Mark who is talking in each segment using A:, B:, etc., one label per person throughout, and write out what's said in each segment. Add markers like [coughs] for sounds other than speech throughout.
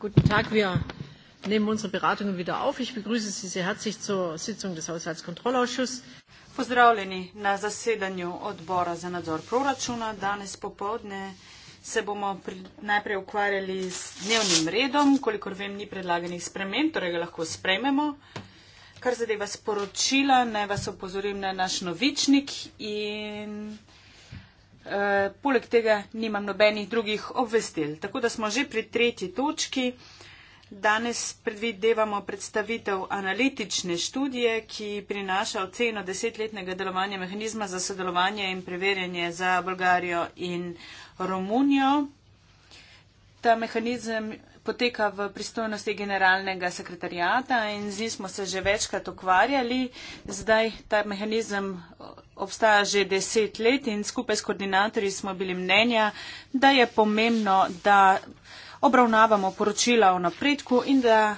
A: Guten Tag. Wir nehmen unsere Beratungen wieder auf. Ich begrüße Sie sehr herzlich zur Sitzung des Haushaltskontrollausschusses.
B: Pozdravljeni na zasedanju odbora za nadzor proračuna. Danes popovdne se bomo pri, najprej ukvarjali s dnevnim redom, kolikor vem, ni predlaganih sprememb, torej ga lahko sprememo. Kar zadeva sporočila, naj vas opozorim na naš novičnik in Eh, poleg tega nimam nobenih drugih obvestil. Tako da smo že pri tretji točki. Danes predvidevamo predstavitev analitične študije, ki prinaša oceno desetletnega delovanja mehanizma za sodelovanje in preverjanje za Bolgarijo in Romunijo. Ta mehanizem poteka v pristojnosti generalnega sekretarijata in z njim smo se že večkrat okvarjali. Zdaj ta mehanizem obstaja že deset let in skupaj s koordinatorji smo bili mnenja, da je pomembno, da obravnavamo poročila o napredku in da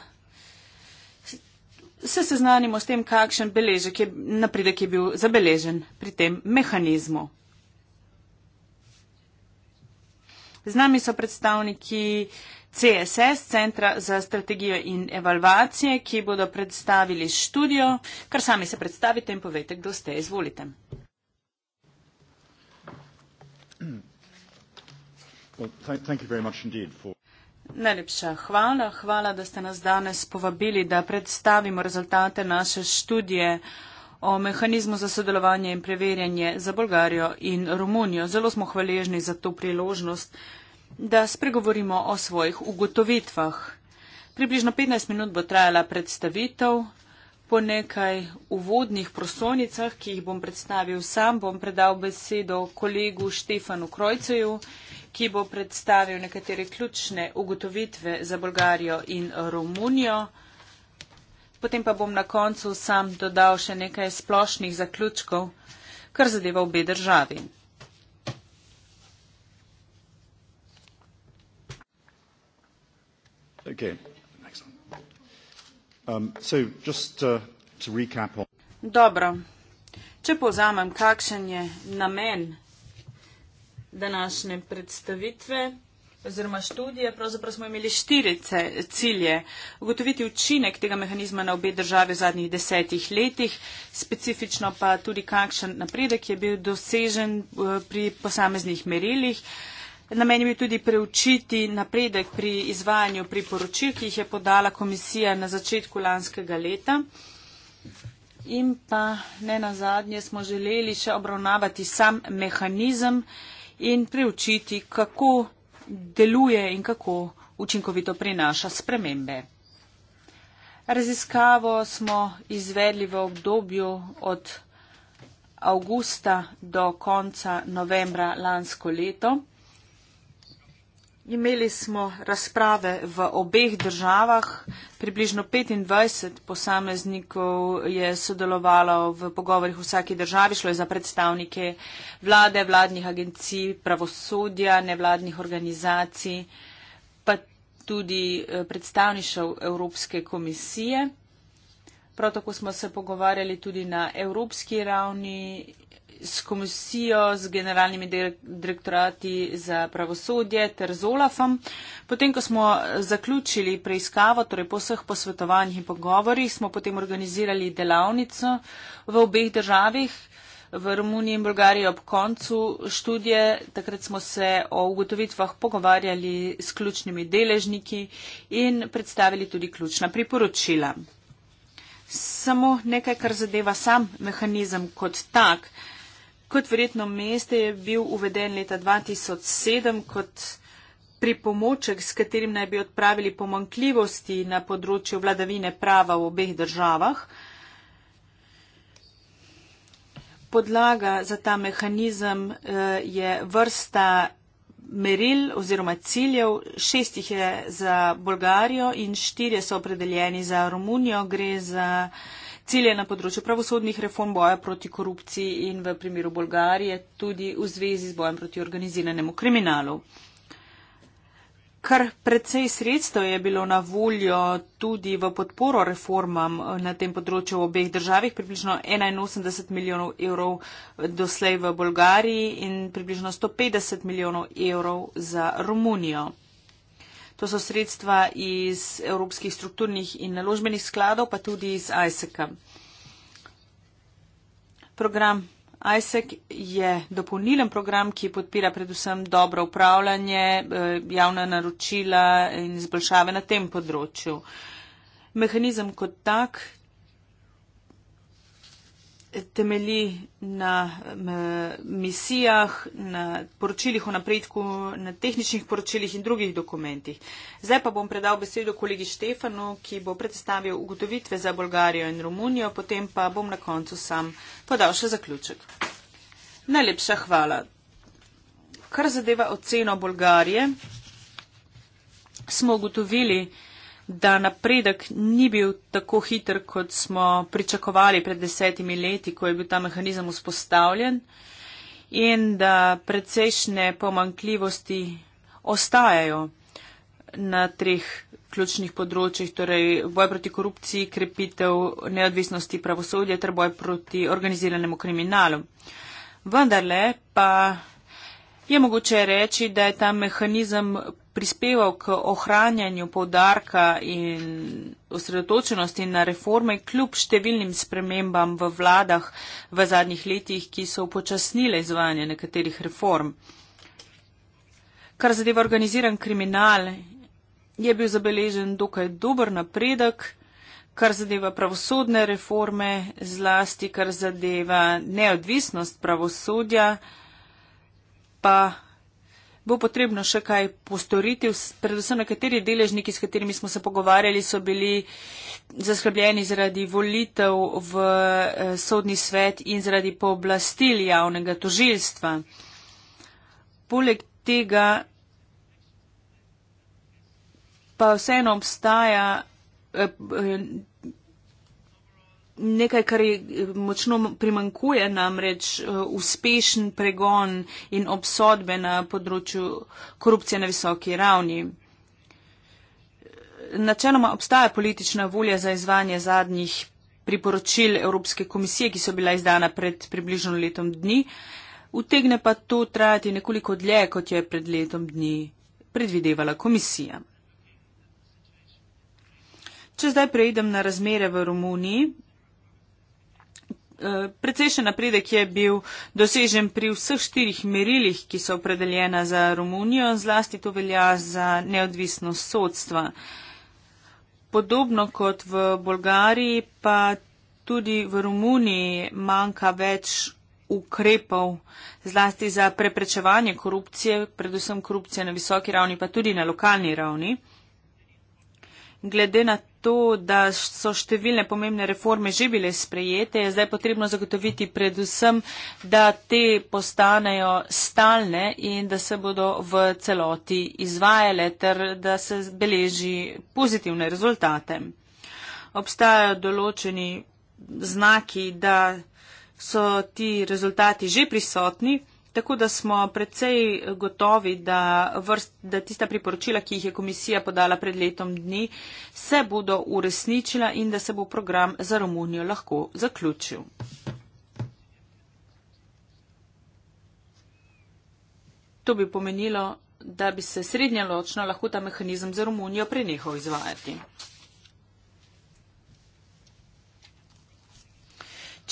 B: se seznanimo s tem, kakšen beležek je, napredek je bil zabeležen pri tem mehanizmu. Z nami so predstavniki CSS, Centra za strategijo in evalvacije, ki bodo predstavili študijo, kar sami se predstavite in povete, kdo ste, izvolite. Najlepša hvala, hvala, da ste nas danes povabili, da predstavimo rezultate naše študije o mehanizmu za sodelovanje in preverjanje za Bolgarijo in Romunijo. Zelo smo hvaležni za to priložnost da spregovorimo o svojih ugotovitvah. Približno 15 minut bo trajala predstavitev. Po nekaj uvodnih prosonicah, ki jih bom predstavil sam, bom predal besedo kolegu Štefanu Krojceju, ki bo predstavil nekatere ključne ugotovitve za Bolgarijo in Romunijo. Potem pa bom na koncu sam dodal še nekaj splošnih zaključkov, kar zadeva obe državi. Okay, next one.
C: Um, so just uh, to recap on.
B: Dobro. Če povzamem, kakšen je namen današnje predstavitve oziroma študije, pravzaprav smo imeli štiri cilje. Ugotoviti učinek tega mehanizma na obe države v zadnjih desetih letih, specifično pa tudi kakšen napredek je bil dosežen eh, pri posameznih merilih. Uh, Namen je bil tudi preučiti napredek pri izvajanju priporočil, ki jih je podala komisija na začetku lanskega leta. In pa ne na zadnje smo želeli še obravnavati sam mehanizem in preučiti, kako deluje in kako učinkovito prinaša spremembe. Raziskavo smo izvedli v obdobju od avgusta do konca novembra lansko leto. Imeli smo razprave v obeh državah. Približno 25 posameznikov je sodelovalo v pogovorih v vsaki državi. Šlo je za predstavnike vlade, vladnih agencij, pravosodja, nevladnih organizacij, pa tudi eh, predstavnišev Evropske komisije. Prav tako smo se pogovarjali tudi na evropski ravni s komisijo, z generalnimi direktorati za pravosodje ter z Olafom. Potem, ko smo zaključili preiskavo, torej po vseh posvetovanjih in pogovorjih, smo potem organizirali delavnico v obeh državah, v Romuniji in Bolgariji ob koncu študije. Takrat smo se o ugotovitvah pogovarjali s ključnimi deležniki in predstavili tudi ključna priporočila. Samo nekaj, kar zadeva sam mehanizem kot tak. Uh, Kot verjetno meste je bil uveden leta 2007 kot pripomoček, s katerim naj bi odpravili pomankljivosti na področju vladavine prava v obeh državah. Podlaga za ta mehanizem eh, je vrsta meril oziroma ciljev. Šest jih je za Bolgarijo in štirje so opredeljeni za Romunijo. Gre za cilje na področju pravosodnih reform, boja proti korupciji in v primeru Bolgarije tudi v zvezi z bojem proti organiziranemu kriminalu. Kar predvsej sredstev je bilo na voljo tudi v podporo reformam eh, na tem področju v obeh državih, približno 81 milijonov evrov eh, doslej v Bolgariji in približno 150 milijonov evrov za Romunijo. To so sredstva iz evropskih strukturnih in naložbenih skladov, pa tudi iz ISEC-a. Program ISEC je dopolnilen program, ki podpira predvsem dobro upravljanje, eh, javna naročila in izboljšave na tem področju. Mehanizem kot tak temelji na misijah, na poročilih o napredku, na tehničnih poročilih in drugih dokumentih. Zdaj pa bom predal besedo kolegi Štefanu, ki bo predstavil ugotovitve za Bolgarijo in Romunijo, potem pa bom na koncu sam podal še zaključek. Najlepša hvala. Kar zadeva oceno Bolgarije, smo ugotovili, da napredek ni bil tako hiter, kot smo pričakovali pred desetimi leti, ko je bil ta mehanizem vzpostavljen in da precejšnje pomankljivosti ostajajo na treh ključnih področjih, torej boj proti korupciji, krepitev neodvisnosti pravosodja ter boj proti organiziranemu kriminalu. Vendarle pa je mogoče reči, da je ta mehanizem prispeval k ohranjanju povdarka in osredotočenosti na reforme kljub številnim spremembam v vladah v zadnjih letih, ki so upočasnile izvajanje nekaterih reform. Kar zadeva organiziran kriminal, je bil zabeležen dokaj dober napredek, kar zadeva pravosodne reforme, zlasti kar zadeva neodvisnost pravosodja, pa bo potrebno še kaj postoriti. Predvsem nekateri deležniki, s katerimi smo se pogovarjali, so bili zaskrbljeni zaradi volitev v eh, sodni svet in zaradi pooblastil javnega tožilstva. Poleg tega pa vseeno obstaja eh, eh, nekaj, kar je eh, močno primankuje, namreč eh, uspešen pregon in obsodbe na področju korupcije na visoki ravni. Načeloma obstaja politična volja za izvanje zadnjih priporočil Evropske komisije, ki so bila izdana pred približno letom dni, utegne pa to trajati nekoliko dlje, kot je pred letom dni predvidevala komisija. Če zdaj preidem na razmere v Romuniji, precejšen napredek je bil dosežen pri vseh štirih merilih, ki so opredeljena za Romunijo, zlasti to velja za neodvisnost sodstva. Podobno kot v Bolgariji, pa tudi v Romuniji manjka več ukrepov, zlasti za preprečevanje korupcije, predvsem korupcije na visoki ravni, pa tudi na lokalni ravni. Glede na to, da so številne pomembne reforme že bile sprejete, je zdaj potrebno zagotoviti predvsem, da te postanejo stalne in da se bodo v celoti izvajale ter da se beleži pozitivne rezultate. Obstajajo določeni znaki, da so ti rezultati že prisotni, Tako da smo predvsej gotovi, da, vrst, da tista priporočila, ki jih je komisija podala pred letom dni, se bodo uresničila in da se bo program za Romunijo lahko zaključil. To bi pomenilo, da bi se srednjeločno lahko ta mehanizem za Romunijo prenehal izvajati.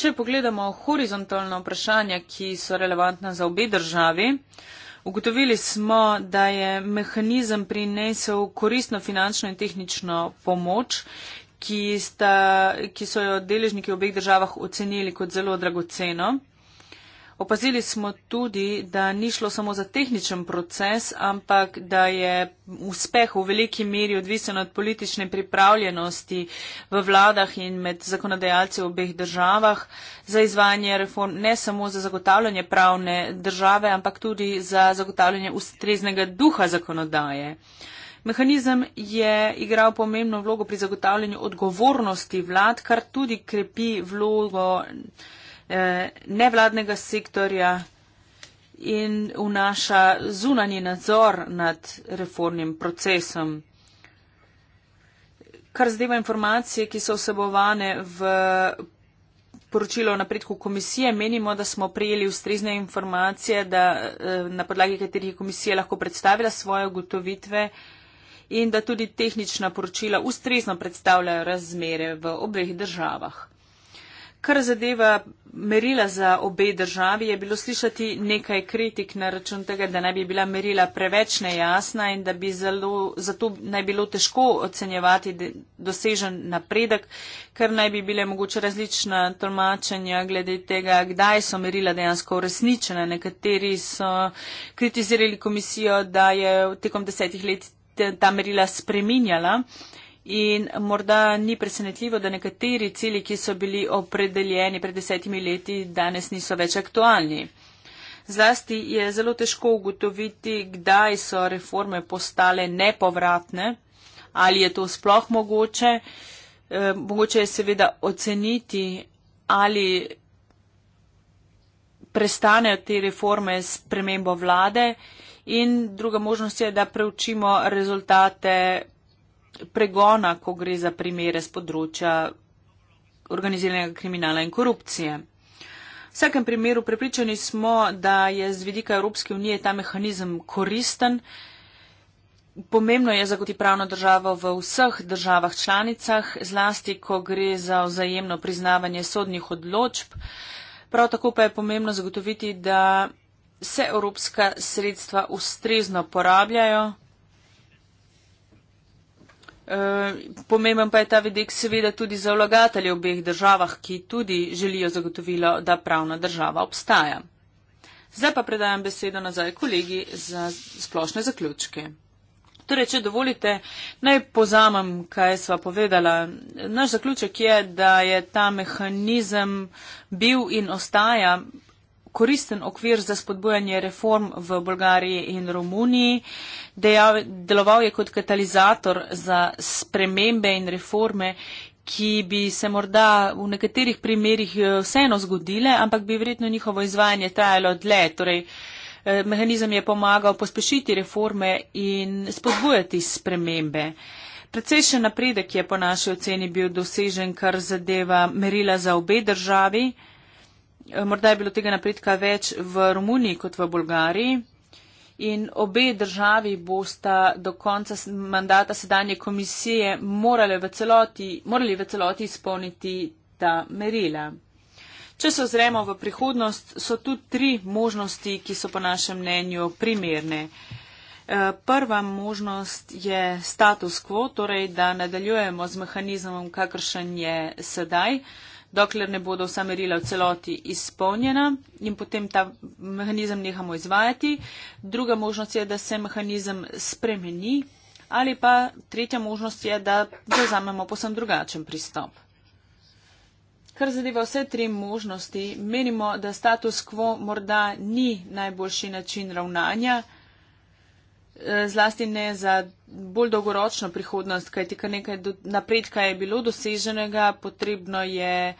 B: Če pogledamo horizontalno vprašanje, ki so relevantna za obe državi, ugotovili smo, da je mehanizem prinesel koristno finančno in tehnično pomoč, ki, sta, ki so jo deležniki v obeh državah ocenili kot zelo dragoceno. Opazili smo tudi, da ni šlo samo za tehničen proces, ampak da je uspeh v veliki meri odvisen od politične pripravljenosti v vladah in med zakonodajalci v obeh državah za izvajanje reform, ne samo za zagotavljanje pravne države, ampak tudi za zagotavljanje ustreznega duha zakonodaje. Mehanizem je igral pomembno vlogo pri zagotavljanju odgovornosti vlad, kar tudi krepi vlogo Eh, nevladnega sektorja in vnaša zunanji nadzor nad reformnim procesom. Kar zdeva informacije, ki so vsebovane v poročilo o napredku komisije, menimo, da smo prijeli ustrezne informacije, da, eh, na podlagi katerih je komisija lahko predstavila svoje ugotovitve in da tudi tehnična poročila ustrezno predstavljajo razmere v obeh državah. Kar zadeva merila za obe državi, je bilo slišati nekaj kritik na račun tega, da naj bi bila merila preveč nejasna in da bi zelo, zato naj bilo težko ocenjevati dosežen napredek, ker naj bi bile mogoče različna tolmačenja glede tega, kdaj so merila dejansko uresničena. Nekateri so kritizirali komisijo, da je tekom desetih let ta merila spreminjala. Uh, In morda ni presenetljivo, da nekateri cilji, ki so bili opredeljeni pred desetimi leti, danes niso več aktualni. Zlasti je zelo težko ugotoviti, kdaj so reforme postale nepovratne, ali je to sploh mogoče. Eh, mogoče je seveda oceniti, ali prestanejo te reforme s premembo vlade in druga možnost je, da preučimo rezultate pregona, ko gre za primere z področja organiziranega kriminala in korupcije. V vsakem primeru prepričani smo, da je z vidika Evropske unije ta mehanizem koristen. Pomembno je zagotoviti pravno državo v vseh državah članicah, zlasti, ko gre za vzajemno priznavanje sodnih odločb. Prav tako pa je pomembno zagotoviti, da se evropska sredstva ustrezno porabljajo. Eh, pomemben pa je ta vidik seveda tudi za vlagatelje v obeh državah, ki tudi želijo zagotovilo, da pravna država obstaja. Zdaj pa predajam besedo nazaj kolegi za splošne zaključke. Torej, če dovolite, naj pozamem, kaj sva povedala. Naš zaključek je, da je ta mehanizem bil in ostaja koristen okvir za spodbojanje reform v Bolgariji in Romuniji. Dejav, deloval je kot katalizator za spremembe in reforme, ki bi se morda v nekaterih primerjih eh, vseeno zgodile, ampak bi verjetno njihovo izvajanje trajalo dlje. Torej, eh, mehanizem je pomagal pospešiti reforme in spodbujati spremembe. Predsejšen napredek je po naši oceni bil dosežen, kar zadeva merila za obe državi. Eh, morda je bilo tega napredka več v Romuniji kot v Bolgariji. In obe državi bosta do konca mandata sedanje komisije morali v celoti, morali v celoti izpolniti ta merila. Če se ozremo v prihodnost, so tu tri možnosti, ki so po našem mnenju primerne. Eh, prva možnost je status quo, torej da nadaljujemo z mehanizmom, kakršen je sedaj dokler ne bodo vsa merila v celoti izpolnjena in potem ta mehanizem nehamo izvajati. Druga možnost je, da se mehanizem spremeni ali pa tretja možnost je, da zazamemo posem drugačen pristop. Kar zadeva vse tri možnosti, menimo, da status quo morda ni najboljši način ravnanja. Eh, zlasti ne za bolj dolgoročno prihodnost, kajti kar nekaj napredka je bilo doseženega, potrebno je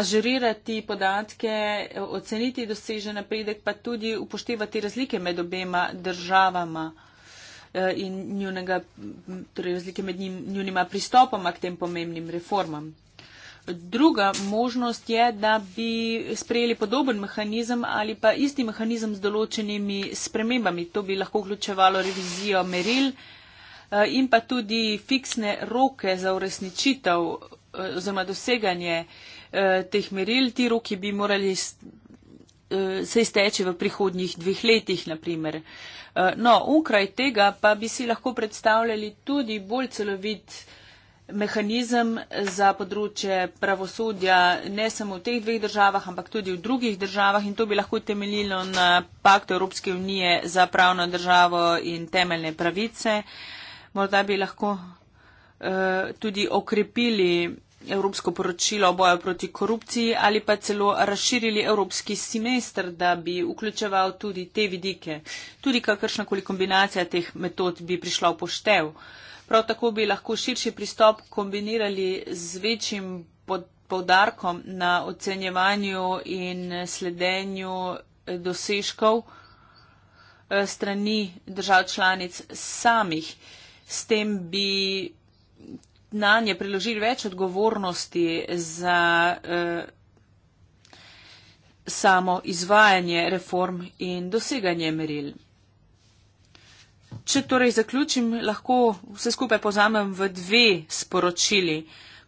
B: ažurirati podatke, oceniti dosežen napredek, pa tudi upoštevati razlike med obema državama eh, in njunega, torej razlike med njim, njunima pristopoma k tem pomembnim reformam. Druga možnost je, da bi sprejeli podoben mehanizem ali pa isti mehanizem z določenimi spremembami. To bi lahko vključevalo revizijo meril eh, in pa tudi fiksne roke za uresničitev eh, oziroma doseganje eh, teh meril. Ti roki bi morali se izteče v prihodnjih dveh letih, naprimer. No, ukraj tega pa bi si lahko predstavljali tudi bolj celovit uh, mehanizem za področje pravosodja ne samo v teh dveh državah, ampak tudi v drugih državah in to bi lahko temeljilo na paktu Evropske unije za pravno državo in temeljne pravice. Morda bi lahko eh, tudi okrepili Evropsko poročilo o boju proti korupciji ali pa celo razširili Evropski semester, da bi vključeval tudi te vidike. Tudi kakršna koli kombinacija teh metod bi prišla v poštev. Uh, Prav tako bi lahko širši pristop kombinirali z večjim povdarkom na ocenjevanju in sledenju eh, dosežkov eh, strani držav članic samih. S tem bi na nje priložili več odgovornosti za eh, samo izvajanje reform in doseganje meril. Če torej zaključim, lahko vse skupaj pozamem v dve sporočili.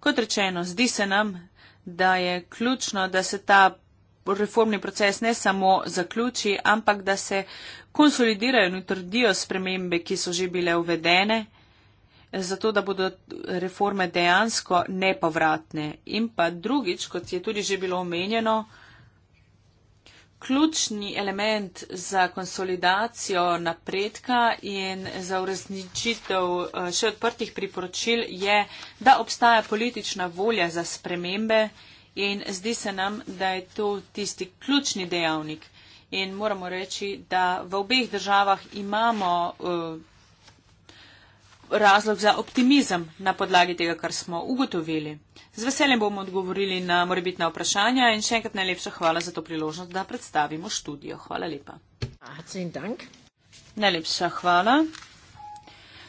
B: Kot rečeno, zdi se nam, da je ključno, da se ta reformni proces ne samo zaključi, ampak da se konsolidirajo in utrdijo spremembe, ki so že bile uvedene, zato da bodo reforme dejansko nepovratne. In pa drugič, kot je tudi že bilo omenjeno, ključni element za konsolidacijo napredka in za uresničitev eh, še odprtih priporočil je, da obstaja politična volja za spremembe in zdi se nam, da je to tisti ključni dejavnik. In moramo reči, da v obeh državah imamo uh, razlog za optimizem na podlagi tega, kar smo ugotovili? Z veseljem bomo odgovorili na morebitna vprašanja in še enkrat najlepša hvala za to priložnost, da predstavimo študijo. Hvala lepa. Najlepša hvala.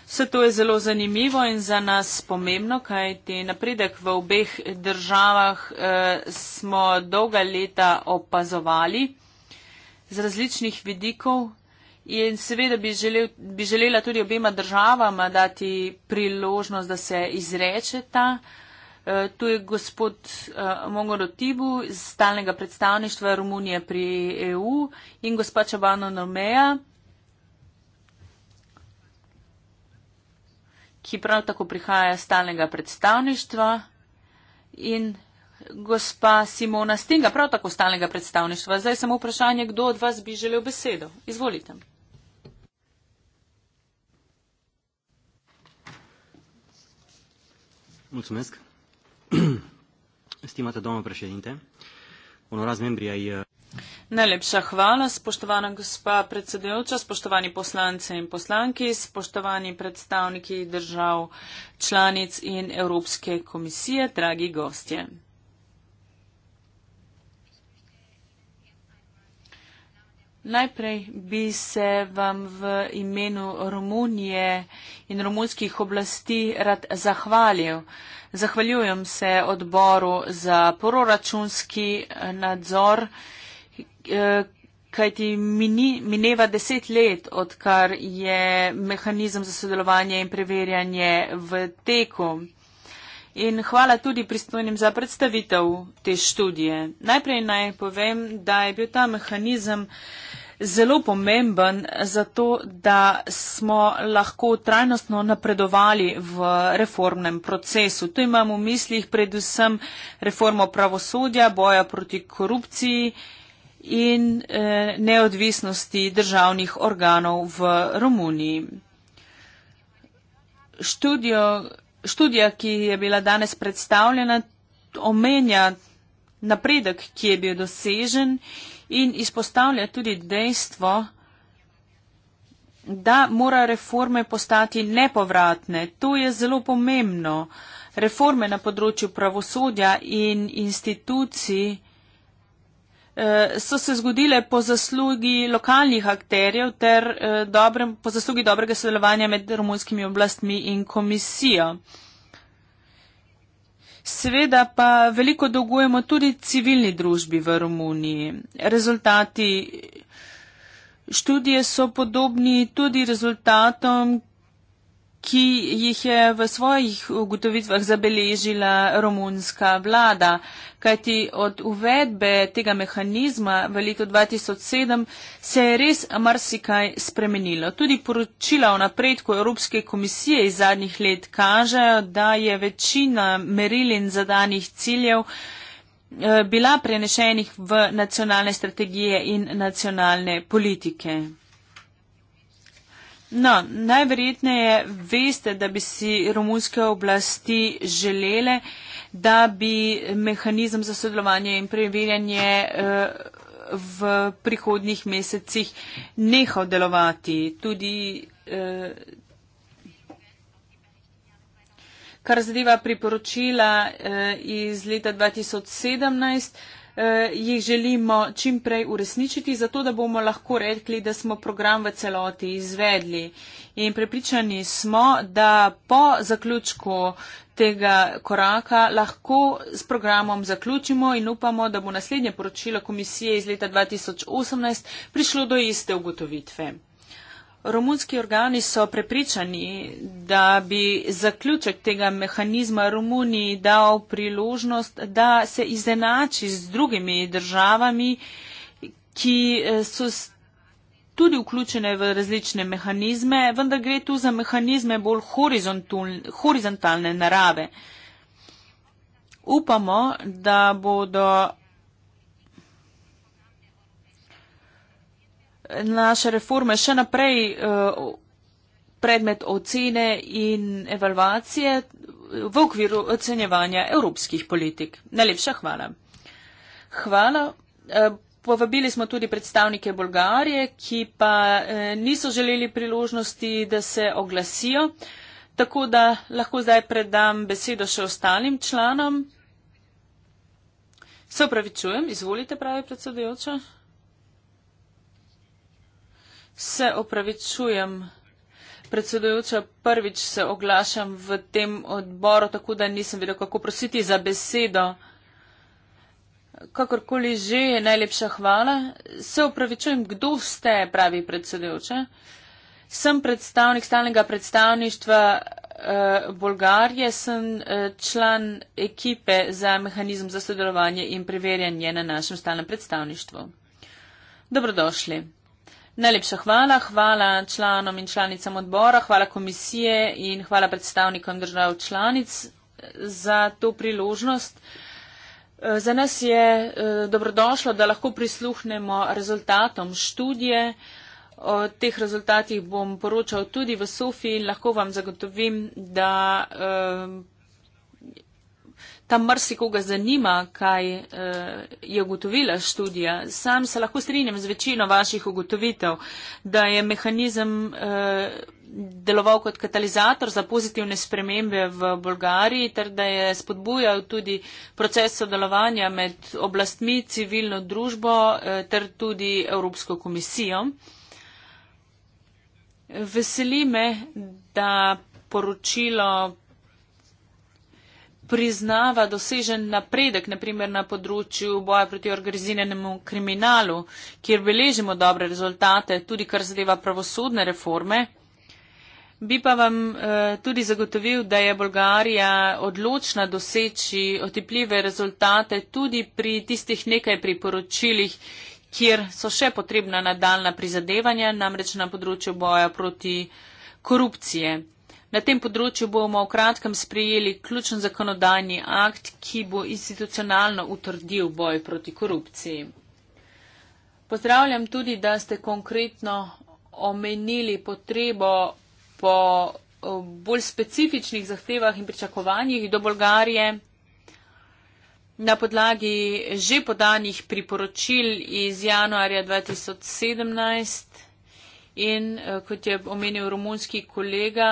B: Vse to je zelo zanimivo in za nas pomembno, kajti napredek v obeh državah eh, smo dolga leta opazovali z različnih vidikov, In seveda bi, želel, bi želela tudi obema državama dati priložnost, da se izrečeta. E, tu je gospod e, Mongoro Tibu iz stalnega predstavništva Romunije pri EU in gospa Čabano Nomeja, ki prav tako prihaja iz stalnega predstavništva in gospa Simona Stinga, prav tako stalnega predstavništva. Zdaj samo vprašanje, kdo od vas bi želel besedo. Izvolite.
C: Mulțumesc. [clears throat] Stimată doamnă președinte, onorați membri ai... Uh,
B: Najlepša hvala, spoštovana gospa predsedujoča, spoštovani poslanci in poslanki, spoštovani predstavniki držav članic in Evropske komisije, dragi gostje. Najprej bi se vam v imenu Romunije in romunskih oblasti rad zahvalil. Zahvaljujem se odboru za proračunski eh, nadzor, eh, kajti mineva deset let, odkar je mehanizem za sodelovanje in preverjanje v teku in hvala tudi pristojnim za predstavitev te študije. Najprej naj povem, da je bil ta mehanizem zelo pomemben zato, da smo lahko trajnostno napredovali v reformnem procesu. Tu imamo v mislih predvsem reformo pravosodja, boja proti korupciji in eh, neodvisnosti državnih organov v Romuniji. Študijo študija, ki je bila danes predstavljena, omenja napredek, ki je bil dosežen in izpostavlja tudi dejstvo, da mora reforme postati nepovratne. To je zelo pomembno. Reforme na področju pravosodja in institucij Eh, so se zgodile po zaslugi lokalnih akterjev ter eh, dobrem, po zaslugi dobrega sodelovanja med romunskimi oblastmi in komisijo. Seveda pa veliko dolgujemo tudi civilni družbi v Romuniji. Rezultati študije so podobni tudi rezultatom, ki jih je v svojih ugotovitvah zabeležila romunska vlada, kajti od uvedbe tega mehanizma v letu 2007 se je res marsikaj spremenilo. Tudi poročila o napredku Evropske komisije iz zadnjih let kažejo, da je večina meril in zadanih ciljev eh, bila prenešenih v nacionalne strategije in nacionalne politike. No, najverjetneje veste, da bi si romunske oblasti želele, da bi mehanizem za sodelovanje in preverjanje eh, v prihodnih mesecih nehal delovati. Tudi eh, kar zadeva priporočila eh, iz leta 2017. Eh, jih želimo čim prej uresničiti, zato da bomo lahko rekli, da smo program v celoti izvedli. In prepričani smo, da po zaključku tega koraka lahko s programom zaključimo in upamo, da bo naslednje poročilo komisije iz leta 2018 prišlo do iste ugotovitve. Romunski organi so prepričani, da bi zaključek tega mehanizma Romuniji dal priložnost, da se izenači z drugimi državami, ki eh, so tudi vključene v različne mehanizme, vendar gre tu za mehanizme bolj horizontalne narave. Upamo, da bodo naše reforme še naprej eh, predmet ocene in evalvacije eh, v okviru ocenjevanja evropskih politik. Najlepša hvala. Hvala. Eh, povabili smo tudi predstavnike Bolgarije, ki pa niso želeli priložnosti, da se oglasijo, tako da lahko zdaj predam besedo še ostalim članom. Se upravičujem, izvolite, pravi predsedujoča. Se opravičujem, predsedujoča, prvič se oglašam v tem odboru, tako da nisem vedel, kako prositi za besedo. Kakorkoli že, najlepša hvala. Se opravičujem, kdo ste, pravi predsedujoča. Sem predstavnik stalnega predstavništva eh, Bolgarije, sem eh, član ekipe za mehanizem za sodelovanje in preverjanje na našem stalnem predstavništvu. Dobrodošli. Najlepša hvala, hvala članom in članicam odbora, hvala komisije in hvala predstavnikom držav članic eh, za to priložnost. Eh, za nas je eh, dobrodošlo, da lahko prisluhnemo rezultatom študije. O teh rezultatih bom poročal tudi v Sofiji in lahko vam zagotovim, da tam marsikoga zanima, kaj uh, je ugotovila študija. Sam se lahko strinjam z večino vaših ugotovitev, da je mehanizem uh, deloval kot katalizator za pozitivne spremembe v Bolgariji, ter da je spodbujal tudi proces sodelovanja med oblastmi, civilno družbo uh, ter tudi Evropsko komisijo. Veseli me, da poročilo priznava dosežen napredek, naprimer na področju boja proti organiziranemu kriminalu, kjer beležimo dobre rezultate, tudi kar zadeva pravosodne reforme. Bi pa vam eh, tudi zagotovil, da je Bolgarija odločna doseči otipljive rezultate tudi pri tistih nekaj priporočilih, kjer so še potrebna nadaljna prizadevanja, namreč na področju boja proti korupcije. Na tem področju bomo v kratkem sprejeli ključen zakonodajni akt, ki bo institucionalno utrdil boj proti korupciji. Pozdravljam tudi, da ste konkretno omenili potrebo po eh, bolj specifičnih zahtevah in pričakovanjih do Bolgarije. Na podlagi že podanih priporočil iz januarja 2017 in eh, kot je omenil romunski kolega,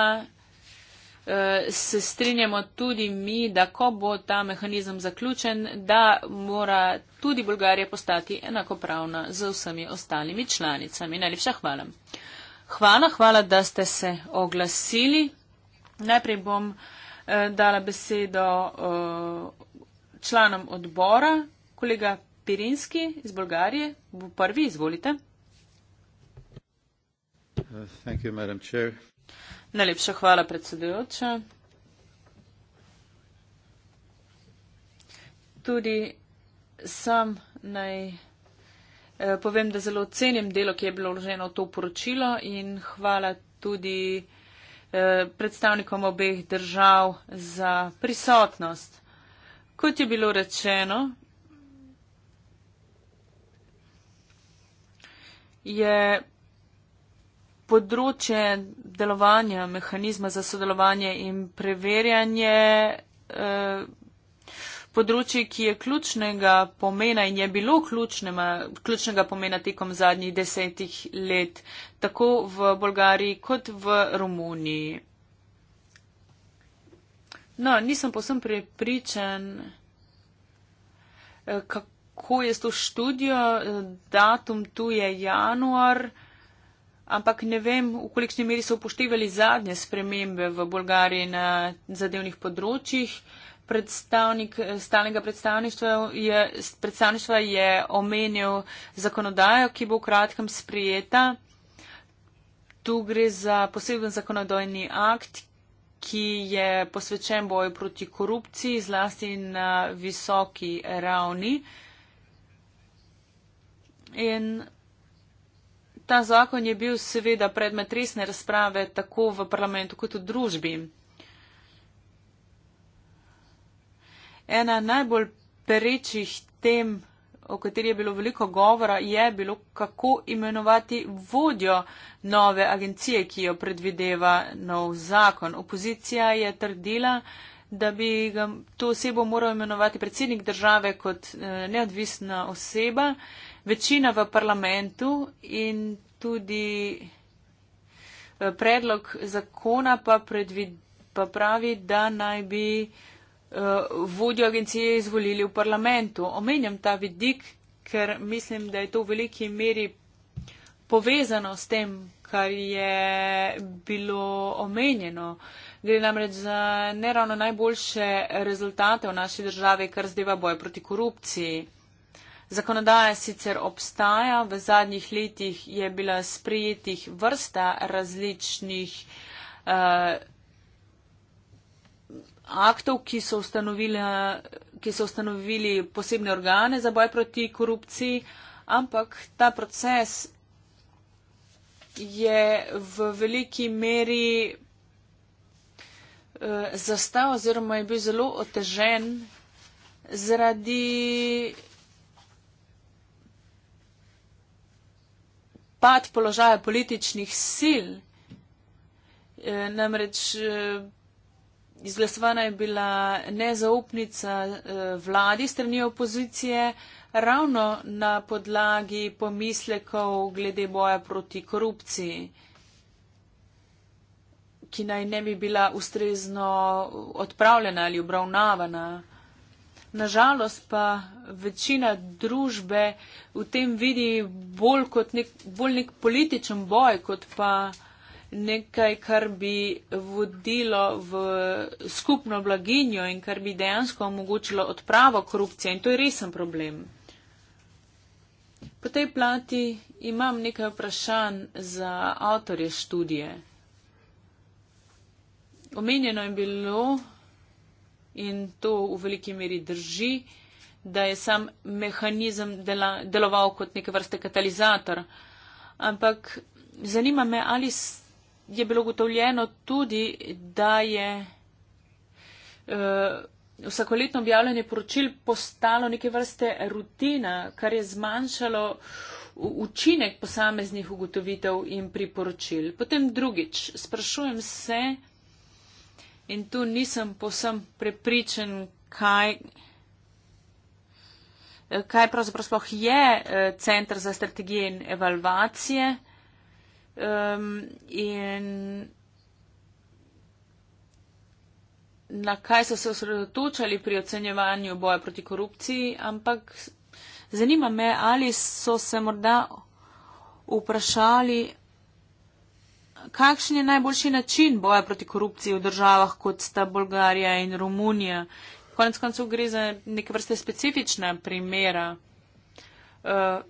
B: Eh, se strinjamo tudi mi, da ko bo ta mehanizem zaključen, da mora tudi Bolgarija postati enakopravna z vsemi ostalimi članicami. Najlepša hvala. Hvala, hvala, da ste se oglasili. Najprej bom eh, dala besedo eh, članom odbora, kolega Pirinski iz Bolgarije, bo prvi, izvolite.
D: Uh, thank you, Madam Chair.
B: Najlepša hvala, predsedujoča. Tudi sam naj eh, povem, da zelo cenim delo, ki je bilo vloženo v to poročilo in hvala tudi eh, predstavnikom obeh držav za prisotnost. Kot je bilo rečeno, je področje delovanja mehanizma za sodelovanje in preverjanje eh, področje, ki je ključnega pomena in je bilo ključnema, ključnega pomena tekom zadnjih desetih let, tako v Bolgariji kot v Romuniji. No, nisem posem prepričan, eh, kako je s to študijo, eh, datum tu je januar ampak ne vem, v kolikšni meri so upoštevali zadnje spremembe v Bolgariji na zadevnih področjih. Predstavnik eh, stalnega predstavništva je, predstavništva je omenil zakonodajo, ki bo v kratkem sprijeta. Tu gre za poseben zakonodajni akt, ki je posvečen boju proti korupciji, zlasti na visoki ravni. In Ta zakon je bil seveda predmet resne razprave tako v parlamentu kot v družbi. Ena najbolj perečih tem, o kateri je bilo veliko govora, je bilo, kako imenovati vodjo nove agencije, ki jo predvideva nov zakon. Opozicija je trdila, da bi to osebo moral imenovati predsednik države kot eh, neodvisna oseba večina v parlamentu in tudi eh, predlog zakona pa, predvid, pa pravi, da naj bi eh, vodjo agencije izvolili v parlamentu. Omenjam ta vidik, ker mislim, da je to v veliki meri povezano s tem, kar je bilo omenjeno. Gre namreč za neravno najboljše rezultate v naši državi, kar zdeva boj proti korupciji. Zakonodaja sicer obstaja, v zadnjih letih je bila sprejetih vrsta različnih eh, aktov, ki so, ki so ustanovili posebne organe za boj proti korupciji, ampak ta proces je v veliki meri eh, zastal oziroma je bil zelo otežen zaradi pad položaja političnih sil. E, namreč e, izglasovana je bila nezaupnica e, vladi strani opozicije ravno na podlagi pomislekov glede boja proti korupciji, ki naj ne bi bila ustrezno odpravljena ali obravnavana. Nažalost pa večina družbe v tem vidi bolj kot nek, bolj nek političen boj, kot pa nekaj, kar bi vodilo v skupno blaginjo in kar bi dejansko omogočilo odpravo korupcije. In to je resen problem. Po tej plati imam nekaj vprašanj za avtorje študije. Omenjeno je bilo, in to v veliki meri drži, da je sam mehanizem dela, deloval kot neke vrste katalizator. Ampak zanima me, ali je bilo gotovljeno tudi, da je uh, vsakoletno objavljanje poročil postalo neke vrste rutina, kar je zmanjšalo učinek posameznih ugotovitev in priporočil. Potem drugič, sprašujem se, In tu nisem posem prepričan, kaj, eh, kaj pravzaprav sploh je eh, Centr za strategije in evalvacije. Um, in na kaj so se osredotočali pri ocenjevanju boja proti korupciji, ampak zanima me, ali so se morda vprašali, kakšen je najboljši način boja proti korupciji v državah, kot sta Bolgarija in Romunija. Konec koncev gre za neke vrste specifična primera. Uh,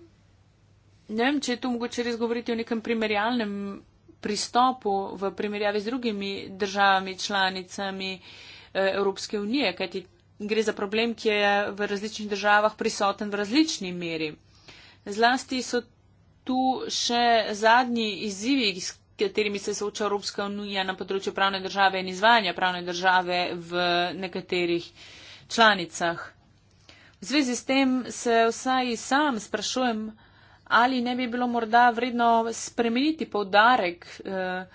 B: ne vem, če je tu mogoče res govoriti o nekem primerjalnem pristopu v primerjavi z drugimi državami, članicami uh, Evropske unije, kajti gre za problem, ki je v različnih državah prisoten v različni meri. Zlasti so tu še zadnji izzivi, katerimi se sooča Evropska unija na področju pravne države in izvajanja pravne države v nekaterih članicah. V zvezi s tem se vsaj sam sprašujem, ali ne bi bilo morda vredno spremeniti povdarek eh,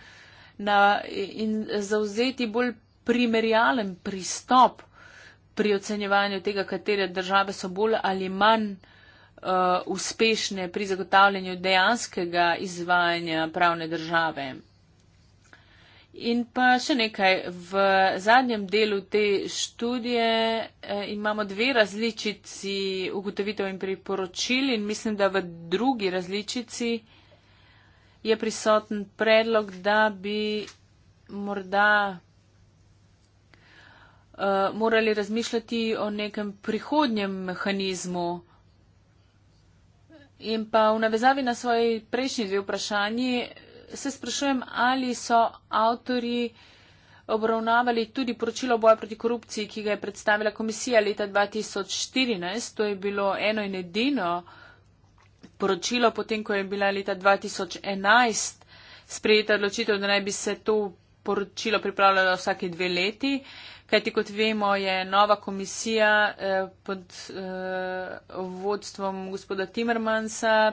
B: in zauzeti bolj primerjalen pristop pri ocenjevanju tega, katere države so bolj ali manj Uh, uspešne pri zagotavljanju dejanskega izvajanja pravne države. In pa še nekaj, v zadnjem delu te študije eh, imamo dve različici ugotovitev in priporočil in mislim, da v drugi različici je prisoten predlog, da bi morda uh, morali razmišljati o nekem prihodnjem mehanizmu. In pa v navezavi na svoji prejšnji dve vprašanji se sprašujem, ali so avtori obravnavali tudi poročilo boja proti korupciji, ki ga je predstavila komisija leta 2014. To je bilo eno in edino poročilo, potem ko je bila leta 2011 sprejeta odločitev, da naj bi se to poročilo pripravljalo vsake dve leti. Kajti, kot vemo, je nova komisija eh, pod eh, vodstvom gospoda Timmermansa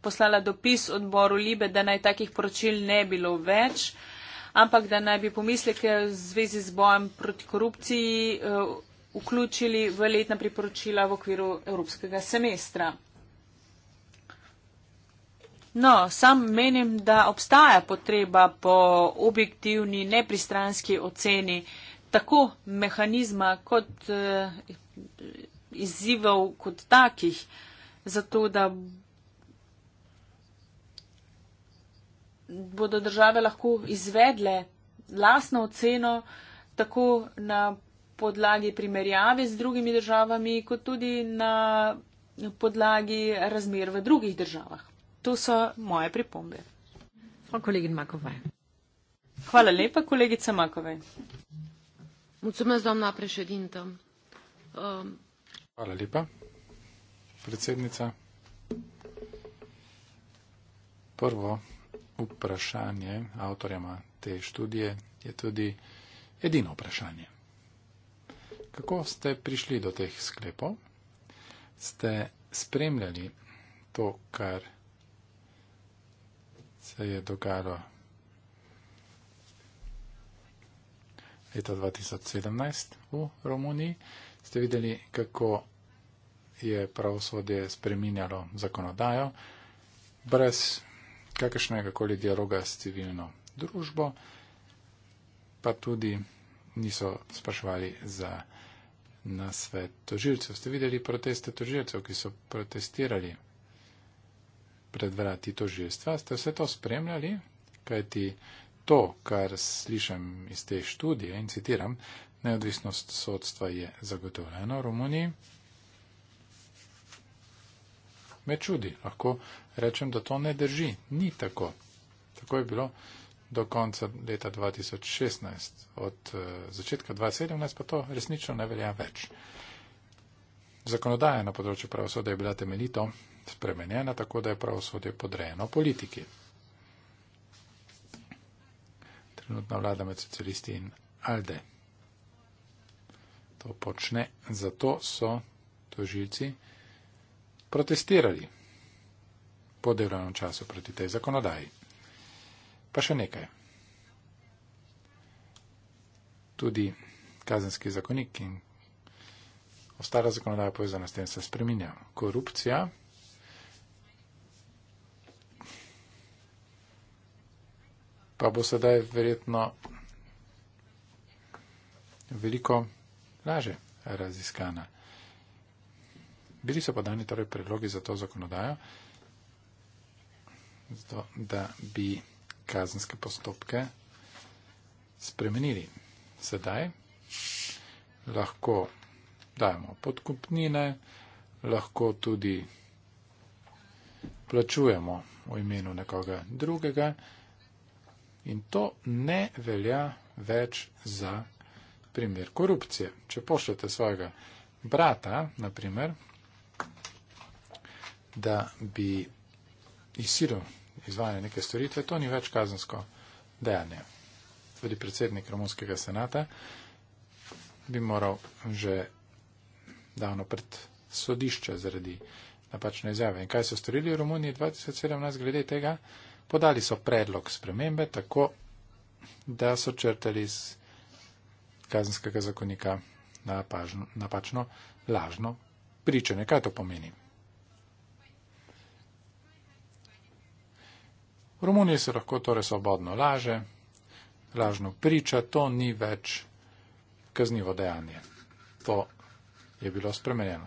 B: poslala dopis odboru Libe, da naj takih poročil ne bilo več, ampak da naj bi pomisleke v zvezi z bojem proti korupciji eh, vključili v letna priporočila v okviru evropskega semestra. No, sam menim, da obstaja potreba po objektivni, nepristranski oceni tako mehanizma kot eh, izzivov kot takih, zato da bodo države lahko izvedle lasno oceno tako na podlagi primerjave z drugimi državami, kot tudi na podlagi razmer v drugih državah. To so moje pripombe. Hvala, kolegin Makovaj. Hvala lepa, kolegica Makovaj doamnă președintă
E: um, Hvala lepa, predsednica. Prvo vprašanje avtorjama te študije je tudi edino vprašanje. Kako ste prišli do teh sklepov? Ste spremljali to, kar se je dogajalo leta 2017 v Romuniji. Ste videli, kako je pravosodje spreminjalo zakonodajo brez kakršnega koli dialoga s civilno družbo, pa tudi niso spraševali za nasvet tožilcev. Ste videli proteste tožilcev, ki so protestirali pred vrati tožilstva? Ste vse to spremljali? Kajti to, kar slišim iz te študije in citiram, neodvisnost sodstva je zagotovljena v Romuniji. Me čudi, lahko rečem, da to ne drži. Ni tako. Tako je bilo do konca leta 2016. Od eh, začetka 2017 pa to resnično ne velja več. Zakonodaja na področju pravosodja je bila temeljito spremenjena, tako da je pravosodje podrejeno politiki trenutna vlada med socialisti in Alde. To počne, zato so tožilci protestirali po delovnem času proti tej zakonodaji. Pa še nekaj. Tudi kazenski zakonik in ostala zakonodaja povezana s tem se spreminja. Korupcija. pa bo sedaj verjetno veliko laže raziskana. Bili so podani torej predlogi za to zakonodajo, zato, da bi kazenske postopke spremenili. Sedaj lahko dajemo podkupnine, lahko tudi plačujemo v imenu nekoga drugega. In to ne velja več za primer korupcije. Če pošljete svojega brata, naprimer, da bi izsilil izvajanje neke storitve, to ni več kazansko dejanje. Tudi predsednik Romunskega senata bi moral že davno pred sodišče zaradi napačne izjave. In kaj so storili v Romuniji 2017 glede tega? Podali so predlog spremembe tako, da so črtali iz kazenskega zakonika napažno, napačno, lažno pričanje. Kaj to pomeni? V Romuniji se lahko torej svobodno laže, lažno priča, to ni več kaznivo dejanje. To je bilo spremenjeno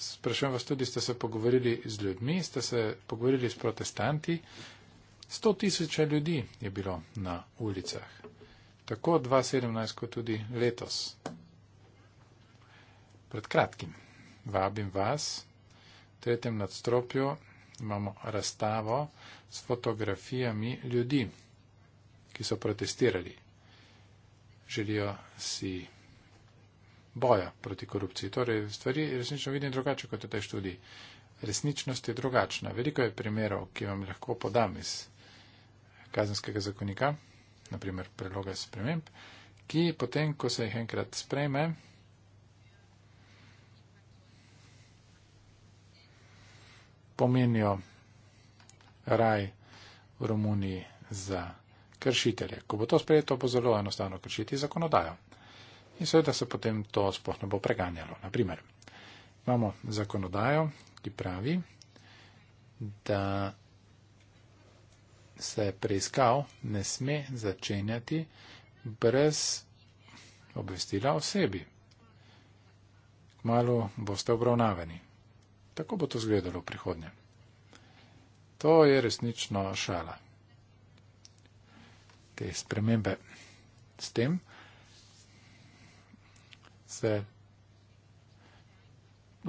E: sprašujem vas tudi, ste se pogovorili z ljudmi, ste se pogovorili s protestanti. Sto tisoče ljudi je bilo na ulicah. Tako 2017, kot tudi letos. Pred kratkim vabim vas. V tretjem nadstropju imamo razstavo s fotografijami ljudi, ki so protestirali. Želijo si boja proti korupciji. Torej, stvari resnično vidim drugače kot v tej študiji. Resničnost je drugačna. Veliko je primerov, ki vam lahko podam iz kazenskega zakonika, naprimer preloga sprememb, ki potem, ko se jih enkrat sprejme, pomenijo raj v Romuniji za kršitelje. Ko bo to sprejeto, bo zelo enostavno kršiti zakonodajo in seveda se potem to sploh ne bo preganjalo. Naprimer, imamo zakonodajo, ki pravi, da se preiskav ne sme začenjati brez obvestila osebi. Kmalo boste obravnaveni. Tako bo to izgledalo v prihodnje. To je resnično šala. Te spremembe s tem, se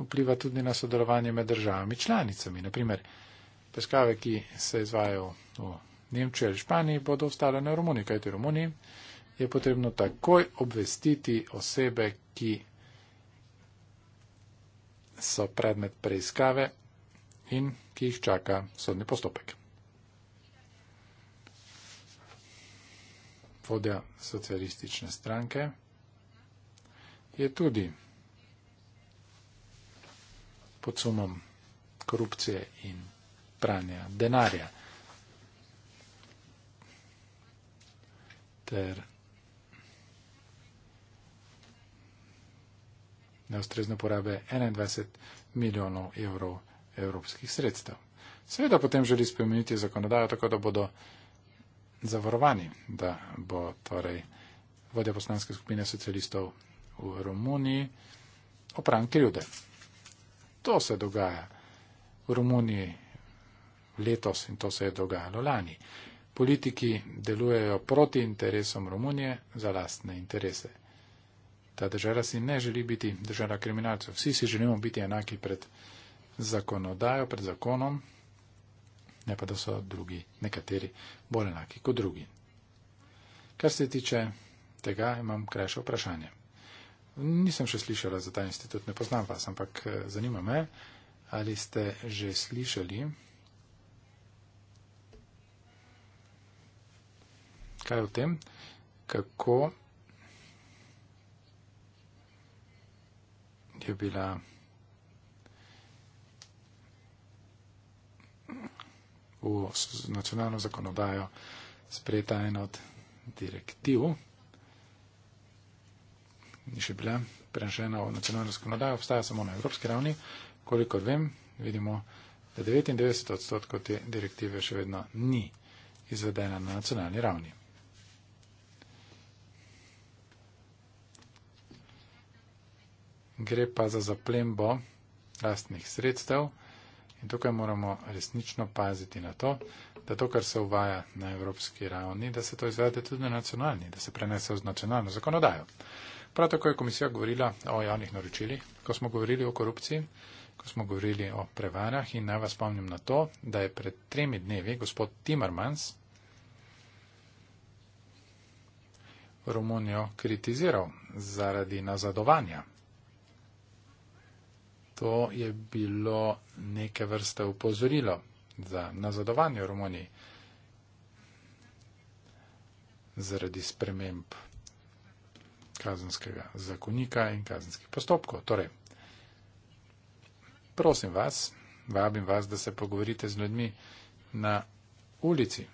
E: vpliva tudi na sodelovanje med državami članicami. Naprimer, preskave, ki se izvajo v Nemčiji ali Španiji, bodo ostale na Romuniji, kajti Romuniji je potrebno takoj obvestiti osebe, ki so predmet preiskave in ki jih čaka sodni postopek. Vodja socialistične stranke je tudi pod sumom korupcije in pranja denarja. Ter neustrezne porabe 21 milijonov evrov evropskih sredstev. Seveda potem želi spremeniti zakonodajo tako, da bodo zavarovani, da bo torej vodja poslanske skupine socialistov v Romuniji, opran krivde. To se dogaja v Romuniji letos in to se je dogajalo lani. Politiki delujejo proti interesom Romunije za lastne interese. Ta država si ne želi biti država kriminalcev. Vsi si želimo biti enaki pred zakonodajo, pred zakonom, ne pa da so drugi, nekateri, bolj enaki kot drugi. Kar se tiče tega, imam krajše vprašanje. Nisem še slišala za ta institut, ne poznam vas, ampak eh, zanima me, ali ste že slišali, kaj je o tem, kako je bila. V nacionalno zakonodajo sprejeta ena od direktiv, ni še bila prenešena v nacionalno zakonodajo, obstaja samo na evropski ravni. Kolikor vem, vidimo, da 99 odstotkov te direktive še vedno ni izvedena na nacionalni ravni. Gre pa za zaplembo lastnih sredstev in tukaj moramo resnično paziti na to, da to, kar se uvaja na evropski ravni, da se to izvede tudi na nacionalni, da se prenese v nacionalno zakonodajo. Prav tako je komisija govorila o javnih naročilih, ko smo govorili o korupciji, ko smo govorili o prevarah in naj vas spomnim na to, da je pred tremi dnevi gospod Timmermans Romunijo kritiziral zaradi nazadovanja. To je bilo neke vrste upozorilo za nazadovanje v Romuniji zaradi sprememb kazenskega zakonika in kazenskih postopkov. Torej, prosim vas, vabim vas, da se pogovorite z ljudmi na ulici.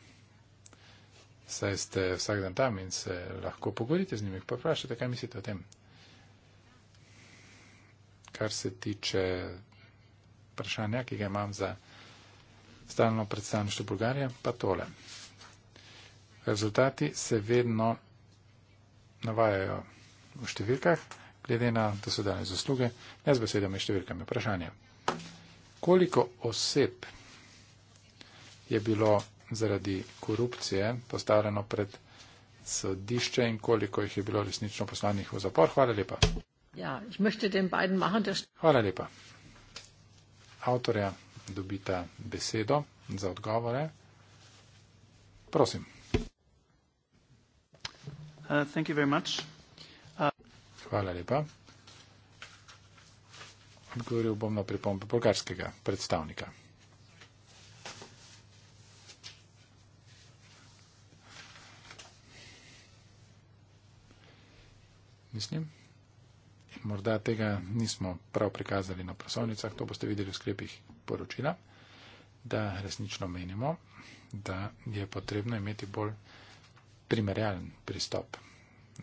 E: Saj ste vsak dan tam in se lahko pogovorite z njimi, pa vprašajte, kaj mislite o tem. Kar se tiče vprašanja, ki ga imam za stalno predstavništvo Bulgarije, pa tole. Rezultati se vedno navajajo v številkah, glede na dosedanje zasluge, ne z besedami in številkami. Vprašanje. Koliko oseb je bilo zaradi korupcije postavljeno pred sodišče in koliko jih je bilo resnično poslanih v zapor? Hvala lepa.
A: Ja, machen, das...
E: Hvala lepa. Avtorja dobita besedo za odgovore. Prosim.
D: Uh, thank you very much.
E: Hvala lepa. Odgovoril bom na pripombe bolgarskega predstavnika. Mislim, morda tega nismo prav prikazali na prosovnicah, to boste videli v sklepih poročila, da resnično menimo, da je potrebno imeti bolj primerjalen pristop,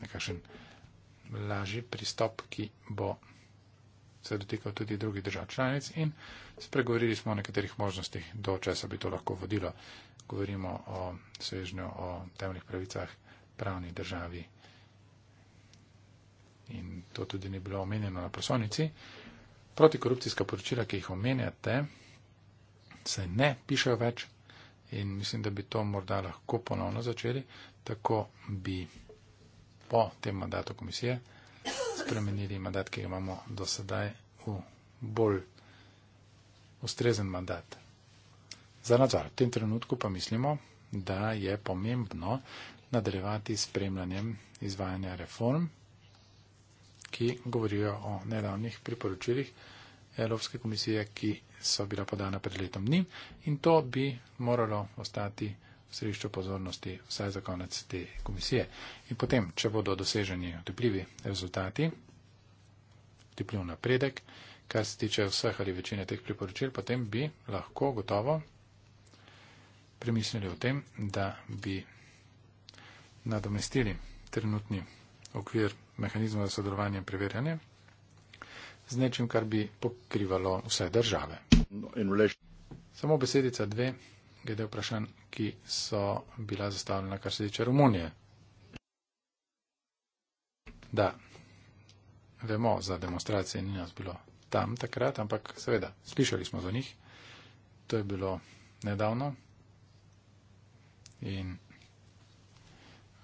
E: nekakšen uh, lažji pristop, ki bo se dotikal tudi drugih držav članic in spregovorili smo o nekaterih možnostih, do česa bi to lahko vodilo. Govorimo o svežnju, o temeljih pravicah pravni državi. In to tudi ni bilo omenjeno na poslovnici. Protikorupcijska poročila, ki jih omenjate, se ne pišejo več in mislim, da bi to morda lahko ponovno začeli. Tako bi po tem mandatu komisije spremenili mandat, ki ga imamo do sedaj, v bolj ustrezen mandat za nadzor. V tem trenutku pa mislimo, da je pomembno nadaljevati s spremljanjem izvajanja reform, ki govorijo o nedavnih priporočilih Evropske komisije, ki so bila podana pred letom dni in to bi moralo ostati središču pozornosti vsaj za konec te komisije. In potem, če bodo doseženi otepljivi rezultati, otepljiv napredek, kar se tiče vseh ali večine teh priporočil, potem bi lahko gotovo premislili o tem, da bi nadomestili trenutni okvir mehanizma za sodelovanje in preverjanje z nečim, kar bi pokrivalo vse države. Samo besedica dve glede vprašanj, ki so bila zastavljena, kar se tiče Romunije. Da, vemo za demonstracije, ni nas bilo tam takrat, ampak seveda, slišali smo za njih. To je bilo nedavno in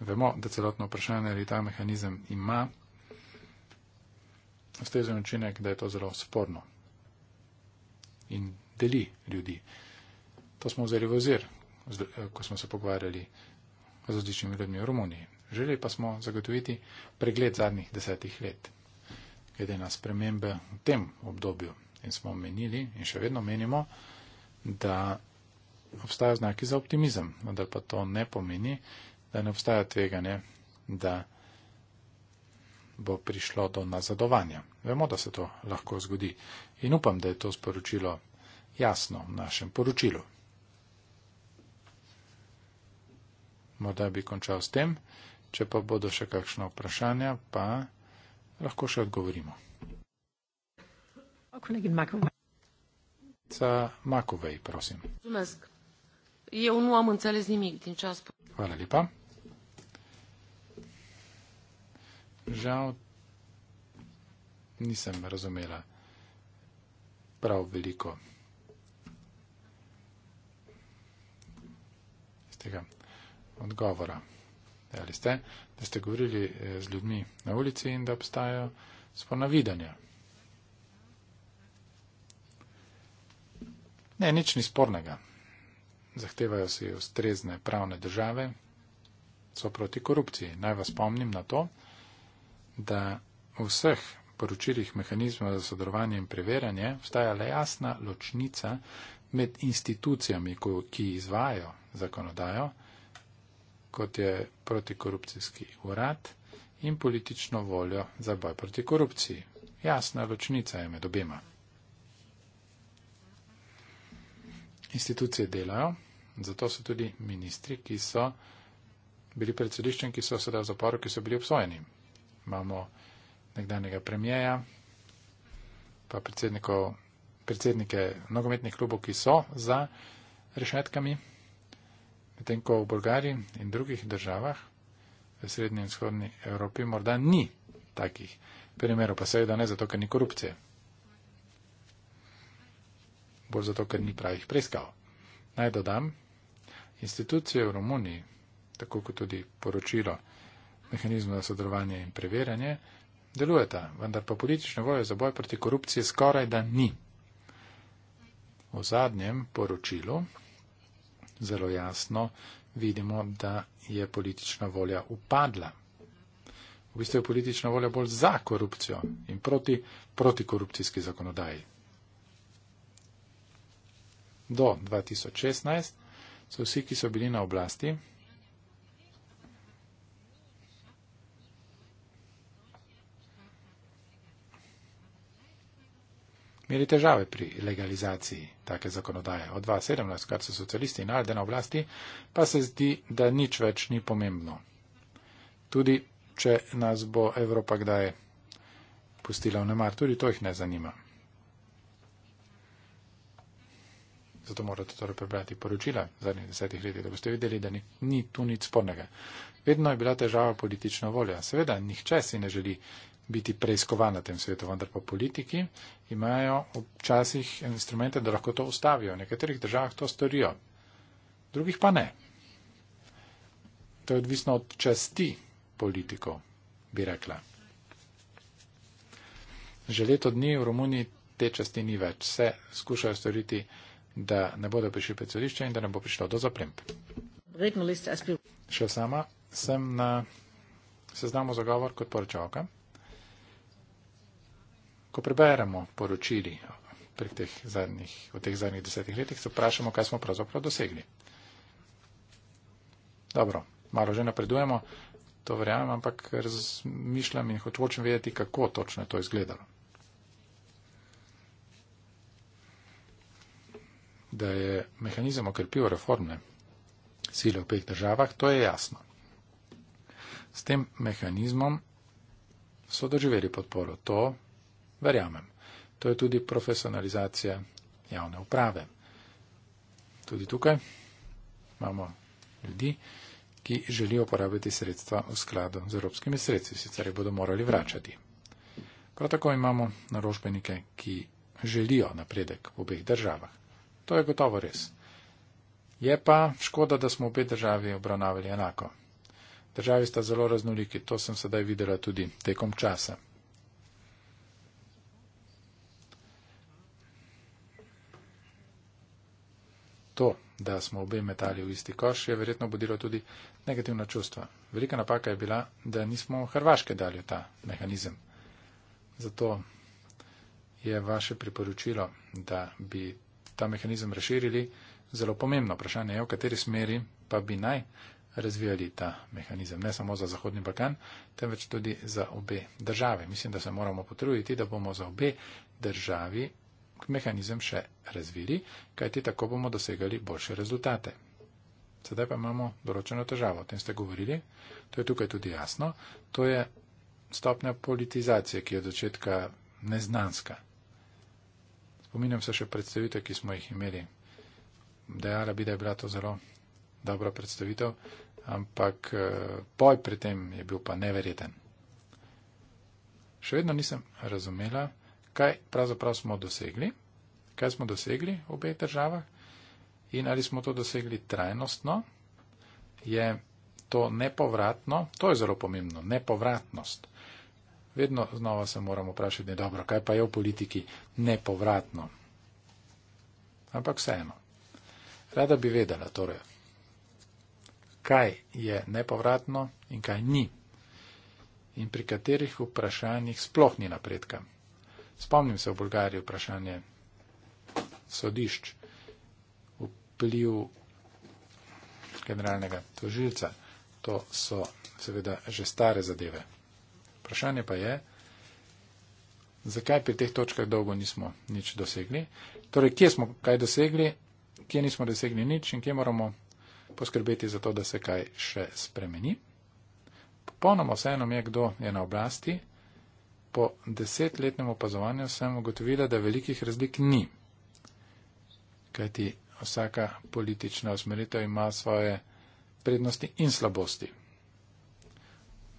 E: vemo, da celotno vprašanje, ali ta mehanizem ima ustrezen učinek, da je to zelo sporno in deli ljudi. To smo vzeli v ozir, eh, ko smo se pogovarjali z različnimi ljudmi v Romuniji. Želeli pa smo zagotoviti pregled zadnjih desetih let, glede na spremembe v tem obdobju. In smo menili in še vedno menimo, da obstajajo znaki za optimizem, vendar pa to ne pomeni, da ne obstaja tveganje, da bo prišlo do nazadovanja. Vemo, da se to lahko zgodi in upam, da je to sporočilo jasno v našem poročilu. morda bi končal s tem. Če pa bodo še kakšno vprašanje, pa lahko še odgovorimo.
A: Kolegin Makovej.
E: Ca Makovej, prosim.
B: Zumesk. Je un om înțeles nimic din ce a spus.
E: Hvala lepa. Žal nisem razumela prav veliko. Stega odgovora. Ali ste, da ste govorili eh, z ljudmi na ulici in da obstajajo sponavidanja. Ne, nič ni spornega. Zahtevajo si ustrezne pravne države, so proti korupciji. Naj vas spomnim na to, da v vseh poročilih mehanizmov za sodelovanje in preverjanje obstaja le jasna ločnica med institucijami, ki izvajo zakonodajo kot je protikorupcijski urad in politično voljo za boj proti korupciji. Jasna ločnica je med obema. Institucije delajo, zato so tudi ministri, ki so bili pred sodiščem, ki so sedaj v zaporu, ki so bili obsojeni. Imamo nekdanjega premijeja, pa predsednike nogometnih klubov, ki so za rešetkami medtem ko v Bolgariji in drugih državah v srednji in vzhodni Evropi morda ni takih primerov, pa seveda ne zato, ker ni korupcije. Bolj zato, ker ni pravih preiskav. Naj dodam, institucije v Romuniji, tako kot tudi poročilo mehanizmu za sodelovanje in preverjanje, delujeta, vendar pa politično voljo za boj proti korupciji skoraj da ni. V zadnjem poročilu zelo jasno vidimo, da je politična volja upadla. V bistvu je politična volja bolj za korupcijo in proti protikorupcijski zakonodaji. Do 2016 so vsi, ki so bili na oblasti, imeli težave pri legalizaciji take zakonodaje. Od 2017, kar so socialisti in alde na oblasti, pa se zdi, da nič več ni pomembno. Tudi, če nas bo Evropa kdaj pustila v nemar, tudi to jih ne zanima. Zato morate torej prebrati poročila zadnjih desetih let, da boste videli, da ni, ni tu nič spornega. Vedno je bila težava politična volja. Seveda, nihče si ne želi biti preiskovan na tem svetu, vendar pa politiki imajo včasih instrumente, da lahko to ustavijo. V nekaterih državah to storijo, v drugih pa ne. To je odvisno od časti politikov, bi rekla. Že leto dni v Romuniji te časti ni več. Vse skušajo storiti, da ne bodo prišli pred sodišče in da ne bo prišlo do zaprem. Še sama sem na seznamu zagovor kot poročavka ko preberemo poročili prek teh zadnjih, v teh zadnjih desetih letih, se vprašamo, kaj smo pravzaprav dosegli. Dobro, malo že napredujemo, to verjamem, ampak razmišljam in hočem vedeti, kako točno je to izgledalo. Da je mehanizem okrepil reformne sile v petih državah, to je jasno. S tem mehanizmom so doživeli podporo. To Verjamem. To je tudi profesionalizacija javne uprave. Tudi tukaj imamo ljudi, ki želijo uporabiti sredstva v skladu z evropskimi sredstvi, sicer jih bodo morali vračati. Prav tako imamo naročbenike, ki želijo napredek v obeh državah. To je gotovo res. Je pa škoda, da smo obe državi obravnavali enako. Državi sta zelo raznoliki, to sem sedaj videla tudi tekom časa. to, da smo obe metali v isti koš, je verjetno budilo tudi negativna čustva. Velika napaka je bila, da nismo Hrvaške dali v ta mehanizem. Zato je vaše priporočilo, da bi ta mehanizem razširili, zelo pomembno. Vprašanje je, v kateri smeri pa bi naj razvijali ta mehanizem, ne samo za Zahodni Balkan, temveč tudi za obe države. Mislim, da se moramo potruditi, da bomo za obe državi mehanizem še razviri, kajti tako bomo dosegali boljše rezultate. Sedaj pa imamo določeno težavo, o tem ste govorili, to je tukaj tudi jasno, to je stopnja politizacije, ki je od začetka neznanska. Spominjam se še predstavitev, ki smo jih imeli. Dejala bi, da je bila to zelo dobra predstavitev, ampak poj eh, pri tem je bil pa neverjeten. Še vedno nisem razumela, kaj pravzaprav smo dosegli, kaj smo dosegli v obeh državah in ali smo to dosegli trajnostno, je to nepovratno, to je zelo pomembno, nepovratnost. Vedno znova se moramo vprašati, ne dobro, kaj pa je v politiki nepovratno. Ampak vseeno. Rada bi vedela, torej, kaj je nepovratno in kaj ni. In pri katerih vprašanjih sploh ni napredka. Spomnim se v Bolgariji vprašanje sodišč, vpliv generalnega tožilca. To so seveda že stare zadeve. Vprašanje pa je, zakaj pri teh točkah dolgo nismo nič dosegli. Torej, kje smo kaj dosegli, kje nismo dosegli nič in kje moramo poskrbeti za to, da se kaj še spremeni. Popolnoma vseeno je, kdo je na oblasti po desetletnem opazovanju sem ugotovila, da velikih razlik ni. Kajti vsaka politična usmeritev ima svoje prednosti in slabosti.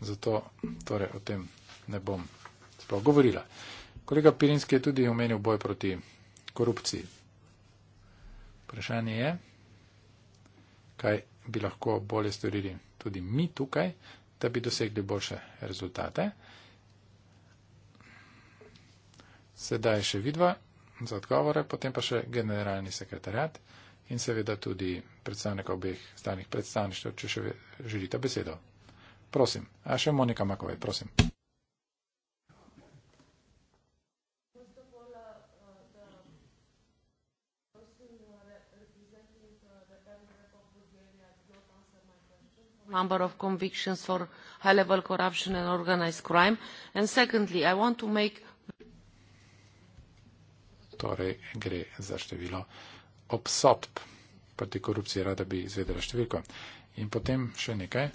E: Zato torej o tem ne bom sploh govorila. Kolega Pirinski je tudi omenil boj proti korupciji. Vprašanje je, kaj bi lahko bolje storili tudi mi tukaj, da bi dosegli boljše rezultate. sedaj še vidva za odgovore, potem pa še generalni sekretarjat in seveda tudi predstavnik obeh stalnih predstavništev, če še želite besedo. Prosim, a še Monika Makovej, prosim.
B: number of convictions for high level corruption and organized crime and secondly i want to make
E: torej gre za število obsodb proti korupciji, rada bi izvedela številko. In potem še nekaj,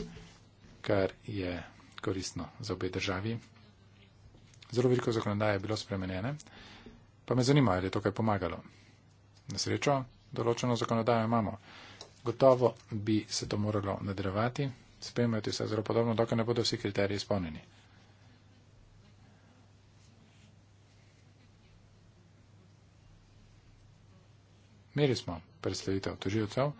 E: kar je koristno za obe državi. Zelo veliko zakonodaje je bilo spremenjene, pa me zanima, ali je to kaj pomagalo. Na srečo, določeno zakonodajo imamo. Gotovo bi se to moralo nadrevati, spremljati vse zelo podobno, dokaj ne bodo vsi kriteriji izpolnjeni. Meri smo predstavitev tožilcev,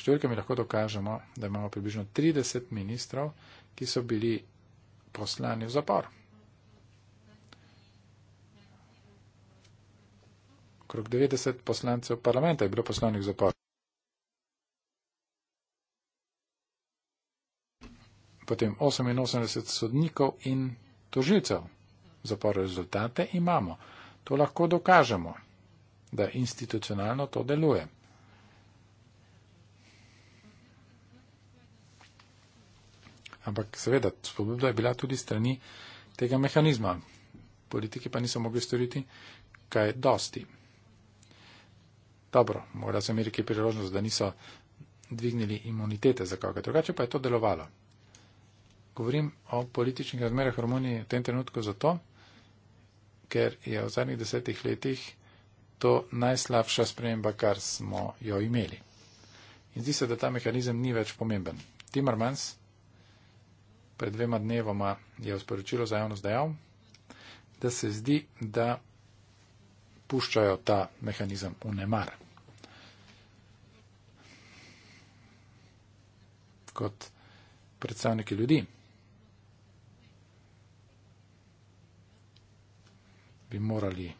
E: številke mi lahko dokažemo, da imamo približno 30 ministrov, ki so bili poslani v zapor. Krok 90 poslancev parlamenta je bilo poslanih v zapor. Potem 88 sodnikov in tožilcev. Zapor rezultate imamo. To lahko dokažemo da institucionalno to deluje. Ampak seveda, spodbuda je bila tudi strani tega mehanizma. Politiki pa niso mogli storiti kaj dosti. Dobro, morda so imeli kaj priložnost, da niso dvignili imunitete za koga. Drugače pa je to delovalo. Govorim o političnih razmerah v Romuniji v tem trenutku zato, ker je v zadnjih desetih letih to najslabša sprememba, kar smo jo imeli. In zdi se, da ta mehanizem ni več pomemben. Timmermans pred dvema dnevoma je v sporočilu za javnost dejal, da se zdi, da puščajo ta mehanizem v nemar. Kot predstavniki ljudi bi morali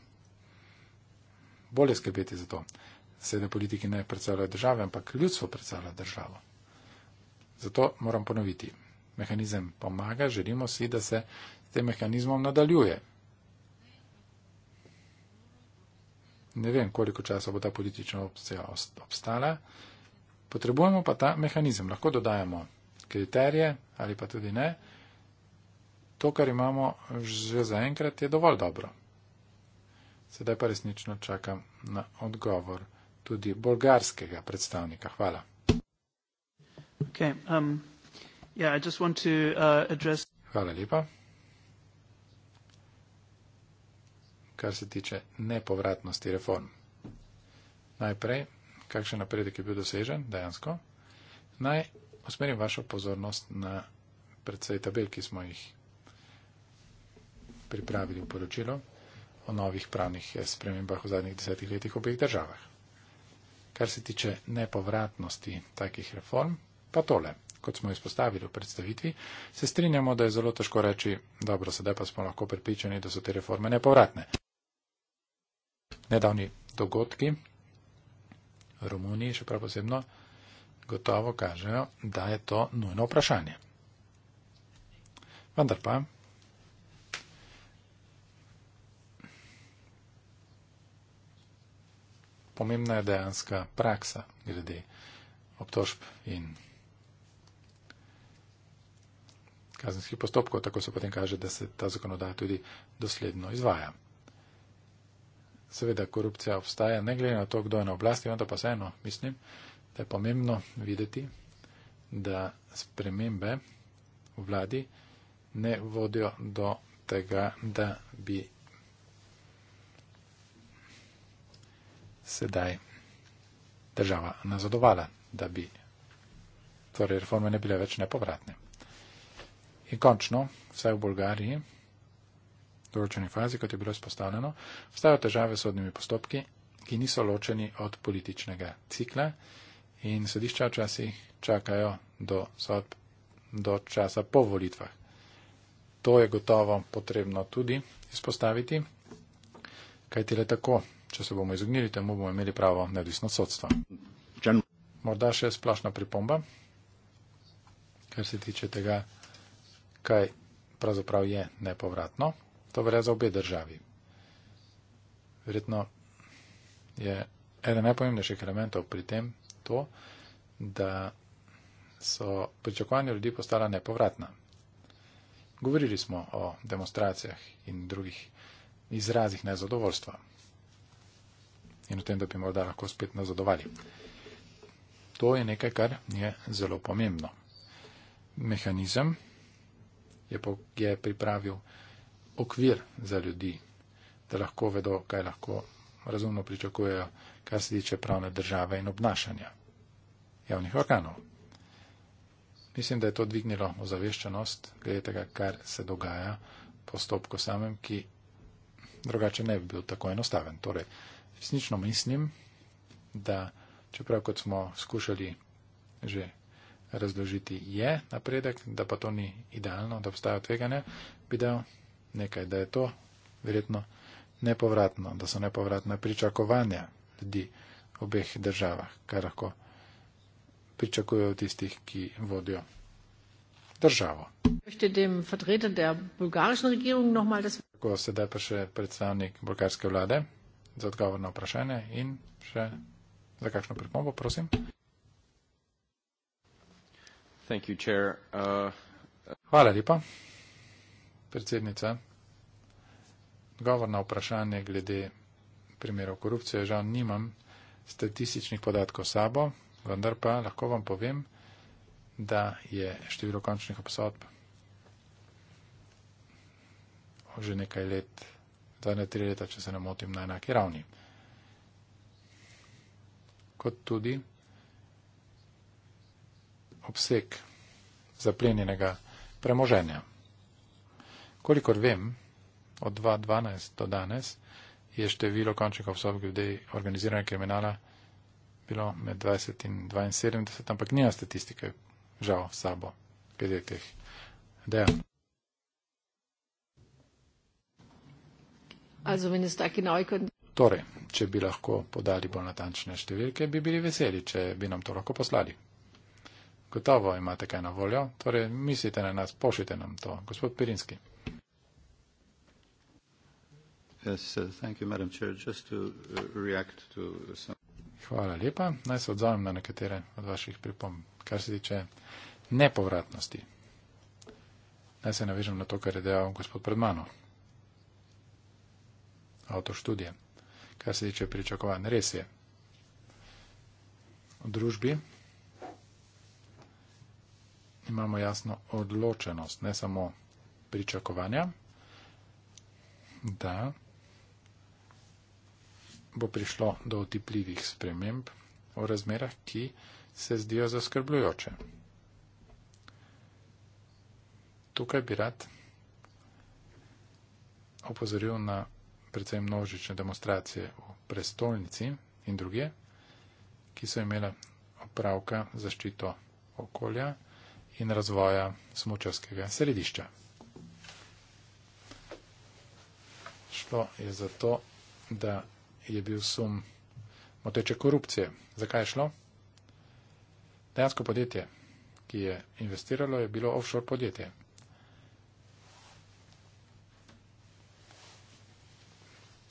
E: bolje skrbeti za to. Sedaj politiki ne predstavljajo države, ampak ljudstvo predstavlja državo. Zato moram ponoviti. Mehanizem pomaga, želimo si, da se s tem mehanizmom nadaljuje. Ne vem, koliko časa bo ta politična opcija obstala. Potrebujemo pa ta mehanizem. Lahko dodajemo kriterije ali pa tudi ne. To, kar imamo že zaenkrat, je dovolj dobro. Sedaj pa resnično čakam na odgovor tudi bolgarskega predstavnika. Hvala.
D: Okay, um, yeah, I just want to, uh, address... Hvala lepa.
E: Kar se tiče nepovratnosti reform. Najprej, kakšen napredek je bil dosežen dejansko? Naj usmerim vašo pozornost na predvsej tabel, ki smo jih pripravili v poročilo o novih pravnih spremembah v zadnjih desetih letih v obeh državah. Kar se tiče nepovratnosti takih reform, pa tole, kot smo izpostavili v predstavitvi, se strinjamo, da je zelo težko reči, dobro, sedaj pa smo lahko pripričani, da so te reforme nepovratne. Nedavni dogodki v Romuniji, še prav posebno, gotovo kažejo, da je to nujno vprašanje. Vendar pa, pomembna je dejanska praksa glede obtožb in kazenskih postopkov, tako se potem kaže, da se ta zakonodaja tudi dosledno izvaja. Seveda korupcija obstaja, ne glede na to, kdo je na oblasti, vendar pa vseeno mislim, da je pomembno videti, da spremembe v vladi ne vodijo do tega, da bi sedaj država nazadovala, da bi torej reforme ne bile več nepovratne. In končno, vsaj v Bolgariji, v določeni fazi, kot je bilo izpostavljeno, vstajajo težave s sodnimi postopki, ki niso ločeni od političnega cikla in sodišča včasih čakajo do sodb do časa po volitvah. To je gotovo potrebno tudi izpostaviti, kajti le tako Če se bomo izognili, temu bomo imeli pravo neodvisno sodstvo. Morda še splošna pripomba, kar se tiče tega, kaj pravzaprav je nepovratno. To velja za obe državi. Verjetno je eden najpomembnejših elementov pri tem to, da so pričakovanja ljudi postala nepovratna. Govorili smo o demonstracijah in drugih izrazih nezadovoljstva in o tem, da bi morda lahko spet nazadovali. To je nekaj, kar je zelo pomembno. Mehanizem je, po, je pripravil okvir za ljudi, da lahko vedo, kaj lahko razumno pričakujejo, kar se tiče pravne države in obnašanja javnih organov. Mislim, da je to dvignilo ozaveščenost glede tega, kar se dogaja postopko samem, ki drugače ne bi bil tako enostaven. Torej, resnično mislim, da čeprav kot smo skušali že razložiti, je napredek, da pa to ni idealno, da obstajajo tveganja, bi dal nekaj, da je to verjetno nepovratno, da so nepovratna pričakovanja ljudi v obeh državah, kar lahko pričakujejo tistih, ki vodijo državo. Tako sedaj pa še predstavnik bulgarske vlade za odgovor na vprašanje in še za kakšno pripombo, prosim.
C: You, uh,
E: Hvala lepa, predsednica. Odgovor na vprašanje glede primerov korupcije žal nimam statističnih podatkov sabo, vendar pa lahko vam povem, da je število končnih obsodb že nekaj let ostane tri leta, če se ne motim, na enaki ravni. Kot tudi obseg zaplenjenega premoženja. Kolikor vem, od 2012 do danes je število končnih obsob ljudi organiziranega kriminala bilo med 20 in 72, ampak nima statistike, žal, sabo, glede teh dejanj. Torej, če bi lahko podali bolj natančne številke, bi bili veseli, če bi nam to lahko poslali. Gotovo imate kaj na voljo, torej mislite na nas, pošljite nam to, gospod Pirinski.
D: Uh, Hvala lepa.
E: Naj se odzovem na nekatere od vaših pripomb, kar se tiče nepovratnosti. Naj se navežem na to, kar je dejal gospod pred mano avtoštudije. Kar se tiče pričakovanj, res je. V družbi imamo jasno odločenost, ne samo pričakovanja, da bo prišlo do otipljivih sprememb v razmerah, ki se zdijo zaskrbljujoče. Tukaj bi rad opozoril na predvsem množične demonstracije v prestolnici in druge, ki so imele opravka zaščito okolja in razvoja smočarskega središča. Šlo je zato, da je bil sum moteče korupcije. Zakaj je šlo? Dejansko podjetje, ki je investiralo, je bilo offshore podjetje,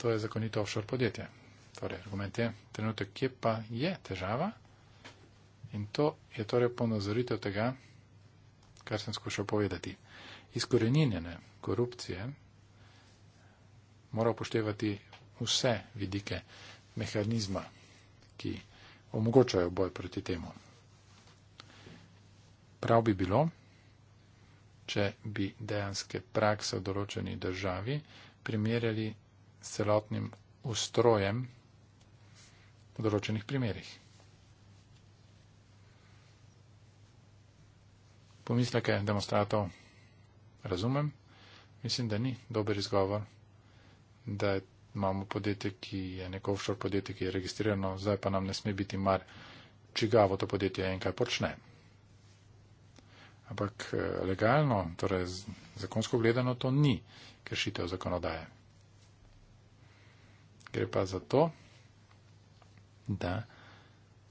E: to je zakonito offshore podjetje. Torej, argument je, trenutek, kje pa je težava. In to je torej ponazoritev tega, kar sem skušal povedati. Izkoreninjene korupcije mora upoštevati vse vidike mehanizma, ki omogočajo boj proti temu. Prav bi bilo, če bi dejanske prakse v določeni državi primerjali s celotnim ustrojem v določenih primerjih. Pomisleke demonstratov razumem, mislim, da ni dober izgovor, da imamo podjetje, ki je neko offshore podjetje, ki je registrirano, zdaj pa nam ne sme biti mar, čigavo to podjetje je in kaj počne. Ampak eh, legalno, torej zakonsko gledano, to ni kršitev zakonodaje gre pa za to, da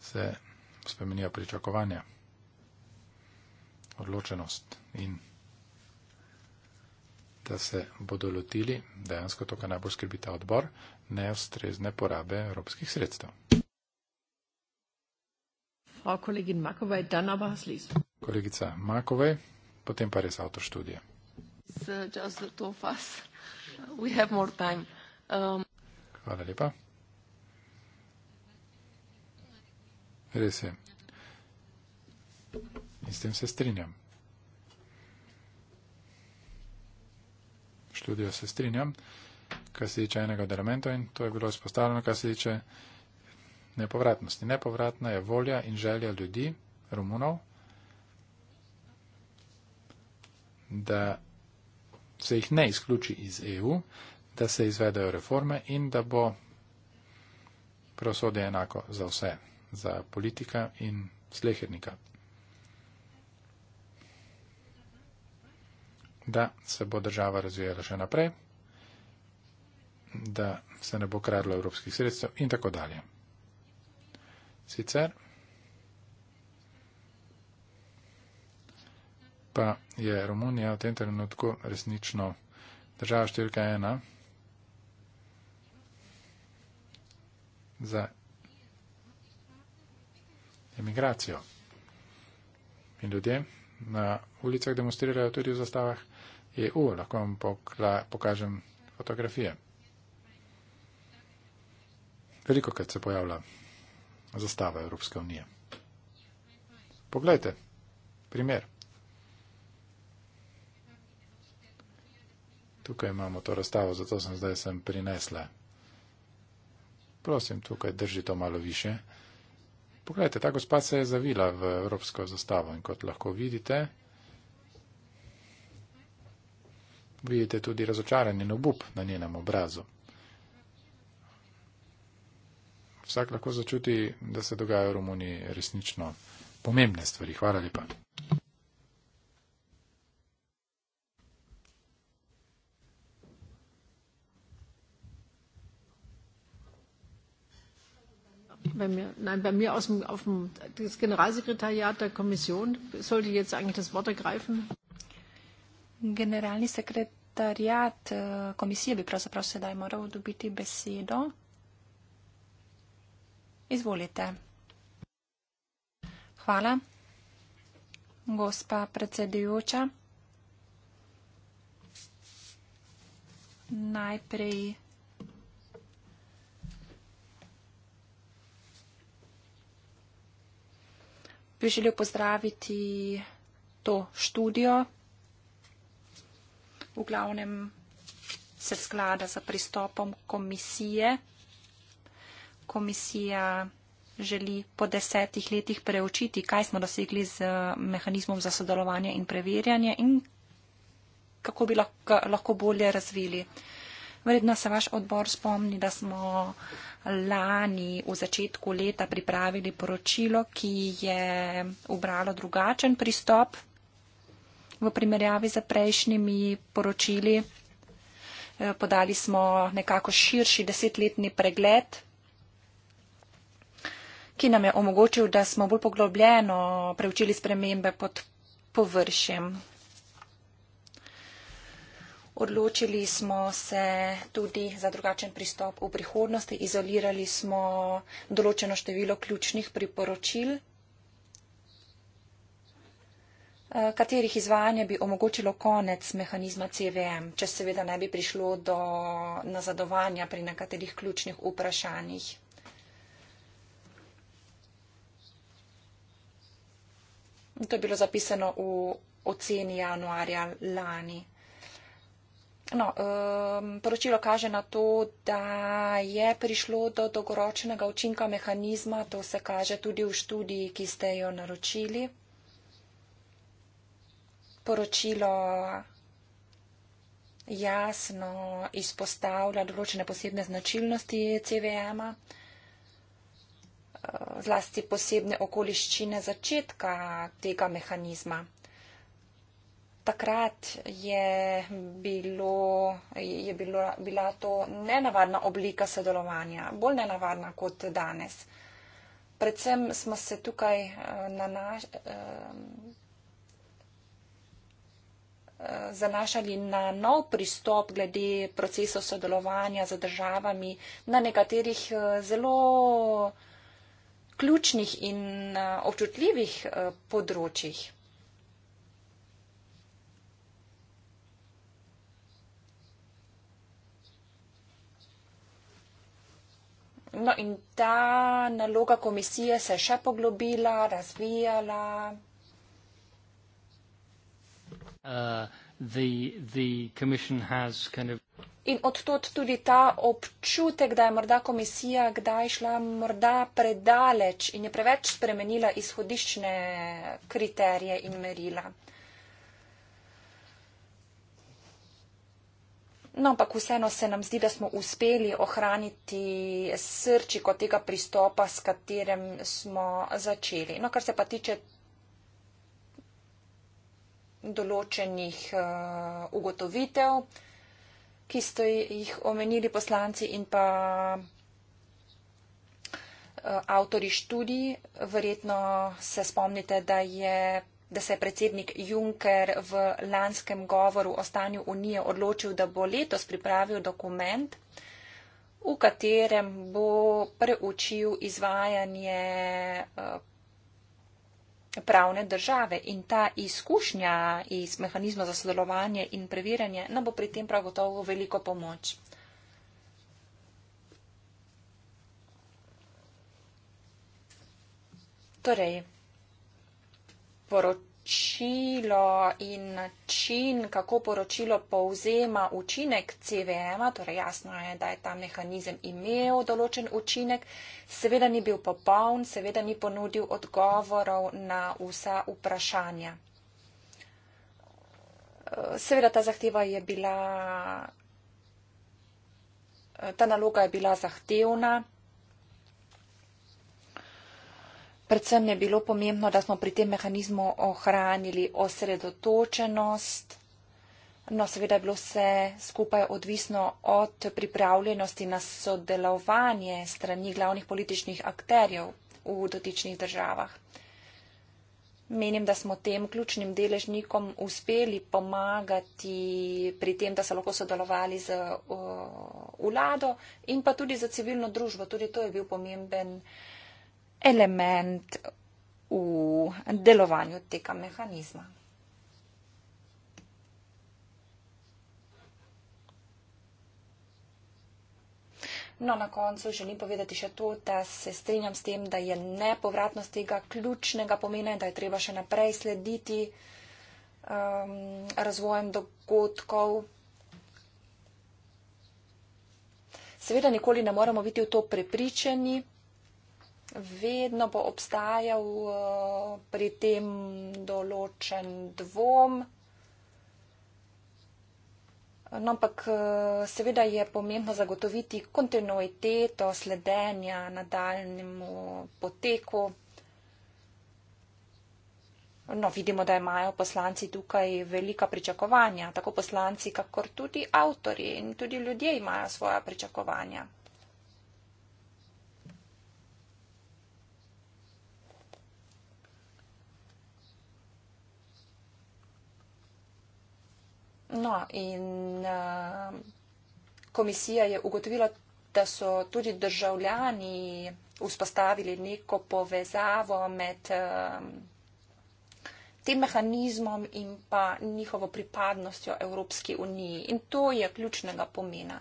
E: se spremenijo pričakovanja, odločenost in da se bodo lotili dejansko to, kar najbolj skrbi ta odbor, neustrezne porabe evropskih sredstev. Kolegica Makovej, potem pa res avtor študije.
A: Uh, um,
E: Hvala lepa. Res je. In s tem se strinjam. Študijo se strinjam, kar se tiče enega od elementov in to je bilo izpostavljeno, kar se tiče nepovratnosti. Nepovratna je volja in želja ljudi, Romunov, da se jih ne izključi iz EU, da se izvedejo reforme in da bo pravosodje enako za vse, za politika in slehernika. Da se bo država razvijala še naprej, da se ne bo kradlo evropskih sredstev in tako dalje. Sicer pa je Romunija v tem trenutku resnično država številka ena. za emigracijo. In ljudje na ulicah demonstrirajo tudi v zastavah EU. Lahko vam pokla, pokažem fotografije. Veliko krat se pojavlja zastava Evropske unije. Poglejte, primer. Tukaj imamo to razstavo, zato sem zdaj sem prinesla prosim, tukaj drži to malo više. Poglejte, ta gospa se je zavila v evropsko zastavo in kot lahko vidite, vidite tudi razočaranje in obup na njenem obrazu. Vsak lahko začuti, da se dogajajo v Romuniji resnično pomembne stvari. Hvala lepa.
A: bei mir, nein, bei mir aus dem, auf dem das Generalsekretariat der Kommission sollte jetzt eigentlich das Wort ergreifen.
F: Generalni sekretariat eh, komisije bi pravzaprav sedaj moral dobiti besedo. Izvolite. Hvala. Gospa predsedujoča, najprej bi želel pozdraviti to študijo. V glavnem se sklada za pristopom komisije. Komisija želi po desetih letih preučiti, kaj smo dosegli z mehanizmom za sodelovanje in preverjanje in kako bi lahko, lahko bolje razvili. Verjetno se vaš odbor spomni, da smo uh, lani v začetku leta pripravili poročilo, ki je obralo drugačen pristop v primerjavi z prejšnjimi poročili. Eh, podali smo nekako širši desetletni pregled, ki nam je omogočil, da smo bolj poglobljeno preučili spremembe pod površjem. Odločili smo se tudi za drugačen pristop v prihodnosti, izolirali smo določeno število ključnih priporočil, eh, katerih izvajanje bi omogočilo konec mehanizma CVM, če seveda ne bi prišlo do nazadovanja pri nekaterih ključnih vprašanjih. To je bilo zapisano v oceni januarja lani. No, um, poročilo kaže na to, da je prišlo do dolgoročnega učinka mehanizma, to se kaže tudi v študiji, ki ste jo naročili. Poročilo jasno izpostavlja določene posebne značilnosti CVM-a, eh, zlasti posebne okoliščine začetka tega mehanizma takrat je, bilo, je bilo, bila to nenavadna oblika sodelovanja, bolj nenavadna kot danes. Predvsem smo se tukaj eh, na naš, eh, eh, zanašali na nov pristop glede procesov sodelovanja z državami na nekaterih eh, zelo ključnih in občutljivih področjih. No, in ta naloga komisije se je še poglobila, razvijala.
C: Uh, the, the kind of...
F: In odtot tudi ta občutek, da je morda komisija kdaj šla morda predaleč in je preveč spremenila izhodiščne kriterije in merila. No, ampak vseeno se nam zdi, da smo uspeli ohraniti srčiko tega pristopa, s katerim smo začeli. No, kar se pa tiče določenih uh, ugotovitev, ki ste jih omenili poslanci in pa uh, avtori študij, verjetno se spomnite, da je da se je predsednik Juncker v lanskem govoru o stanju unije odločil, da bo letos pripravil dokument, v katerem bo preučil izvajanje eh, pravne države in ta izkušnja iz mehanizma za sodelovanje in preverjanje nam bo pri tem prav gotovo veliko pomoč. Torej, poročilo in način, kako poročilo povzema učinek CVM-a, torej jasno je, da je ta mehanizem imel določen učinek, seveda ni bil popoln, seveda ni ponudil odgovorov na vsa vprašanja. Seveda ta zahteva je bila, ta naloga je bila zahtevna. Predvsem je bilo pomembno, da smo pri tem mehanizmu ohranili osredotočenost. No, seveda je bilo vse skupaj odvisno od pripravljenosti na sodelovanje strani glavnih političnih akterjev v dotičnih državah. Menim, da smo tem ključnim deležnikom uspeli pomagati pri tem, da so lahko sodelovali z uh, vlado in pa tudi za civilno družbo. Tudi to je bil pomemben element v delovanju tega mehanizma. No, na koncu želim povedati še to, da se strinjam s tem, da je nepovratnost tega ključnega pomena in da je treba še naprej slediti um, razvojem dogodkov. Seveda nikoli ne moramo biti v to prepričeni vedno bo obstajal eh, pri tem določen dvom. No, ampak eh, seveda je pomembno zagotoviti kontinuiteto sledenja nadaljnemu poteku. No, vidimo, da imajo poslanci tukaj velika pričakovanja, tako poslanci, kakor tudi avtori in tudi ljudje imajo svoja pričakovanja. No, in eh, komisija je ugotovila, da so tudi državljani vzpostavili neko povezavo med eh, tem mehanizmom in pa njihovo pripadnostjo Evropski uniji. In to je ključnega pomena.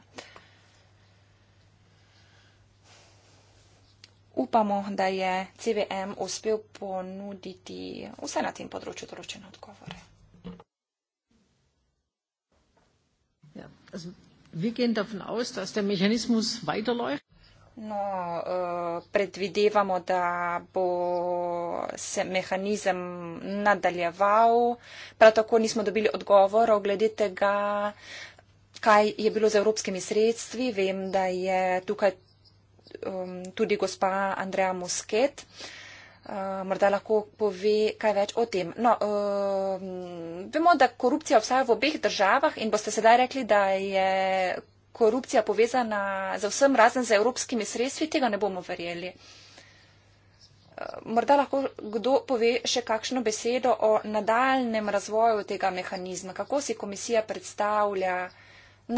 F: Upamo, da je CVM uspel ponuditi vse na tem področju določene odgovore. No, eh, predvidevamo, da bo se mehanizem nadaljeval. Prav tako nismo dobili odgovorov glede tega, kaj je bilo z evropskimi sredstvi. Vem, da je tukaj tudi gospa Andreja Musket. Eh, morda lahko pove kaj več o tem. No, uh, vemo, da korupcija obstaja v obeh državah in boste sedaj rekli, da je korupcija povezana z vsem razen z evropskimi sredstvi, tega ne bomo verjeli. Eh, morda lahko kdo pove še kakšno besedo o nadaljnem razvoju tega mehanizma. Kako si komisija predstavlja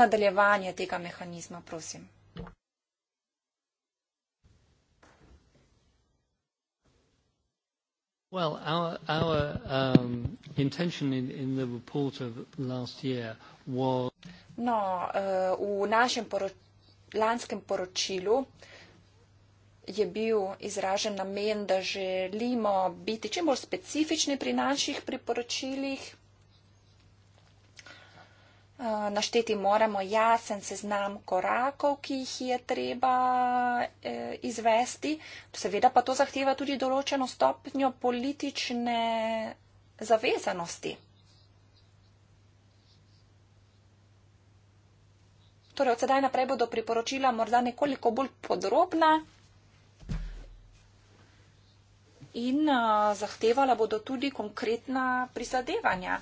F: nadaljevanje tega mehanizma, prosim?
C: Well, our um, intention in the report of last year was-
F: No, uh, v našem lanskem poročilu je bil izražen namen, da želimo biti čim bolj specifični pri naših priporočilih. Eh, našteti moramo jasen seznam korakov, ki jih je treba eh, izvesti. Seveda pa to zahteva tudi določeno stopnjo politične zavezanosti. Torej, od sedaj naprej bodo priporočila morda nekoliko bolj podrobna in uh, zahtevala bodo tudi konkretna prizadevanja.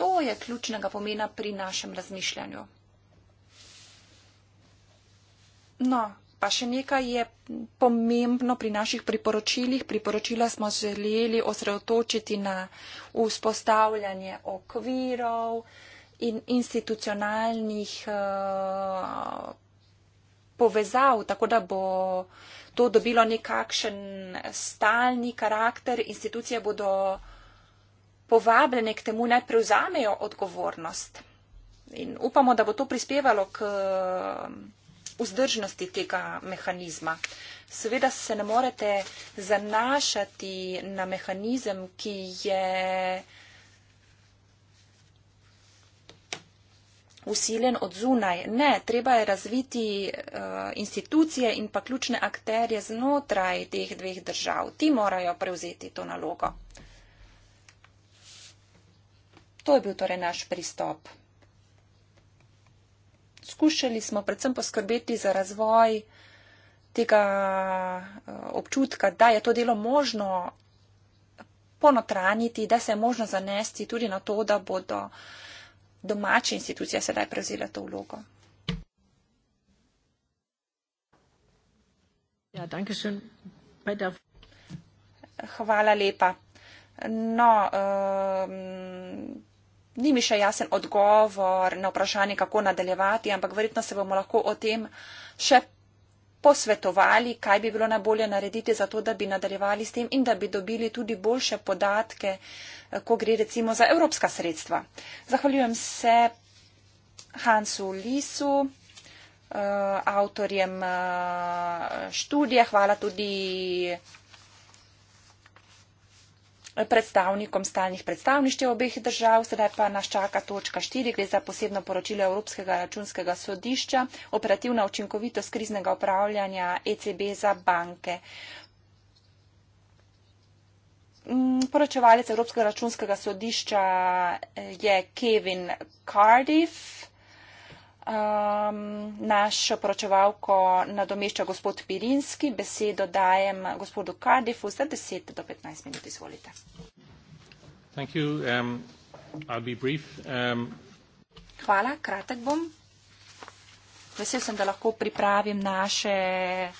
F: To je ključnega pomena pri našem razmišljanju. No, pa še nekaj je pomembno pri naših priporočilih. Priporočila smo želeli osredotočiti na vzpostavljanje okvirov in institucionalnih uh, povezav, tako da bo to dobilo nekakšen stalni karakter. Institucije bodo povabljene k temu, naj prevzamejo odgovornost. In upamo, da bo to prispevalo k um, vzdržnosti tega mehanizma. Seveda se ne morete zanašati na mehanizem, ki je usiljen od zunaj. Ne, treba je razviti uh, institucije in pa ključne akterje znotraj teh dveh držav. Ti morajo prevzeti to nalogo. To je bil torej naš pristop. Skušali smo predvsem poskrbeti za razvoj tega eh, občutka, da je to delo možno ponotraniti, da se je možno zanesti tudi na to, da bodo domače institucije sedaj prevzele to vlogo. Ja, Hvala lepa. No, um, ni mi še jasen odgovor na vprašanje, kako nadaljevati, ampak verjetno se bomo lahko o tem še posvetovali, kaj bi bilo najbolje narediti za to, da bi nadaljevali s tem in da bi dobili tudi boljše podatke, eh, ko gre recimo za evropska sredstva. Zahvaljujem se Hansu Lisu, eh, avtorjem eh, študije. Hvala tudi predstavnikom stalnih predstavništev obeh držav. Sedaj pa nas čaka točka 4, gre za posebno poročilo Evropskega računskega sodišča, operativna učinkovitost kriznega upravljanja ECB za banke. Mm, poročevalec Evropskega računskega sodišča eh, je Kevin Cardiff um, našo poročevalko nadomešča gospod Pirinski. Besedo dajem gospodu Kardifu za 10 do 15 minut. Izvolite.
C: Thank you. Um, I'll be brief. Um,
F: Hvala, kratek bom. Vesel sem, da lahko pripravim naše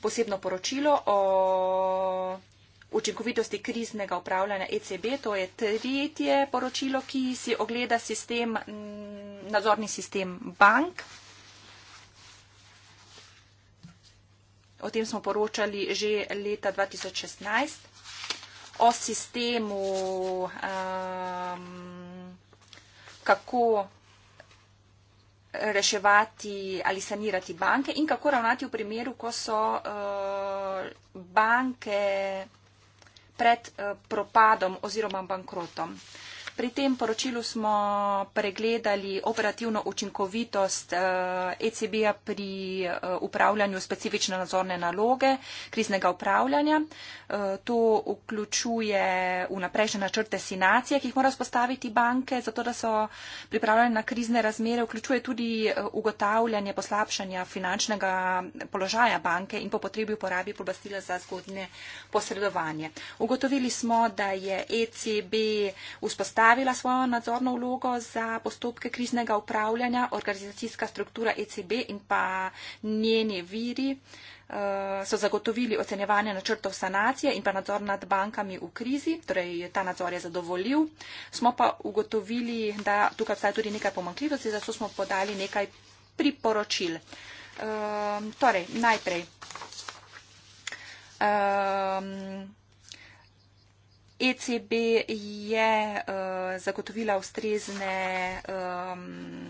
F: posebno poročilo o učinkovitosti kriznega upravljanja ECB. To je tretje poročilo, ki si ogleda sistem, mm, nadzorni sistem bank. O tem smo poročali že leta 2016. O sistemu, um, kako reševati ali sanirati banke in kako ravnati v primeru, ko so uh, banke pred uh, propadom oziroma bankrotom. Pri tem poročilu smo pregledali operativno učinkovitost ECB-a eh, e pri eh, upravljanju specifične nadzorne naloge kriznega upravljanja. Eh, to vključuje vnaprejšnje načrte sinacije, ki jih mora spostaviti banke, zato da so pripravljene na krizne razmere. Vključuje tudi ugotavljanje poslabšanja finančnega položaja banke in po potrebi uporabi pobastila za zgodne posredovanje. Ugotovili smo, da je ECB vzpostavljen opravila svojo nadzorno vlogo za postopke kriznega upravljanja, organizacijska struktura ECB in pa njeni viri eh, so zagotovili ocenjevanje načrtov sanacije in pa nadzor nad bankami v krizi, torej ta nadzor je zadovoljiv. Smo pa ugotovili, da tukaj obstaja tudi nekaj pomankljivosti, zato smo podali nekaj priporočil. Eh, torej, najprej. Ehm, ECB je uh, zagotovila ustrezne um,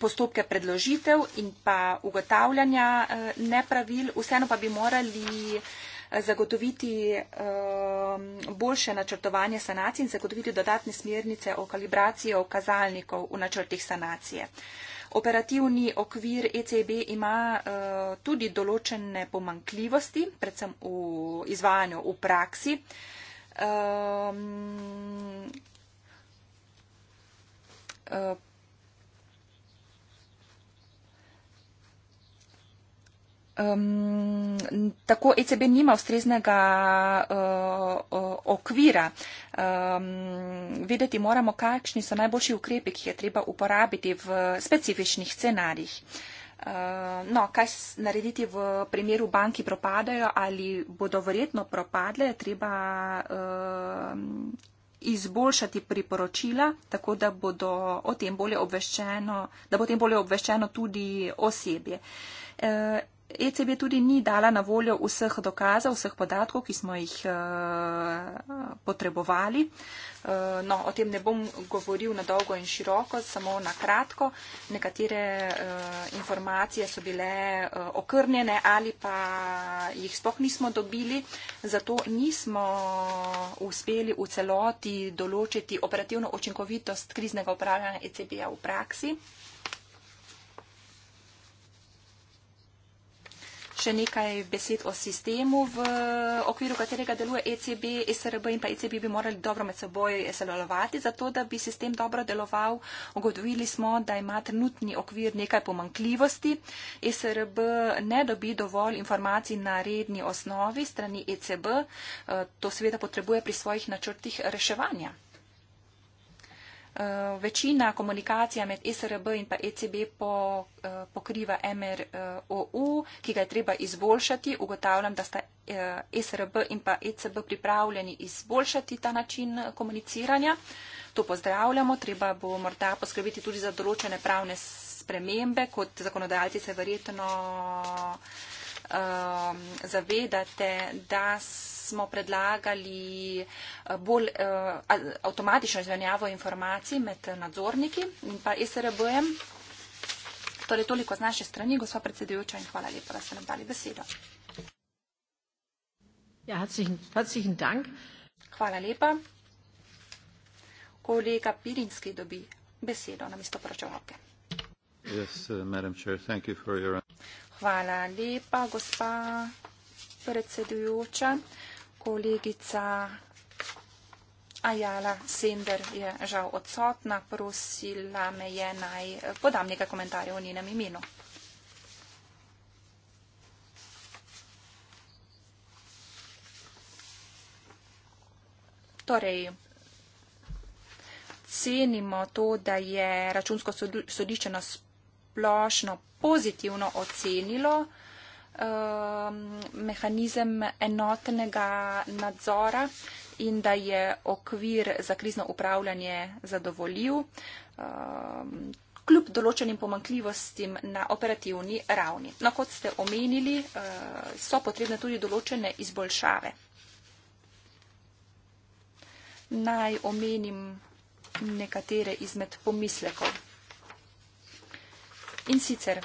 F: postopke predložitev in pa ugotavljanja uh, nepravil. Vseeno pa bi morali eh, zagotoviti um, boljše načrtovanje sanacij in zagotoviti dodatne smernice o kalibraciji okazalnikov v načrtih sanacije. Uh, Operativni okvir ECB ima uh, tudi določene pomankljivosti, predvsem v izvajanju v praksi. Um, Um, tako ECB nima ustreznega uh, uh, okvira. Um, vedeti moramo, kakšni so najboljši ukrepi, ki jih je treba uporabiti v specifičnih scenarjih. No, kaj narediti v primeru banki propadajo ali bodo verjetno propadle, treba uh, izboljšati priporočila, tako da, bodo o tem bolje obveščeno, da bo o tem bolje obveščeno tudi osebje. Uh, ECB tudi ni dala na voljo vseh dokazov, vseh podatkov, ki smo jih uh, potrebovali. Uh, no, o tem ne bom govoril na dolgo in široko, samo na kratko. Nekatere uh, informacije so bile uh, okrnjene ali pa jih spoh nismo dobili, zato nismo uspeli v celoti določiti operativno očinkovitost kriznega upravljanja ECB-ja v praksi. Še nekaj besed o sistemu, v okviru katerega deluje ECB, SRB in pa ECB bi morali dobro med seboj sodelovati. Zato, da bi sistem dobro deloval, ugotovili smo, da ima trenutni okvir nekaj pomankljivosti. SRB ne dobi dovolj informacij na redni osnovi strani ECB. Eh, to seveda potrebuje pri svojih načrtih reševanja. Eh, večina komunikacija med e SRB in pa ECB po, eh, pokriva MROU, ki ga je treba izboljšati. Ugotavljam, da sta eh, e SRB in pa ECB pripravljeni izboljšati ta način komuniciranja. To pozdravljamo, treba bo morda poskrbeti tudi za določene pravne spremembe, kot zakonodajalci se verjetno um, zavedate, da se smo predlagali eh, bolj eh, avtomatično izmenjavo informacij med nadzorniki in pa SRB-jem. Torej toliko z naše strani, gospod predsedujoča, in hvala lepa, da ste nam dali besedo. Ja, herzlichen, herzlichen dank. Hvala lepa. Kolega Pirinski dobi besedo na mesto poročevalke.
D: Yes, uh, you your...
F: Hvala lepa, gospa predsedujoča kolegica Ajala Sender je žal odsotna, prosila me je naj eh, podam nekaj komentarjev v njenem imenu. Torej, cenimo to, da je računsko sodišče nas splošno pozitivno ocenilo uh, Um, mehanizem enotnega nadzora in da je okvir za krizno upravljanje zadovoljiv, um, kljub določenim pomankljivostim na operativni ravni. No, kot ste omenili, uh, so potrebne tudi določene izboljšave. Naj omenim nekatere izmed pomislekov. In sicer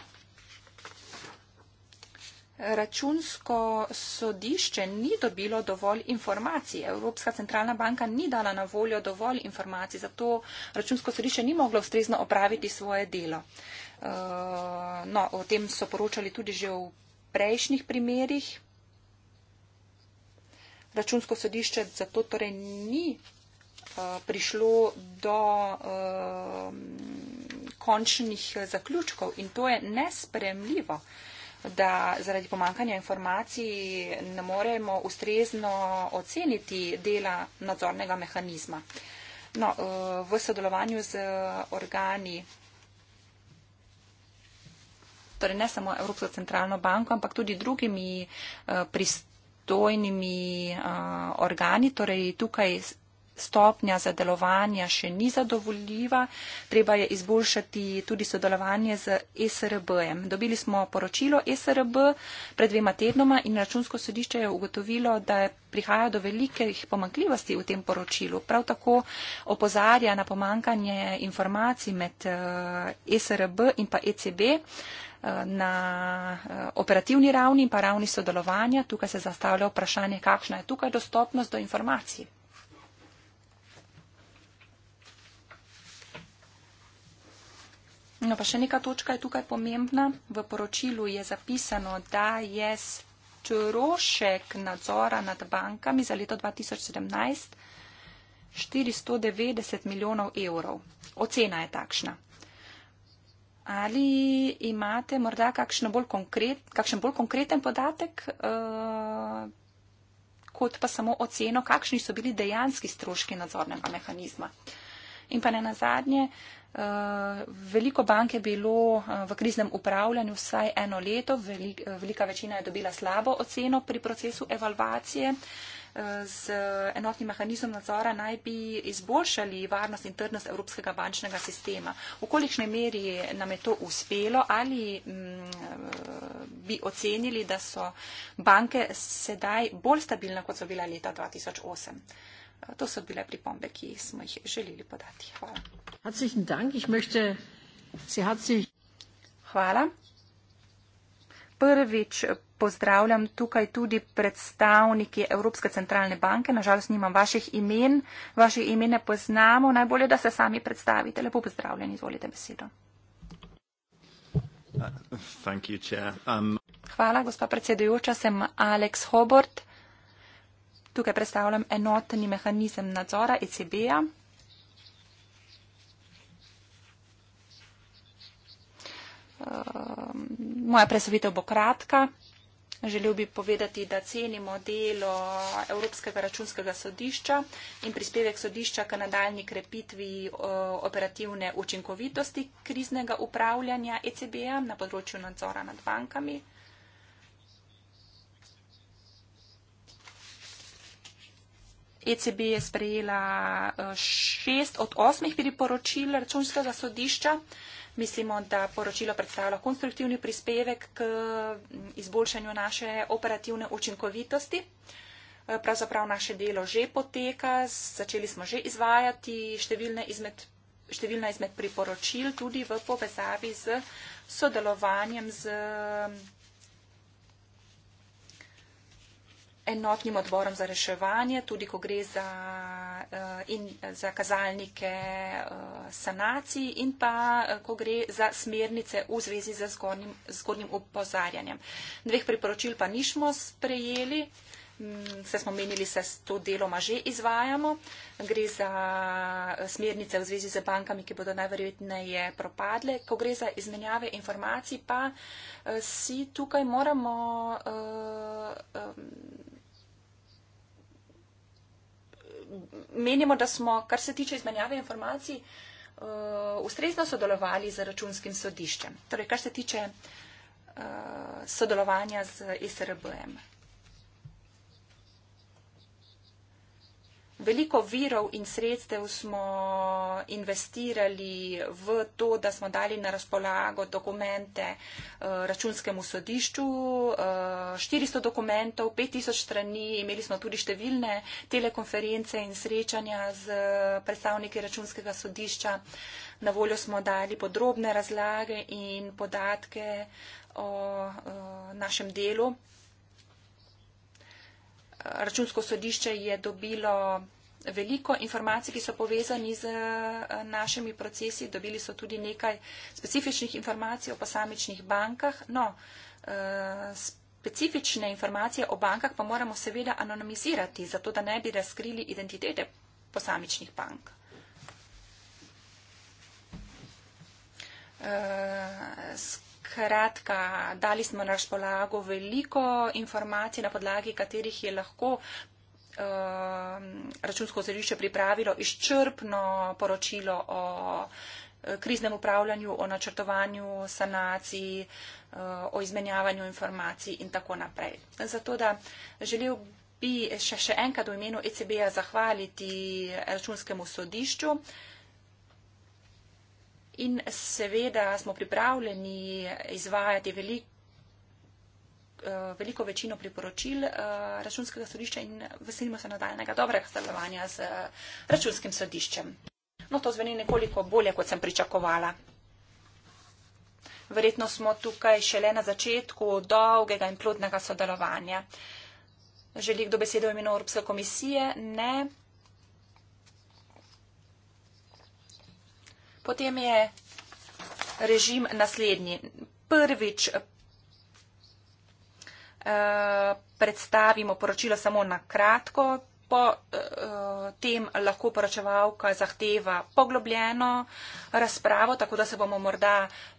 F: računsko sodišče ni dobilo dovolj informacij. Evropska centralna banka ni dala na voljo dovolj informacij, zato računsko sodišče ni moglo ustrezno opraviti svoje delo. Eh, no, o tem so poročali tudi že v prejšnjih primerjih. Računsko sodišče zato torej ni eh, prišlo do eh, končnih zaključkov in to je nespremljivo da zaradi pomankanja informacij ne moremo ustrezno oceniti dela nadzornega mehanizma. No, eh, v sodelovanju z eh, organi, torej ne samo Evropsko centralno banko, ampak tudi drugimi eh, pristojnimi organi, torej tukaj stopnja zadelovanja še ni zadovoljiva, treba je izboljšati tudi sodelovanje z SRB-em. Dobili smo poročilo SRB pred dvema tednoma in računsko sodišče je ugotovilo, da prihaja do velikih pomankljivosti v tem poročilu. Prav tako opozarja na pomankanje informacij med eh, SRB in pa ECB eh, na eh, operativni ravni in pa ravni sodelovanja. Tukaj se zastavlja vprašanje, kakšna je tukaj dostopnost do informacij. No, pa še neka točka je tukaj pomembna. V poročilu je zapisano, da je strošek nadzora nad bankami za leto 2017 490 milijonov evrov. Ocena je takšna. Ali imate morda bolj konkret, kakšen bolj konkreten podatek, eh, kot pa samo oceno, kakšni so bili dejanski stroški nadzornega mehanizma? In pa ne nazadnje, Veliko bank je bilo eh, v kriznem upravljanju vsaj eno leto, velika večina je dobila slabo oceno pri procesu evalvacije. Eh, z enotnim mehanizmom nadzora naj bi izboljšali varnost in trdnost evropskega bančnega sistema. V kolikšni meri nam je to uspelo ali m, mm, eh, bi ocenili, da so banke sedaj bolj stabilne, kot so bila leta 2008? To so bile pripombe, ki smo jih želeli podati. Hvala. Hvala. Prvič pozdravljam tukaj tudi predstavniki Evropske centralne banke. Nažalost nimam vaših imen. Vaše imene poznamo. Najbolje, da se sami predstavite. Lepo pozdravljeni. Izvolite besedo.
D: Uh, um,
F: Hvala, gospa predsedujoča. Sem Alex Hobart. Tukaj predstavljam enotni mehanizem nadzora ECB-ja. Ehm, moja predstavitev bo kratka. Želel bi povedati, da cenimo delo Evropskega računskega sodišča in prispevek sodišča k nadaljni krepitvi operativne učinkovitosti kriznega upravljanja ECB-ja na področju nadzora nad bankami. ECB je sprejela eh, šest od osmih priporočil računskega sodišča. Mislimo, da poročilo predstavlja konstruktivni prispevek k mm, izboljšanju naše operativne učinkovitosti. Eh, pravzaprav naše delo že poteka, začeli smo že izvajati številne izmed, številna izmed priporočil tudi v povezavi z sodelovanjem z enotnim odborom za reševanje, tudi ko gre za, eh, in, za kazalnike eh, sanacij in pa eh, ko gre za smernice v zvezi z zgornjim, zgornjim upozarjanjem. Dveh priporočil pa nišmo sprejeli, mm, se smo menili, se s to deloma že izvajamo. Gre za smernice v zvezi z bankami, ki bodo najverjetneje propadle. Ko gre za izmenjave informacij, pa si tukaj moramo. Uh, um, menimo, da smo, kar se tiče izmenjave informacij, eh, ustrezno sodelovali z računskim sodiščem. Torej, kar se tiče eh, sodelovanja z ISRB-em. E Veliko virov in sredstev smo investirali v to, da smo dali na razpolago dokumente eh, računskemu sodišču, 400 eh, dokumentov, 5000 strani, imeli smo tudi številne telekonference in srečanja z predstavniki računskega sodišča. Na voljo smo dali podrobne razlage in podatke o, o eh, našem delu računsko sodišče je dobilo veliko informacij, ki so povezani z eh, našimi procesi. Dobili so tudi nekaj specifičnih informacij o posamičnih bankah. No, eh, specifične informacije o bankah pa moramo seveda anonimizirati, zato da ne bi razkrili identitete posamičnih bank. Uh, Skratka, dali smo na razpolago veliko informacij, na podlagi katerih je lahko um, računsko zorišče pripravilo izčrpno poročilo o eh, kriznem upravljanju, o načrtovanju sanacij, eh, o izmenjavanju informacij in tako naprej. Zato da želel bi še, še enkrat v imenu ECB-ja zahvaliti računskemu sodišču. In seveda smo pripravljeni izvajati veliko eh, veliko večino priporočil uh, računskega sodišča in veselimo se nadaljnega dobrega sodelovanja z eh, računskim sodiščem. No, to zveni nekoliko bolje, kot sem pričakovala. Verjetno smo tukaj šele na začetku dolgega in plodnega sodelovanja. Želi kdo besedo v imenu Evropske komisije? Ne. Potem je režim naslednji. Prvič uh, predstavimo poročilo samo na kratko, po uh, tem lahko poročevalka zahteva poglobljeno razpravo, tako da se bomo morda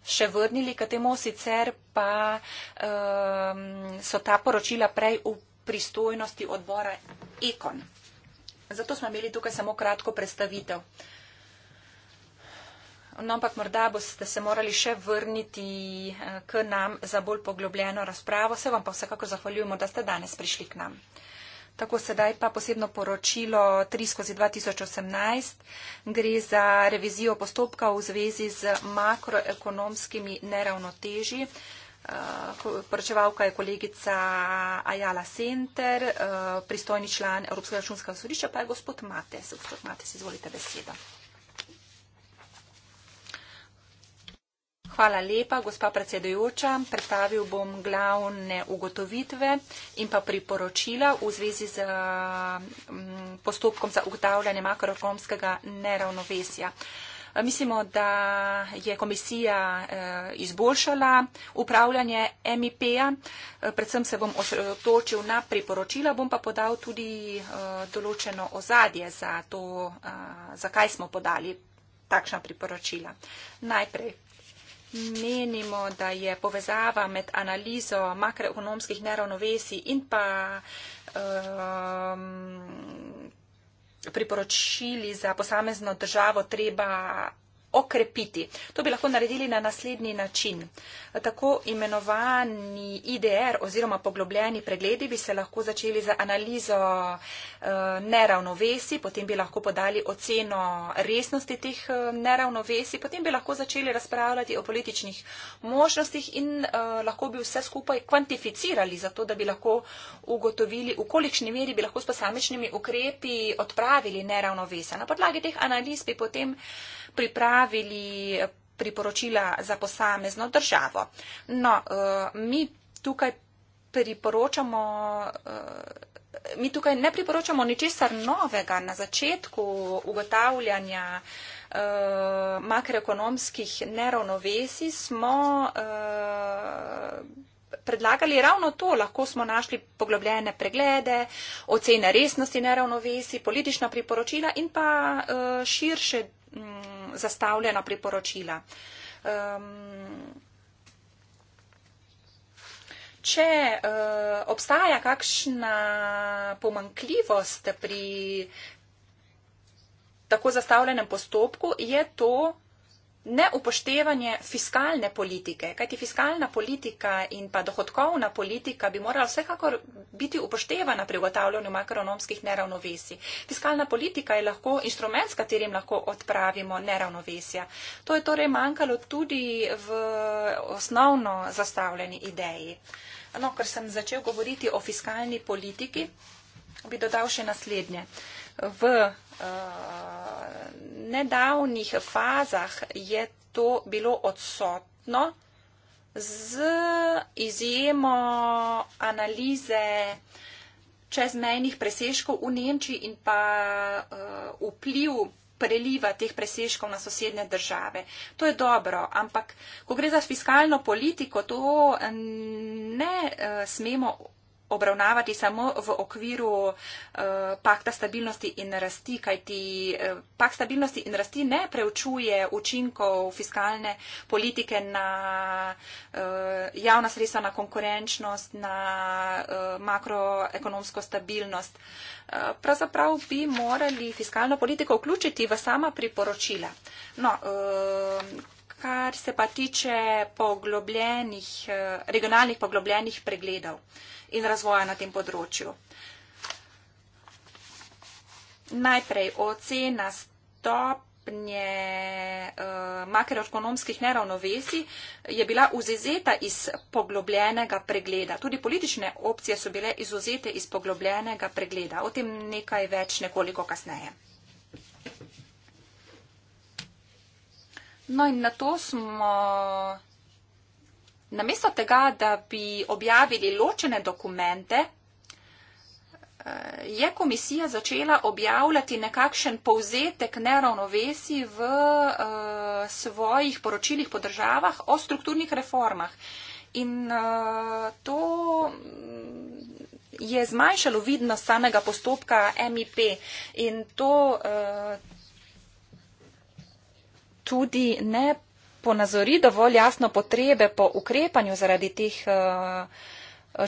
F: še vrnili k temu, sicer pa um, so ta poročila prej v pristojnosti odbora Ekon. Zato smo imeli tukaj samo kratko predstavitev. Uh, no, ampak morda boste se morali še vrniti eh, k nam za bolj poglobljeno razpravo. Se vam pa vsekako zahvaljujemo, da ste danes prišli k nam. Tako sedaj pa posebno poročilo 3 skozi 2018 gre za revizijo postopka v zvezi z makroekonomskimi neravnoteži. Eh, poročevalka je kolegica Ajala Center, eh, pristojni član Evropskega računskega sodišča pa je gospod Mates. Gospod Mates, izvolite besedo. Hvala lepa, gospa predsedujoča. Predstavil bom glavne ugotovitve in pa priporočila v zvezi z mm, postopkom za ugotavljanje makroekonomskega neravnovesja. Mislimo, da je komisija eh, izboljšala upravljanje MIP-a, predvsem se bom osredotočil na priporočila, bom pa podal tudi eh, določeno ozadje za to, eh, zakaj smo podali takšna priporočila. Najprej menimo, da je povezava med analizo makroekonomskih neravnovesij in pa um, priporočili za posamezno državo treba okrepiti. To bi lahko naredili na naslednji način. Tako imenovani IDR oziroma poglobljeni pregledi bi se lahko začeli za analizo eh, neravnovesi, potem bi lahko podali oceno resnosti teh eh, neravnovesi, potem bi lahko začeli razpravljati o političnih možnostih in eh, lahko bi vse skupaj kvantificirali, zato da bi lahko ugotovili, v kolikšni meri bi lahko s posamečnimi ukrepi odpravili neravnovesa. Na podlagi teh analiz bi potem pripravili priporočila za posamezno državo. No, eh, mi tukaj priporočamo. Eh, mi tukaj ne priporočamo ničesar novega na začetku ugotavljanja e, makroekonomskih neravnovesij. Smo e, predlagali ravno to, lahko smo našli poglobljene preglede, ocene resnosti neravnovesij, politična priporočila in pa e, širše Mm, zastavljena priporočila. Um, če uh, obstaja kakšna pomankljivost pri tako zastavljenem postopku, je to neupoštevanje fiskalne politike, kajti fiskalna politika in pa dohodkovna politika bi morala vsekakor biti upoštevana pri ugotavljanju makronomskih neravnovesij. Fiskalna politika je lahko instrument, s katerim lahko odpravimo neravnovesja. To je torej manjkalo tudi v osnovno zastavljeni ideji. No, ker sem začel govoriti o fiskalni politiki, bi dodal še naslednje. Uh, v eh, nedavnih fazah je to bilo odsotno z izjemo analize čezmejnih presežkov v Nemčiji in pa eh, vpliv preliva teh presežkov na sosednje države. To je dobro, ampak ko gre za fiskalno politiko, to ne eh, smemo obravnavati samo v okviru eh, pakta stabilnosti in rasti, kajti eh, pakt stabilnosti in rasti ne preučuje učinkov fiskalne politike na eh, javna sredstva, na konkurenčnost, na makroekonomsko stabilnost. Pravzaprav bi morali fiskalno politiko vključiti v sama priporočila. No, kar se pa tiče poglobljenih, eh, regionalnih poglobljenih pregledov in razvoja na tem področju. Najprej ocena stopnje eh, makroekonomskih neravnovesij je bila vzezeta iz poglobljenega pregleda. Tudi politične opcije so bile izuzete iz poglobljenega pregleda. O tem nekaj več nekoliko kasneje. No in na to smo, namesto tega, da bi objavili ločene dokumente, eh, je komisija začela objavljati nekakšen povzetek neravnovesi v eh, svojih poročilih po državah o strukturnih reformah. In eh, to je zmanjšalo vidnost samega postopka MIP. In to, tudi ne ponazori dovolj jasno potrebe po ukrepanju zaradi teh eh,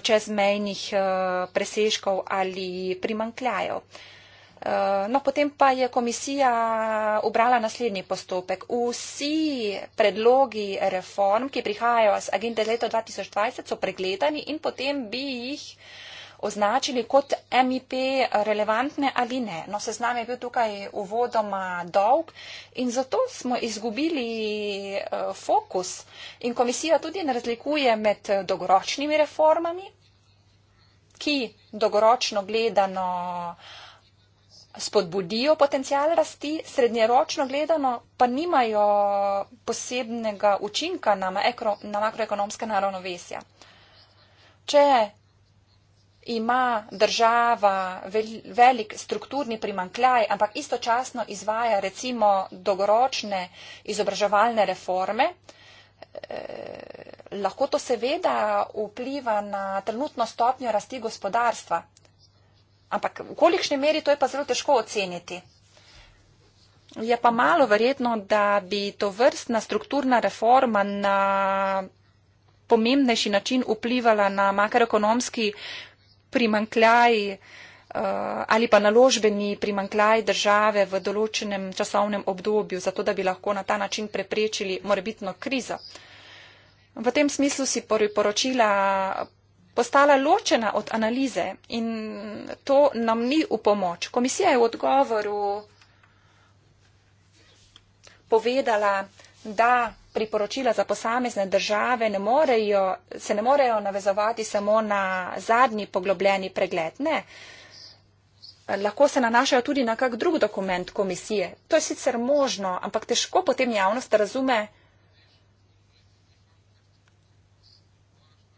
F: čezmejnih eh, presežkov ali primankljajev. Eh, no, potem pa je komisija obrala naslednji postopek. Vsi predlogi reform, ki prihajajo z agende leta 2020, so pregledani in potem bi jih uh, označili kot MIP relevantne ali ne. No, seznam je bil tukaj uvodoma dolg in zato smo izgubili eh, fokus in komisija tudi ne razlikuje med dolgoročnimi reformami, ki dolgoročno gledano spodbudijo potencijal rasti, srednjeročno gledano pa nimajo posebnega učinka na, makro, na makroekonomske naravnovesja. Če ima država vel, velik strukturni primankljaj, ampak istočasno izvaja recimo dolgoročne izobraževalne reforme, eh, lahko to seveda vpliva na trenutno stopnjo rasti gospodarstva. Ampak v kolikšni meri to je pa zelo težko oceniti. Je pa malo verjetno, da bi to vrstna strukturna reforma na pomembnejši način vplivala na makroekonomski primankljaj eh, ali pa naložbeni primankljaj države v določenem časovnem obdobju, zato da bi lahko na ta način preprečili morebitno krizo. V tem smislu si poročila postala ločena od analize in to nam ni v pomoč. Komisija je v odgovoru povedala, da priporočila za posamezne države ne morejo, se ne morejo navezovati samo na zadnji poglobljeni pregled. Ne. Lahko se nanašajo tudi na kak drug dokument komisije. To je sicer možno, ampak težko potem javnost razume,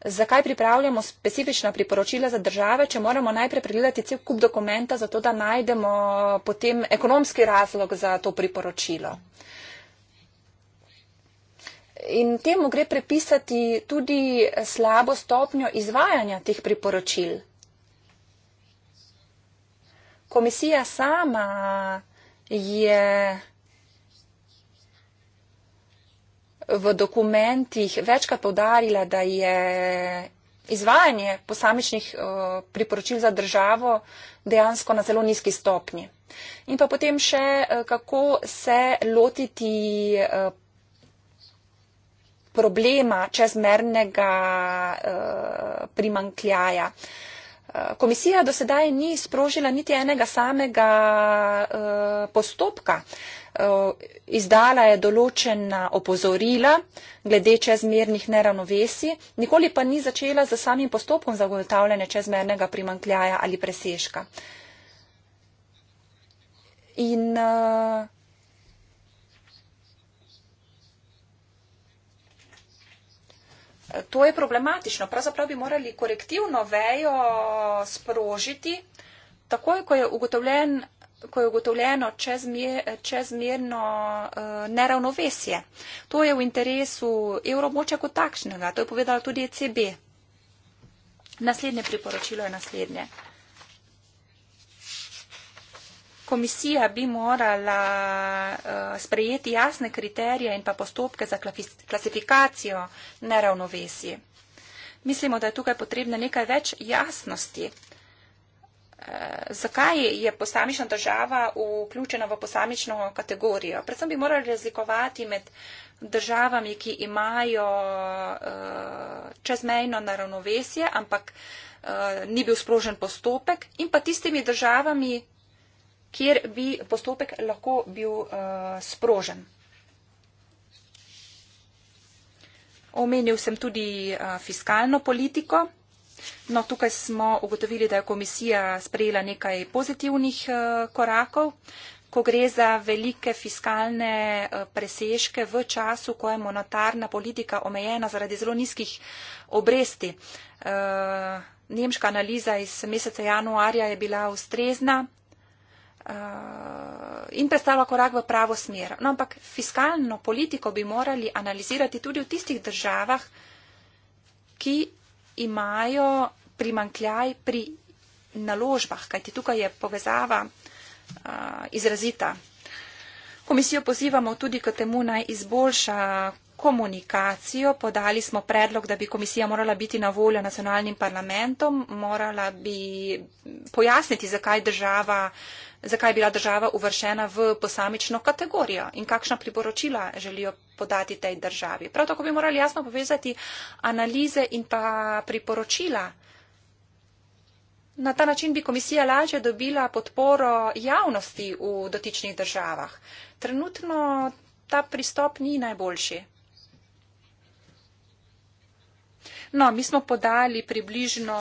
F: zakaj pripravljamo specifična priporočila za države, če moramo najprej pregledati cel kup dokumenta, zato da najdemo potem ekonomski razlog za to priporočilo. In temu gre prepisati tudi slabo stopnjo izvajanja teh priporočil. Komisija sama je v dokumentih večkrat povdarila, da je izvajanje posamičnih eh, priporočil za državo dejansko na zelo nizki stopnji. In pa potem še, eh, kako se lotiti eh, problema čezmernega eh, primankljaja. Eh, komisija do sedaj ni sprožila niti enega samega eh, postopka. Izdala je določena opozorila glede čezmernih neravnovesij, nikoli pa ni začela z samim postopkom zagotavljanja čezmernega primankljaja ali preseška. In uh, To je problematično. Pravzaprav bi morali korektivno vejo sprožiti, takoj, ko je, ugotovljen, ko je ugotovljeno čezmer, čezmerno uh, neravnovesje. To je v interesu evromoča kot takšnega. To je povedala tudi ECB. Naslednje priporočilo je naslednje. Komisija bi morala eh, sprejeti jasne kriterije in pa postopke za klasifikacijo neravnovesij. Mislimo, da je tukaj potrebna nekaj več jasnosti. Eh, zakaj je posamična država vključena v posamično kategorijo? Predvsem bi morali razlikovati med državami, ki imajo eh, čezmejno naravnovesje, ampak ni bil sprožen postopek, in pa tistimi državami, kjer bi postopek lahko bil uh, sprožen. Omenil sem tudi uh, fiskalno politiko. No, tukaj smo ugotovili, da je komisija sprejela nekaj pozitivnih uh, korakov. Ko gre za velike fiskalne presežke v času, ko je monetarna politika omejena zaradi zelo nizkih obresti. Nemška analiza iz meseca januarja je bila ustrezna, Eh, in predstavlja korak v pravo smer. No, ampak fiskalno politiko bi morali analizirati tudi v tistih državah, ki imajo primankljaj pri naložbah, kajti tukaj je povezava a, eh, izrazita. Komisijo pozivamo tudi k temu naj izboljša komunikacijo. Podali smo predlog, da bi komisija morala biti na voljo nacionalnim parlamentom, morala bi pojasniti, zakaj, država, zakaj je bila država uvršena v posamično kategorijo in kakšna priporočila želijo podati tej državi. Prav tako bi morali jasno povezati analize in pa priporočila. Na ta način bi komisija lažje dobila podporo javnosti v dotičnih državah. Trenutno ta pristop ni najboljši. No, mi smo podali približno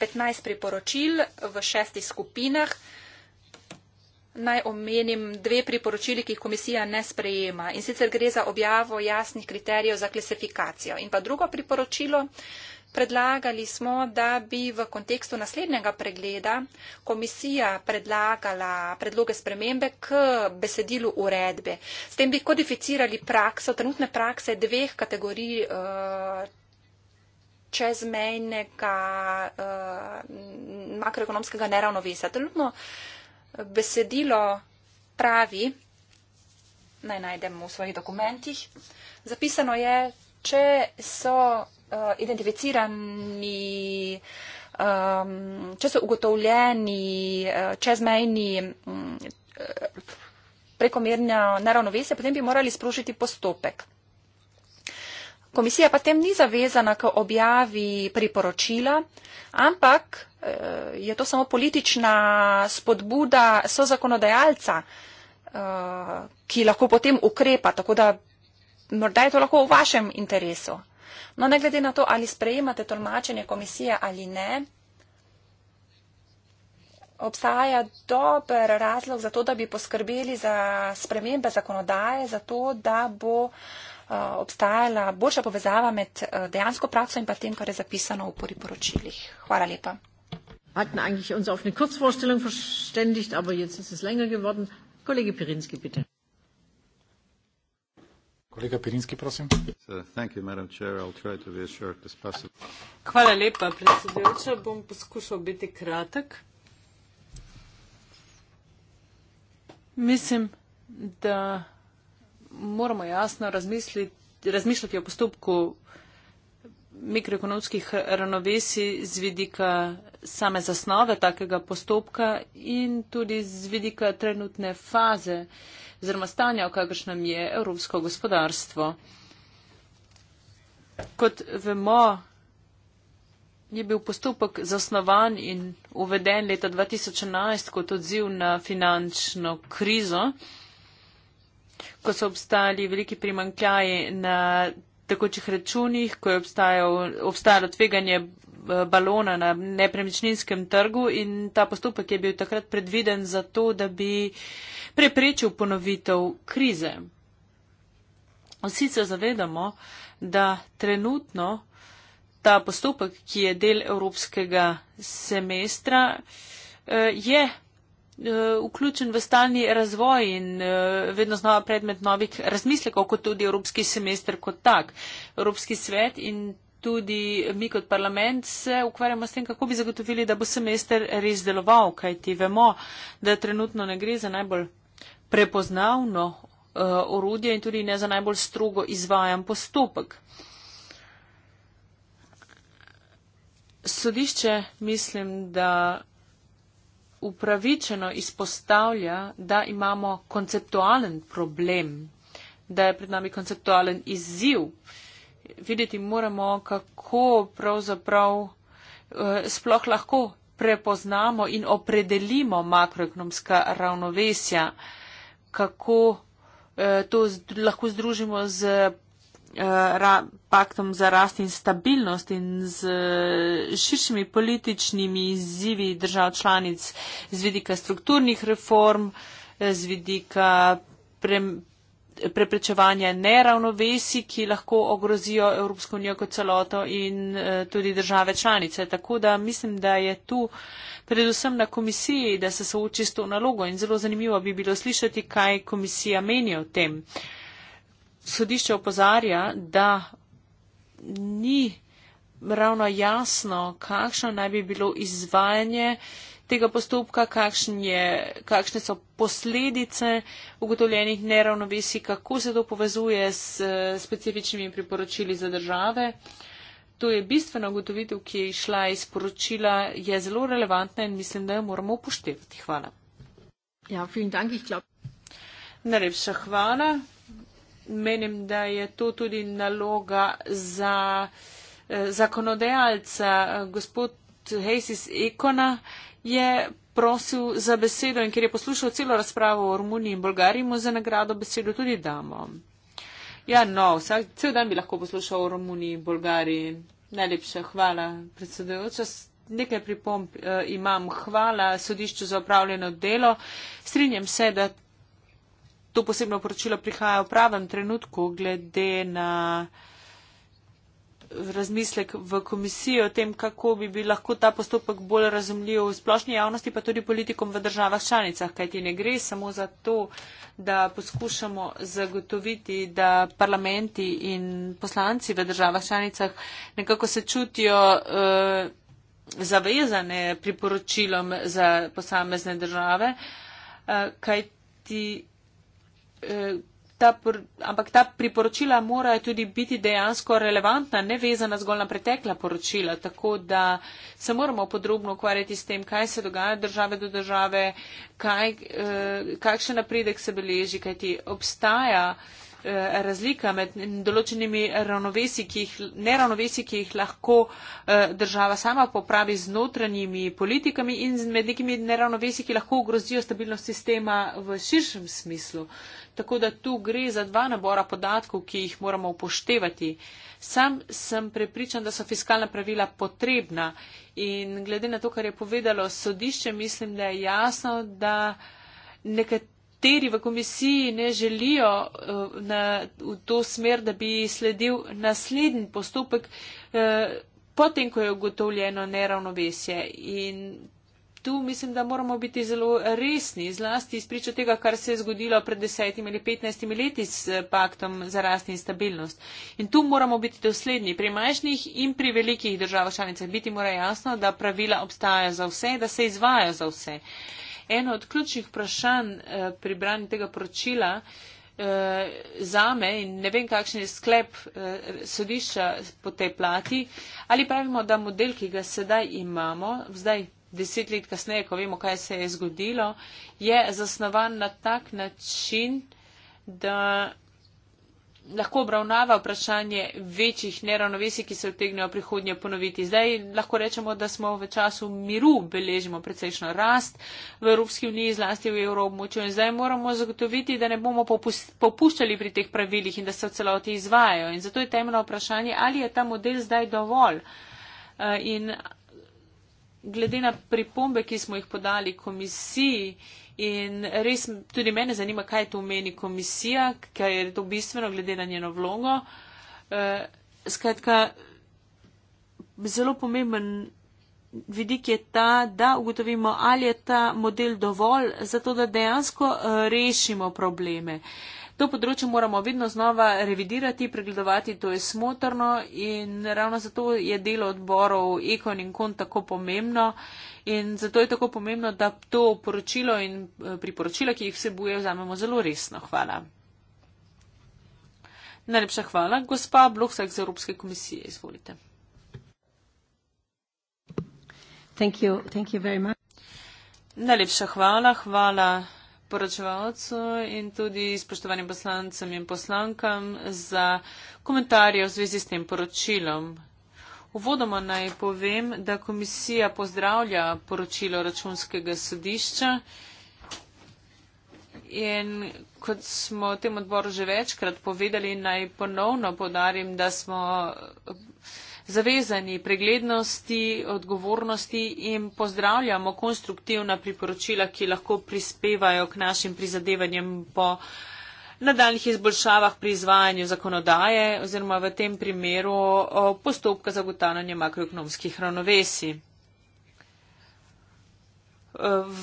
F: 15 eh, priporočil v šestih skupinah. Naj omenim dve priporočili, ki jih komisija ne sprejema. In sicer gre za objavo jasnih kriterijev za klasifikacijo. In pa drugo priporočilo, Predlagali smo, da bi v kontekstu naslednjega pregleda komisija predlagala predloge spremembe k besedilu uredbe. S tem bi kodificirali prakso, trenutne prakse dveh kategorij eh, čezmejnega eh, makroekonomskega neravnovesja. Trenutno besedilo pravi, naj najdemo v svojih dokumentih, zapisano je, če so uh, identificirani, um, če so ugotovljeni uh, čezmejni um, prekomerna neravnovesja, potem bi morali sprožiti postopek. Komisija pa tem ni zavezana k objavi priporočila, ampak je to samo politična spodbuda so zakonodajalca, ki lahko potem ukrepa, tako da morda je to lahko v vašem interesu. No, ne glede na to, ali sprejemate tolmačenje komisije ali ne, obstaja dober razlog za to, da bi poskrbeli za spremembe zakonodaje, za to, da bo eh, obstajala boljša povezava med eh, dejansko prakso in pa tem, kar je zapisano v poriporočilih. Hvala lepa.
A: Hatten eigentlich uns auf eine Kurzvorstellung verständigt, aber jetzt ist es länger geworden. Kollege Pirinski, bitte.
E: Kolega Pirinski, prosim.
B: Hvala lepa, predsedujoča. Bom poskušal biti kratek. Mislim, da moramo jasno razmišljati o postopku mikroekonomskih ravnovesij z vidika same zasnove takega postopka in tudi z vidika trenutne faze. Uh, oziroma stanja, v kakršnem je evropsko gospodarstvo. Kot vemo, je bil postopek zasnovan in uveden leta 2011 kot odziv na finančno krizo, ko so obstajali veliki primankljaji na tekočih računih, ko je obstajalo tveganje balona na nepremičninskem trgu in ta postopek je bil takrat predviden za to, da bi preprečil ponovitev krize. Vsi se zavedamo, da trenutno ta postopek, ki je del evropskega semestra, eh, je eh, vključen v stalni razvoj in eh, vedno znova predmet novih razmislekov, kot tudi evropski semester kot tak. Evropski svet in tudi mi kot parlament se ukvarjamo s tem, kako bi zagotovili, da bo semester res deloval, kajti vemo, da trenutno ne gre za najbolj prepoznavno uh, orodje in tudi ne za najbolj strogo izvajan postopek. Sodišče mislim, da upravičeno izpostavlja, da imamo konceptualen problem, da je pred nami konceptualen izziv. Uh, videti moramo, kako pravzaprav eh, sploh lahko prepoznamo in opredelimo makroekonomska ravnovesja, kako eh, to lahko združimo z eh, paktom za rast in stabilnost in z širšimi političnimi izzivi držav članic z vidika strukturnih reform, z vidika preprečevanja neravnovesi, ki lahko ogrozijo Evropsko unijo kot celoto in eh, tudi države članice. Tako da mislim, da je tu predvsem na komisiji, da se sooči s to nalogo in zelo zanimivo bi bilo slišati, kaj komisija meni o tem. Sodišče opozarja, da ni ravno jasno, kakšno naj bi bilo izvajanje tega postopka, je, kakšne so posledice ugotovljenih neravnovesi, kako se to povezuje s specifičnimi priporočili za države. To je bistvena ugotovitev, ki je išla iz poročila, je zelo relevantna in mislim, da jo moramo upoštevati. Hvala. Ja, dank, ich glaub... Najlepša hvala. Menim, da je to tudi naloga za zakonodajalca, gospod Heisis Ekona, je prosil za besedo in ker je poslušal celo razpravo o Romuniji in Bolgariji, mu za nagrado besedo tudi damo. Ja, no, vsak cel dan bi lahko poslušal o Romuniji in Bolgariji. Najlepša hvala, predsedujoča. Nekaj pripomp eh, imam. Hvala sodišču za opravljeno delo. Strinjam se, da to posebno poročilo prihaja v pravem trenutku glede na eh, razmislek v komisijo o tem, kako bi bil lahko ta postopek bolj razumljiv v splošni javnosti, pa tudi politikom v državah članicah, kajti ne gre samo za to, da poskušamo zagotoviti, da parlamenti in poslanci v državah članicah nekako se čutijo. Uh, zavezane priporočilom za posamezne države, eh, kajti eh, ta, pr, ampak ta priporočila morajo tudi biti dejansko relevantna, ne vezana zgolj na pretekla poročila, tako da se moramo podrobno ukvarjati s tem, kaj se dogaja države do države, kaj, eh, kakšen napredek se beleži, kajti obstaja eh, razlika med določenimi ravnovesi, ki jih, neravnovesi, ki jih lahko eh, država sama popravi z notranjimi politikami in med nekimi neravnovesi, ki lahko ogrozijo stabilnost sistema v širšem smislu. Uh, Tako da tu gre za dva nabora podatkov, ki jih moramo upoštevati. Sam sem prepričan, da so fiskalna pravila potrebna in glede na to, kar je povedalo sodišče, mislim, da je jasno, da nekateri v komisiji ne želijo eh, na, v to smer, da bi sledil naslednji postopek. Eh, Potem, ko je ugotovljeno neravnovesje in tu mislim, da moramo biti zelo resni, zlasti izpričo tega, kar se je zgodilo pred desetimi ali petnajstimi leti s eh, paktom za rast in stabilnost. In tu moramo biti dosledni, pri majhnih in pri velikih državah članicah biti mora jasno, da pravila obstajajo za vse, da se izvajajo za vse. Eno od ključnih vprašanj eh, pri branju tega poročila eh, zame in ne vem, kakšen je sklep sodišča po tej plati, ali pravimo, da model, ki ga sedaj imamo, zdaj deset let kasneje, ko vemo, kaj se je zgodilo, je zasnovan na tak način, da lahko obravnava vprašanje večjih neravnovesij, ki se vtegnejo prihodnje ponoviti. Zdaj lahko rečemo, da smo v času miru beležimo precejšno rast v Evropski uniji, zlasti v evroobmočju in zdaj moramo zagotoviti, da ne bomo popuščali pri teh pravilih in da se v celoti izvajajo. In zato je temeljno vprašanje, ali je ta model zdaj dovolj. Eh, in glede na pripombe, ki smo jih podali komisiji in res tudi mene zanima, kaj to meni komisija, kaj je to bistveno glede na njeno vlogo. Eh, skratka, zelo pomemben vidik je ta, da ugotovimo, ali je ta model dovolj za to, da dejansko eh, rešimo probleme. Eh, to področje moramo vedno znova revidirati, pregledovati, to je smotrno in ravno zato je delo odborov Ekon in Kon tako pomembno in zato je tako pomembno, da to poročilo in eh, priporočila, ki jih vsebuje, vzamemo zelo resno. Hvala. Najlepša hvala. Gospa Bloksak z Evropske komisije, izvolite.
A: Thank you, thank you very much.
B: Najlepša hvala. Hvala poročevalcu in tudi spoštovanim poslancem in poslankam za komentarje v zvezi s tem poročilom. Uvodoma naj povem, da komisija pozdravlja poročilo računskega sodišča in kot smo tem odboru že večkrat povedali, naj ponovno podarim, da smo zavezani preglednosti, odgovornosti in pozdravljamo konstruktivna priporočila, ki lahko prispevajo k našim prizadevanjem po nadaljnih izboljšavah pri izvajanju zakonodaje oziroma v tem primeru postopka zagotavljanja makroekonomskih ravnovesi.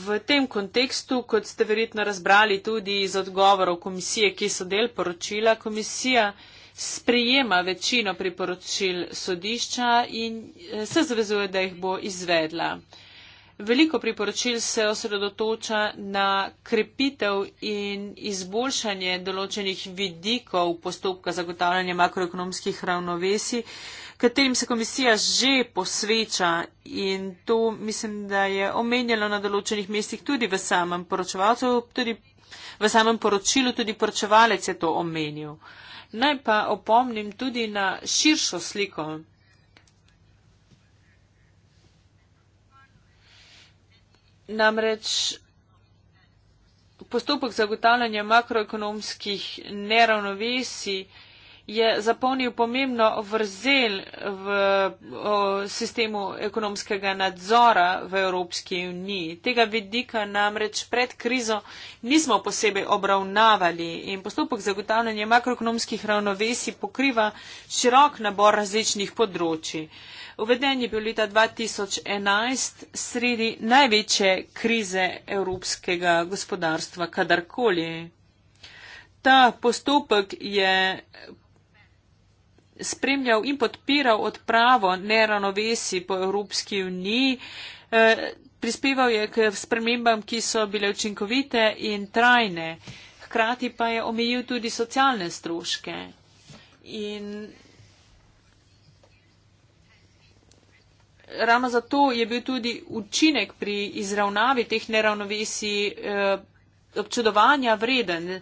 B: V tem kontekstu, kot ste verjetno razbrali tudi iz odgovorov komisije, ki so del poročila komisija, sprijema večino priporočil sodišča in eh, se zavezuje, da jih bo izvedla. Veliko priporočil se osredotoča na krepitev in izboljšanje določenih vidikov postopka zagotavljanja makroekonomskih ravnovesi, katerim se komisija že posveča in to mislim, da je omenjalo na določenih mestih tudi v samem poročevalcu, tudi v samem poročilu tudi poročevalec je to omenil. Uh, Naj pa opomnim tudi na širšo sliko. Namreč postopek zagotavljanja makroekonomskih neravnovesij je zapolnil pomembno vrzel v sistemu ekonomskega nadzora v Evropski uniji. Tega vidika namreč pred krizo nismo posebej obravnavali in postopek zagotavljanja makroekonomskih ravnovesij pokriva širok nabor različnih področji. Uveden je bil leta 2011 sredi največje krize evropskega gospodarstva kadarkoli. Ta postopek je spremljal in podpiral odpravo neravnovesi po Evropski uniji. E, prispeval je k spremembam, ki so bile učinkovite in trajne. Hkrati pa je omejil tudi socialne stroške. In ravno zato je bil tudi učinek pri izravnavi teh neravnovesij e, občudovanja vreden.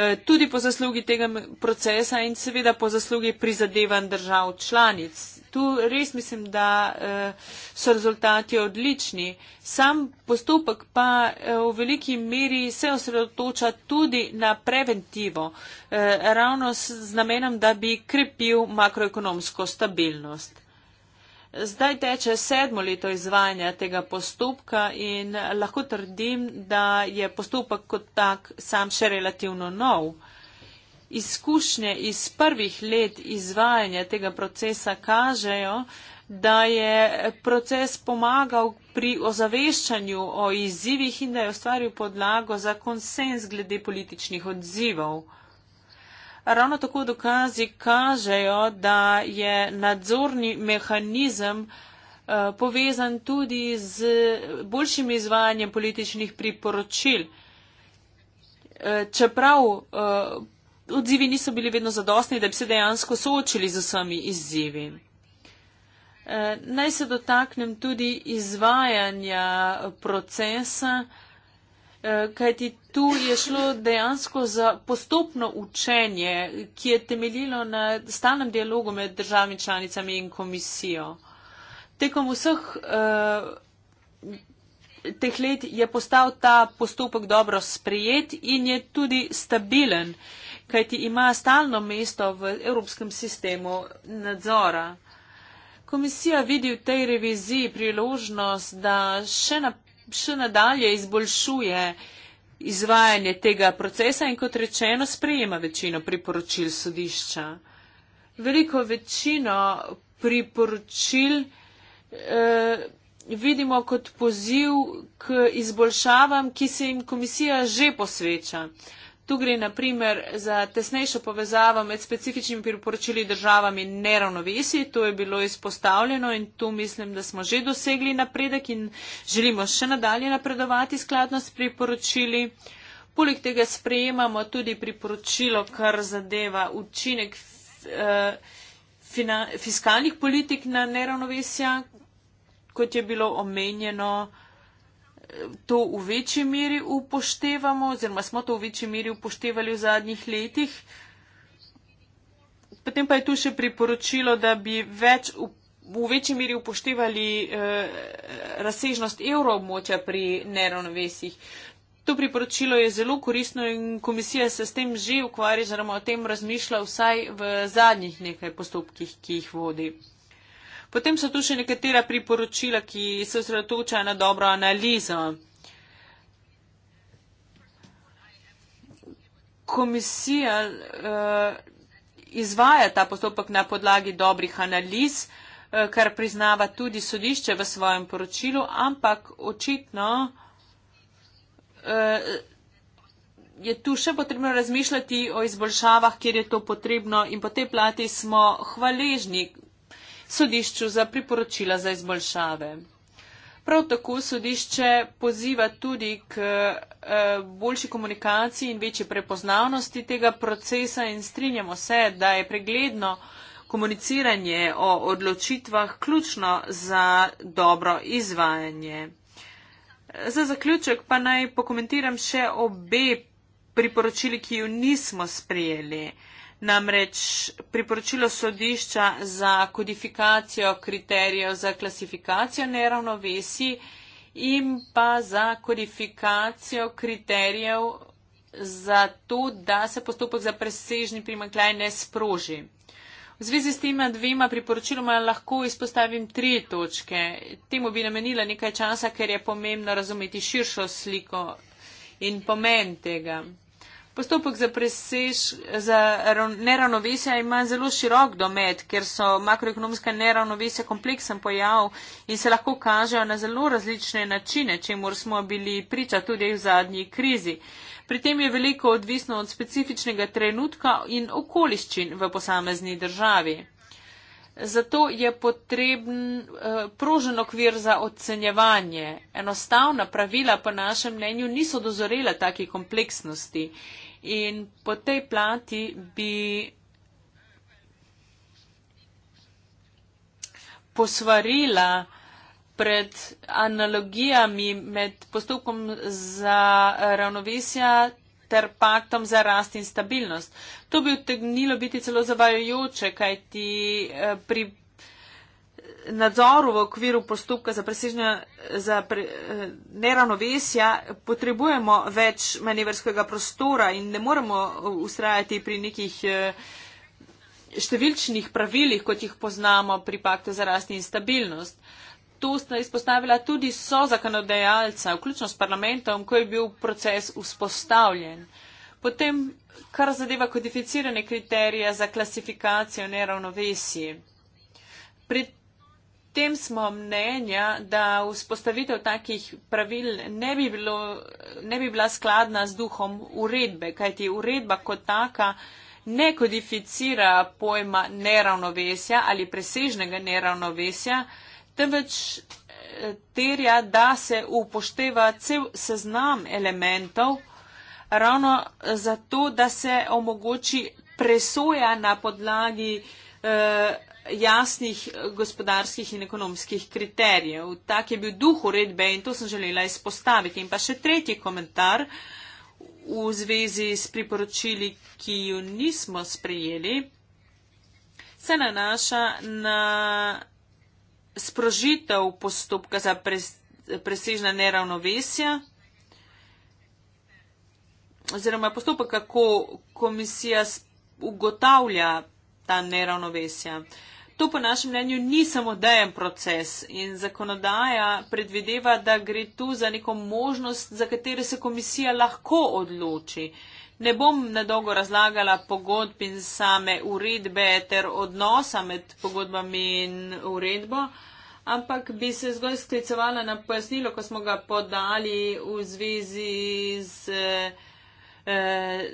B: Eh, tudi po zaslugi tega procesa in seveda po zaslugi prizadevanj držav članic. Tu res mislim, da eh, so rezultati odlični. Sam postopek pa eh, v veliki meri se osredotoča tudi na preventivo, ravno z namenom, da bi krepil makroekonomsko stabilnost. Zdaj teče sedmo leto izvajanja tega postopka in lahko trdim, da je postopek kot tak sam še relativno nov. Izkušnje iz prvih let izvajanja tega procesa kažejo, da je proces pomagal pri ozaveščanju o izzivih in da je ustvaril podlago za konsens glede političnih odzivov ravno tako dokazi kažejo, da je nadzorni mehanizem eh, povezan tudi z boljšim izvajanjem političnih priporočil. Eh, čeprav eh, odzivi niso bili vedno zadostni, da bi se dejansko soočili z vsemi izzivi. Naj se dotaknem tudi izvajanja procesa, kajti tu je šlo dejansko za postopno učenje, ki je temeljilo na stalnem dialogu med državami članicami in komisijo. Tekom vseh eh, teh let je postal ta postopek dobro sprejet in je tudi stabilen, kajti ima stalno mesto v evropskem sistemu nadzora. Komisija vidi v tej reviziji priložnost, da še naprej še nadalje izboljšuje izvajanje tega procesa in kot rečeno sprejema večino priporočil sodišča. Veliko večino priporočil eh, vidimo kot poziv k izboljšavam, ki se jim komisija že posveča. Tu gre naprimer za tesnejšo povezavo med specifičnimi priporočili državami in neravnovesi. To je bilo izpostavljeno in tu mislim, da smo že dosegli napredek in želimo še nadalje napredovati skladno s priporočili. Poleg tega sprejemamo tudi priporočilo, kar zadeva učinek eh, fiskalnih politik na neravnovesja, kot je bilo omenjeno to v večji meri upoštevamo, oziroma smo to v večji meri upoštevali v zadnjih letih. Potem pa je tu še priporočilo, da bi več, v večji meri upoštevali eh, razsežnost evroobmočja pri neravnovesjih. To priporočilo je zelo koristno in komisija se s tem že ukvarja, oziroma o tem razmišlja vsaj v zadnjih nekaj postopkih, ki jih vodi. Potem so tu še nekatera priporočila, ki se osredotočajo na dobro analizo. Komisija uh, izvaja ta postopek na podlagi dobrih analiz, uh, kar priznava tudi sodišče v svojem poročilu, ampak očitno uh, je tu še potrebno razmišljati o izboljšavah, kjer je to potrebno in po tej plati smo hvaležni sodišču za priporočila za izboljšave. Prav tako sodišče poziva tudi k eh, boljši komunikaciji in večji prepoznavnosti tega procesa in strinjamo se, da je pregledno komuniciranje o odločitvah ključno za dobro izvajanje. Za zaključek pa naj pokomentiram še obe priporočili, ki jo nismo sprejeli. Namreč priporočilo sodišča za kodifikacijo kriterijev za klasifikacijo neravnovesi in pa za kodifikacijo kriterijev za to, da se postopek za presežni primankljaj ne sproži. V zvezi s tema dvema priporočiloma lahko izpostavim tri točke. Temu bi namenila nekaj časa, ker je pomembno razumeti širšo sliko in pomen tega. Postopek za presež, za neravnovesja ima zelo širok domet, ker so makroekonomska neravnovesja kompleksen pojav in se lahko kažejo na zelo različne načine, čemu smo bili priča tudi v zadnji krizi. Pri tem je veliko odvisno od specifičnega trenutka in okoliščin v posamezni državi. Zato je potreben eh, prožen okvir za ocenjevanje. Enostavna pravila, po našem mnenju, niso dozorela taki kompleksnosti in po tej plati bi posvarila pred analogijami med postopkom za ravnovesja ter paktom za rast in stabilnost. To bi utegnilo biti celo zavajajoče, kajti eh, pri nadzoru v okviru postopka za presežnja za pre, eh, neravnovesja potrebujemo več manevrskega prostora in ne moremo eh, ustrajati pri nekih eh, številčnih pravilih, kot jih poznamo pri paktu za rast in stabilnost. To sta izpostavila tudi so zakonodajalca, vključno s parlamentom, ko je bil proces vzpostavljen. Potem, kar zadeva kodificirane kriterije za klasifikacijo neravnovesij. Pri tem smo mnenja, da vzpostavitev takih pravil ne bi, bilo, ne bi bila skladna z duhom uredbe, kajti uredba kot taka ne kodificira pojma neravnovesja ali presežnega neravnovesja, temveč eh, terja, da se upošteva cel seznam elementov, ravno zato, da se omogoči presoja na podlagi eh, jasnih eh, gospodarskih in ekonomskih kriterijev. Tak je bil duh uredbe in to sem želela izpostaviti. In pa še tretji komentar v zvezi s priporočili, ki jo nismo sprejeli, se nanaša na sprožitev postopka za presežna neravnovesja. Oziroma postopek, kako komisija ugotavlja ta neravnovesja. To po našem mnenju ni samodejen proces in zakonodaja predvideva, da gre tu za neko možnost, za katero se komisija lahko odloči. Ne bom nadolgo razlagala pogodb in same uredbe ter odnosa med pogodbami in uredbo, ampak bi se zgolj sklicovala na pojasnilo, ko smo ga podali v zvezi z eh, eh,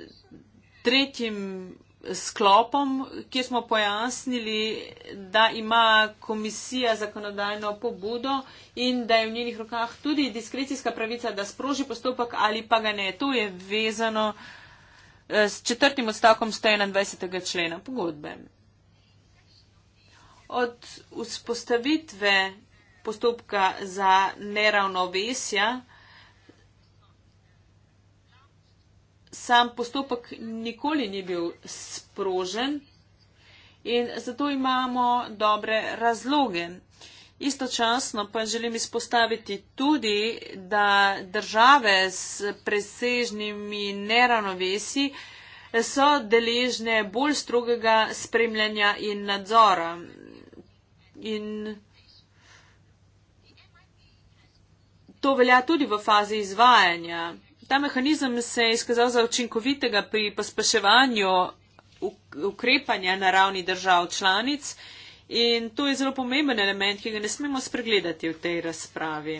B: tretjim sklopom, kjer smo pojasnili, da ima komisija zakonodajno pobudo in da je v njenih rokah tudi diskrecijska pravica, da sproži postopek ali pa ga ne. To je vezano eh, s četrtim odstavkom 121. člena pogodbe. Od vzpostavitve postopka za neravnovesja, sam postopek nikoli ni bil sprožen in zato imamo dobre razloge. Istočasno pa želim izpostaviti tudi, da države s presežnimi neravnovesi so deležne bolj strogega spremljanja in nadzora. In to velja tudi v fazi izvajanja ta mehanizem se je izkazal za učinkovitega pri pospeševanju ukrepanja na ravni držav članic in to je zelo pomemben element, ki ga ne smemo spregledati v tej razpravi.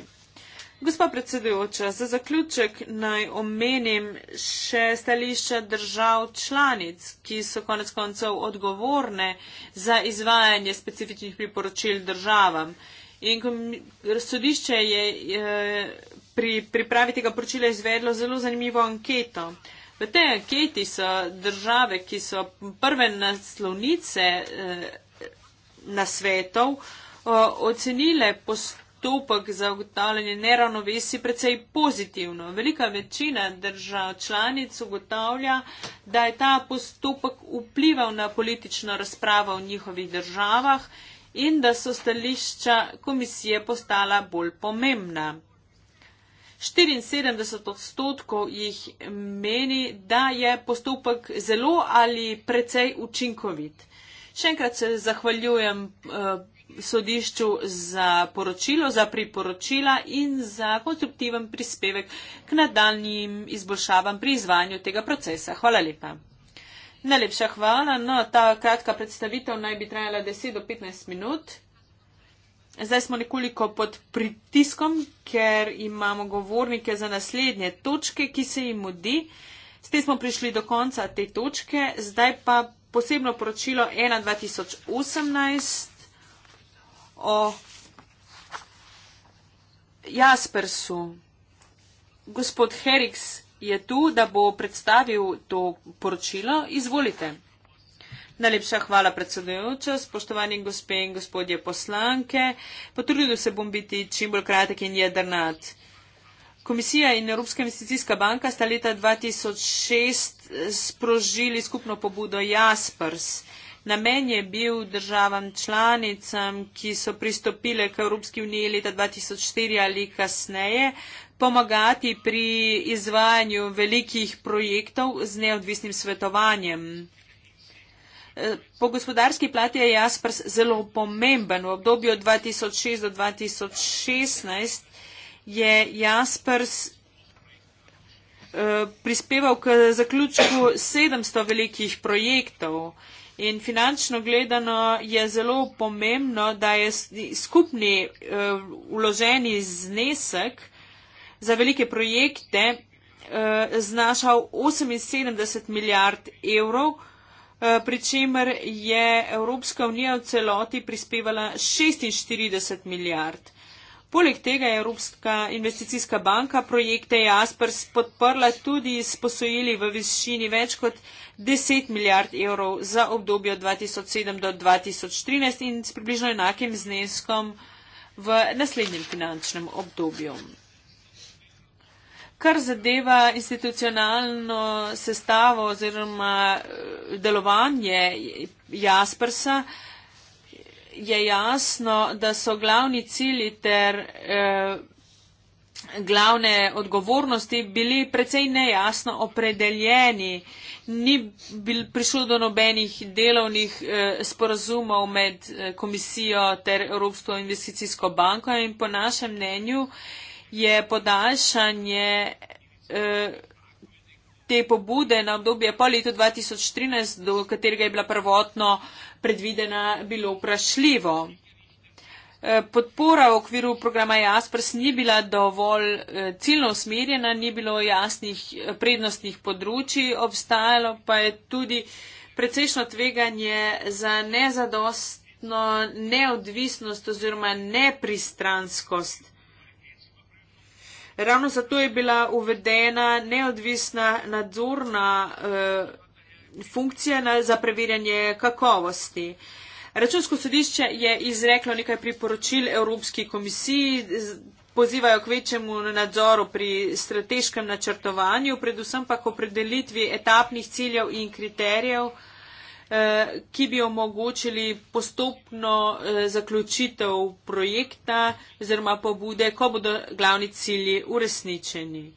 B: Gospa predsedujoča, za zaključek naj omenim še stališča držav članic, ki so konec koncev odgovorne za izvajanje specifičnih priporočil državam. In sodišče je pri pripravi tega poročila izvedlo zelo zanimivo anketo. V tej anketi so države, ki so prve naslovnice eh, na svetov, eh, ocenile postopek za ugotavljanje neravnovesi precej pozitivno. Velika večina držav članic ugotavlja, da je ta postopek vplival na politično razpravo v njihovih državah in da so stališča komisije postala bolj pomembna. 74 odstotkov jih meni, da je postopek zelo ali precej učinkovit. Še enkrat se zahvaljujem eh, sodišču za poročilo, za priporočila in za konstruktiven prispevek k nadaljnjim izboljšavam pri izvanju tega procesa. Hvala lepa. Najlepša hvala. No, ta kratka predstavitev naj bi trajala 10 do 15 minut. Zdaj smo nekoliko pod pritiskom, ker imamo govornike za naslednje točke, ki se jim mudi. S tem smo prišli do konca te točke, zdaj pa posebno poročilo 1.2018 o Jaspersu. Gospod Heriks je tu, da bo predstavil to poročilo. Izvolite. Najlepša hvala predsedujoča, spoštovani gospe in gospodje poslanke. Potrudil se bom biti čim bolj kratek in jedrnat. Komisija in Evropska investicijska banka sta leta 2006 sprožili skupno pobudo Jaspers. Namen je bil državam članicam, ki so pristopile k Evropski uniji leta 2004 ali kasneje, pomagati pri izvajanju velikih projektov z neodvisnim svetovanjem. Po gospodarski plati je Jaspers zelo pomemben. V obdobju 2006 do 2016 je Jaspers eh, prispeval k zaključku 700 velikih projektov. In finančno gledano je zelo pomembno, da je skupni uloženi eh, znesek za velike projekte eh, znašal 78 milijard evrov, Eh, pri čemer je Evropska unija v celoti prispevala 46 milijard. Poleg tega je Evropska investicijska banka projekte Jaspers podprla tudi s posojili v višini več kot 10 milijard evrov za obdobje od 2007 do 2013 in s približno enakim zneskom v naslednjem finančnem obdobju. Kar zadeva institucionalno sestavo oziroma eh, delovanje Jaspersa, je jasno, da so glavni cili ter eh, glavne odgovornosti bili precej nejasno opredeljeni. Ni bil prišlo do nobenih delovnih eh, sporazumov med eh, komisijo ter Evropsko investicijsko banko in po našem mnenju. Eh, je podaljšanje eh, te pobude na obdobje po letu 2013, do katerega je bila prvotno predvidena, bilo vprašljivo. Eh, podpora v okviru programa Jaspers ni bila dovolj eh, ciljno usmerjena, ni bilo jasnih prednostnih področji, obstajalo pa je tudi precejšno tveganje za nezadostno neodvisnost oziroma nepristranskost Ravno zato je bila uvedena neodvisna nadzorna eh, funkcija na, za preverjanje kakovosti. Računsko sodišče je izreklo nekaj priporočil Evropski komisiji, pozivajo k večjemu nadzoru pri strateškem načrtovanju, predvsem pa k opredelitvi etapnih ciljev in kriterijev. Eh, Eh, ki bi omogočili postopno eh, zaključitev projekta oziroma pobude, ko bodo glavni cilji uresničeni.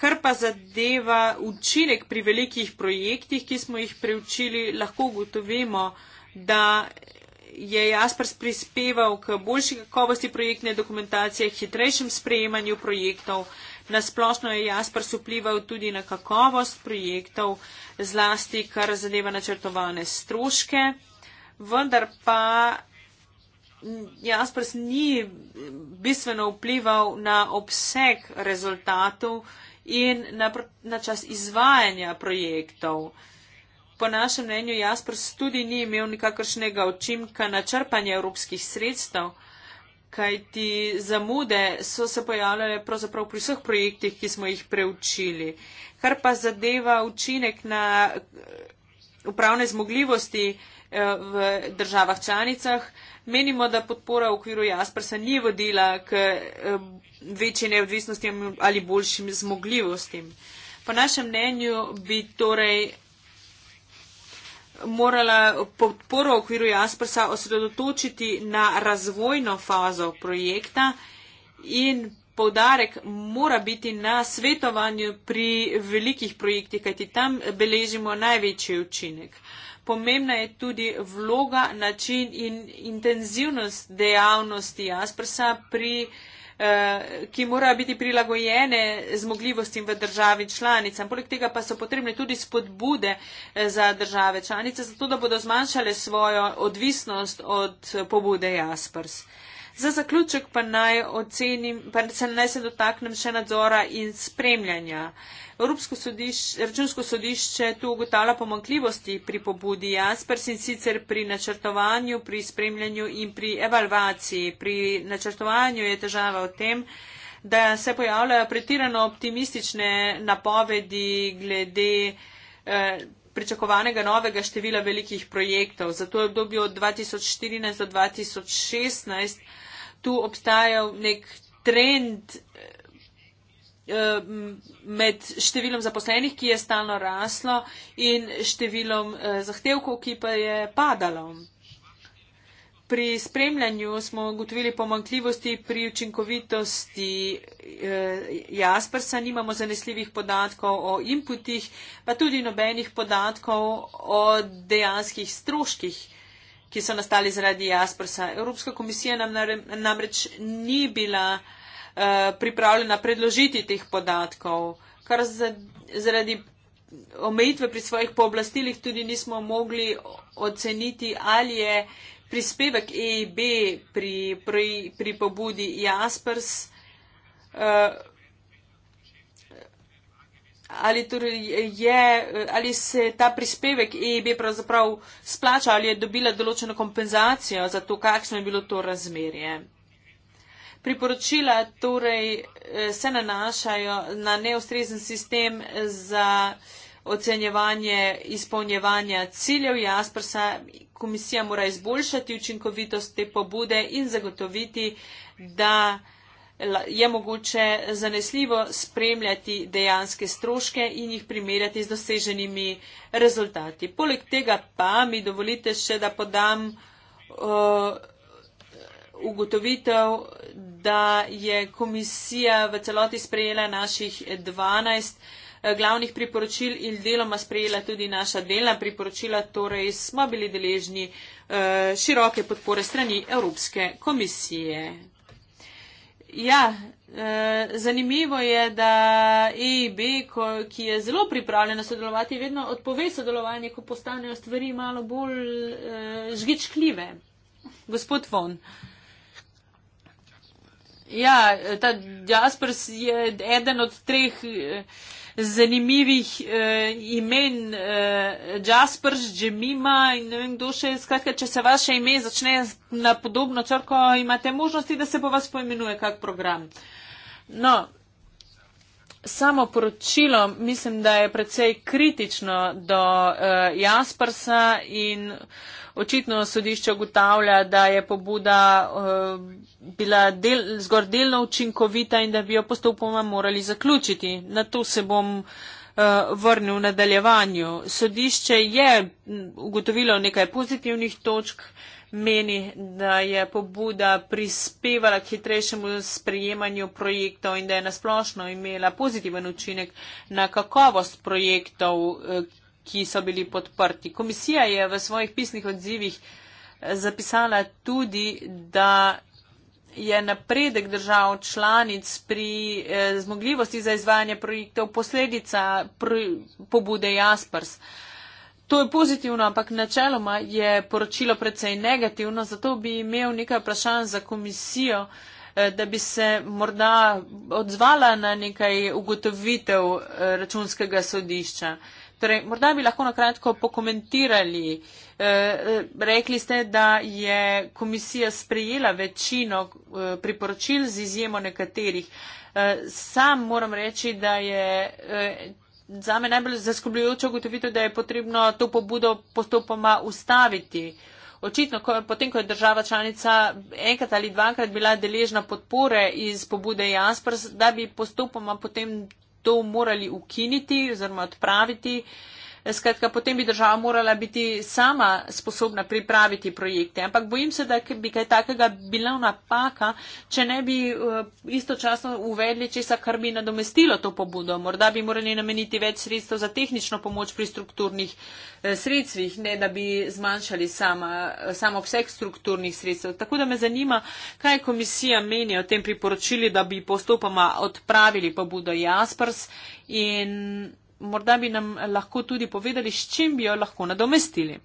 B: Kar pa zadeva učinek pri velikih projektih, ki smo jih preučili, lahko ugotovimo, da je Jaspers prispeval k boljši kakovosti projektne dokumentacije, hitrejšem sprejemanju projektov, Nasplošno je Jasper suplival tudi na kakovost projektov, zlasti kar zadeva načrtovane stroške, vendar pa Jasper ni bistveno vplival na obseg rezultatov in na, na čas izvajanja projektov. Po našem mnenju Jasper tudi ni imel nikakršnega očimka na črpanje evropskih sredstev kaj ti zamude so se pojavljale pravzaprav pri vseh projektih, ki smo jih preučili. Kar pa zadeva učinek na eh, upravne zmogljivosti eh, v državah članicah, menimo, da podpora v okviru Jasprsa ni vodila k eh, večji neodvisnosti ali boljšim zmogljivostim. Po našem mnenju bi torej morala podporo v okviru Jaspersa osredotočiti na razvojno fazo projekta in povdarek mora biti na svetovanju pri velikih projektih, kajti tam beležimo največji učinek. Pomembna je tudi vloga, način in intenzivnost dejavnosti Jaspersa pri projektu. Eh, ki morajo biti prilagojene zmogljivostim v državi članicam. Poleg tega pa so potrebne tudi spodbude eh, za države članice, zato da bodo zmanjšale svojo odvisnost od pobude Jaspers. Za zaključek pa naj ocenim, pa se naj se dotaknem še nadzora in spremljanja. Evropsko sodišče, računsko sodišče tu ugotavlja pomankljivosti pri pobudi Jaspers in sicer pri načrtovanju, pri spremljanju in pri evalvaciji. Pri načrtovanju je težava v tem, da se pojavljajo pretirano optimistične napovedi glede. Eh, pričakovanega novega števila velikih projektov. Zato je obdobje od 2014 do 2016 tu obstajal nek trend eh, med številom zaposlenih, ki je stalno raslo in številom eh, zahtevkov, ki pa je padalo. Pri spremljanju smo ugotovili pomankljivosti pri učinkovitosti eh, Jaspersa, nimamo zanesljivih podatkov o inputih, pa tudi nobenih podatkov o dejanskih stroških ki so nastali zaradi Jaspersa. Evropska komisija nam namreč ni bila uh, pripravljena predložiti teh podatkov, kar za, zaradi omejitve pri svojih pooblastilih tudi nismo mogli oceniti, ali je prispevek EIB pri, pri, pri pobudi Jaspers uh, ali, torej je, ali se ta prispevek EIB pravzaprav splača ali je dobila določeno kompenzacijo za to, kakšno je bilo to razmerje. Priporočila torej eh, se nanašajo na neustrezen sistem za ocenjevanje izpolnjevanja ciljev Jaspersa. Komisija mora izboljšati učinkovitost te pobude in zagotoviti, da je mogoče zanesljivo spremljati dejanske stroške in jih primerjati z doseženimi rezultati. Poleg tega pa mi dovolite še, da podam uh, ugotovitev, da je komisija v celoti sprejela naših 12 eh, glavnih priporočil in deloma sprejela tudi naša delna priporočila, torej smo bili deležni eh, široke podpore strani Evropske komisije. Ja, eh, zanimivo je, da EIB, ko, ki je zelo pripravljena sodelovati, vedno odpove sodelovanje, ko postanejo stvari malo bolj eh, žgičkljive. Gospod Von. Ja, ta Jaspers je eden od treh. Eh, zanimivih uh, imen, uh, Jasper, Džemima in ne vem, kdo še. Skratka, če se vaše ime začne na podobno črko, imate možnosti, da se po vas poimenuje kak program. No, samo poročilo mislim, da je precej kritično do uh, Jaspersa in očitno sodišče ugotavlja, da je pobuda uh, bila del, zgor delno učinkovita in da bi jo postopoma morali zaključiti. Na to se bom eh, vrnil v nadaljevanju. Sodišče je ugotovilo nekaj pozitivnih točk, meni, da je pobuda prispevala k hitrejšemu sprejemanju projektov in da je nasplošno imela pozitiven učinek na kakovost projektov, eh, ki so bili podprti. Komisija je v svojih pisnih odzivih eh, zapisala tudi, da je napredek držav članic pri eh, zmogljivosti za izvajanje projektov posledica pobude Jaspers. To je pozitivno, ampak načeloma je poročilo precej negativno, zato bi imel nekaj vprašanj za komisijo, eh, da bi se morda odzvala na nekaj ugotovitev eh, računskega sodišča. Torej, morda bi lahko nakratko pokomentirali. Eh, rekli ste, da je komisija sprejela večino priporočil z izjemo nekaterih. Sam moram reči, da je Za me najbolj zaskrbljujoče je ugotovitev, da je potrebno to pobudo postopoma ustaviti. Očitno, ko, potem, ko je država članica enkrat ali dvakrat bila deležna podpore iz pobude Jaspers, da bi postopoma potem to morali ukiniti oziroma odpraviti. Uh, Skratka, potem bi država morala biti sama sposobna pripraviti projekte. Ampak bojim se, da bi kaj takega bila napaka, če ne bi eh, istočasno uvedli česa, kar bi nadomestilo to pobudo. Morda bi morali nameniti več sredstev za tehnično pomoč pri strukturnih eh, sredstvih, ne da bi zmanjšali samo eh, obseg strukturnih sredstev. Tako da me zanima, kaj komisija meni o tem priporočili, da bi postopoma odpravili pobudo Jaspers. In morda bi nam lahko tudi povedali, s čim bi jo lahko nadomestili.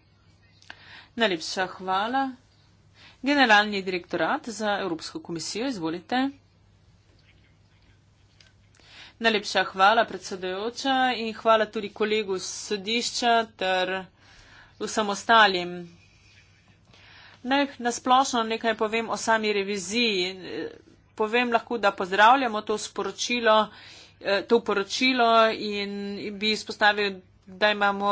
B: Najlepša hvala. Generalni direktorat za Evropsko komisijo, izvolite. Najlepša hvala, predsedojoča, in hvala tudi kolegu sodišča ter vsem ostalim. Naj nasplošno nekaj povem o sami reviziji. Povem lahko, da pozdravljamo to sporočilo Eh, to poročilo in bi izpostavil, da, imamo,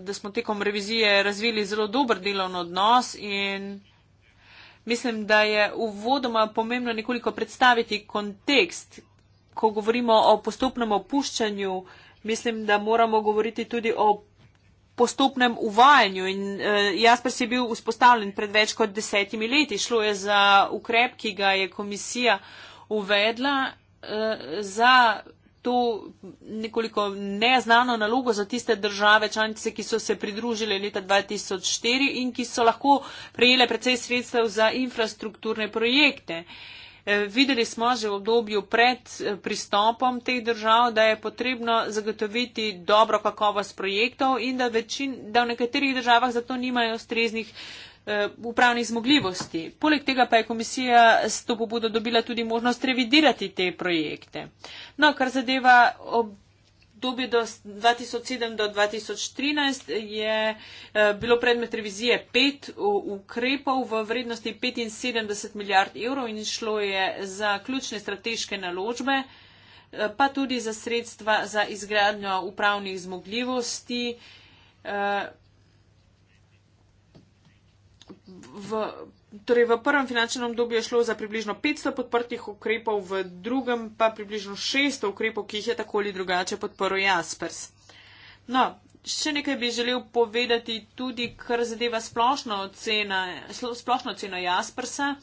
B: da smo tekom revizije razvili zelo dober delovni odnos in mislim, da je uvodoma pomembno nekoliko predstaviti kontekst, ko govorimo o postopnem opuščanju, mislim, da moramo govoriti tudi o postopnem uvajanju in eh, jaz pa si bil vzpostavljen pred več kot desetimi leti. Šlo je za ukrep, ki ga je komisija uvedla eh, za to nekoliko neznano nalogo za tiste države članice, ki so se pridružile leta 2004 in ki so lahko prejele precej sredstev za infrastrukturne projekte. E, videli smo že v obdobju pred e, pristopom teh držav, da je potrebno zagotoviti dobro kakovost projektov in da, večin, da v nekaterih državah zato nimajo streznih Eh, upravnih zmogljivosti. Poleg tega pa je komisija s to pobudo dobila tudi možnost revidirati te projekte. No, kar zadeva obdobje do 2007 do 2013 je eh, bilo predmet revizije pet ukrepov v vrednosti 75 milijard evrov in šlo je za ključne strateške naložbe eh, pa tudi za sredstva za izgradnjo upravnih zmogljivosti v, torej v prvem finančnem obdobju je šlo za približno 500 podprtih ukrepov, v drugem pa približno 600 ukrepov, ki jih je tako ali drugače podporil Jaspers. No, še nekaj bi želel povedati tudi, kar zadeva splošno, ocena, splošno oceno Jaspersa.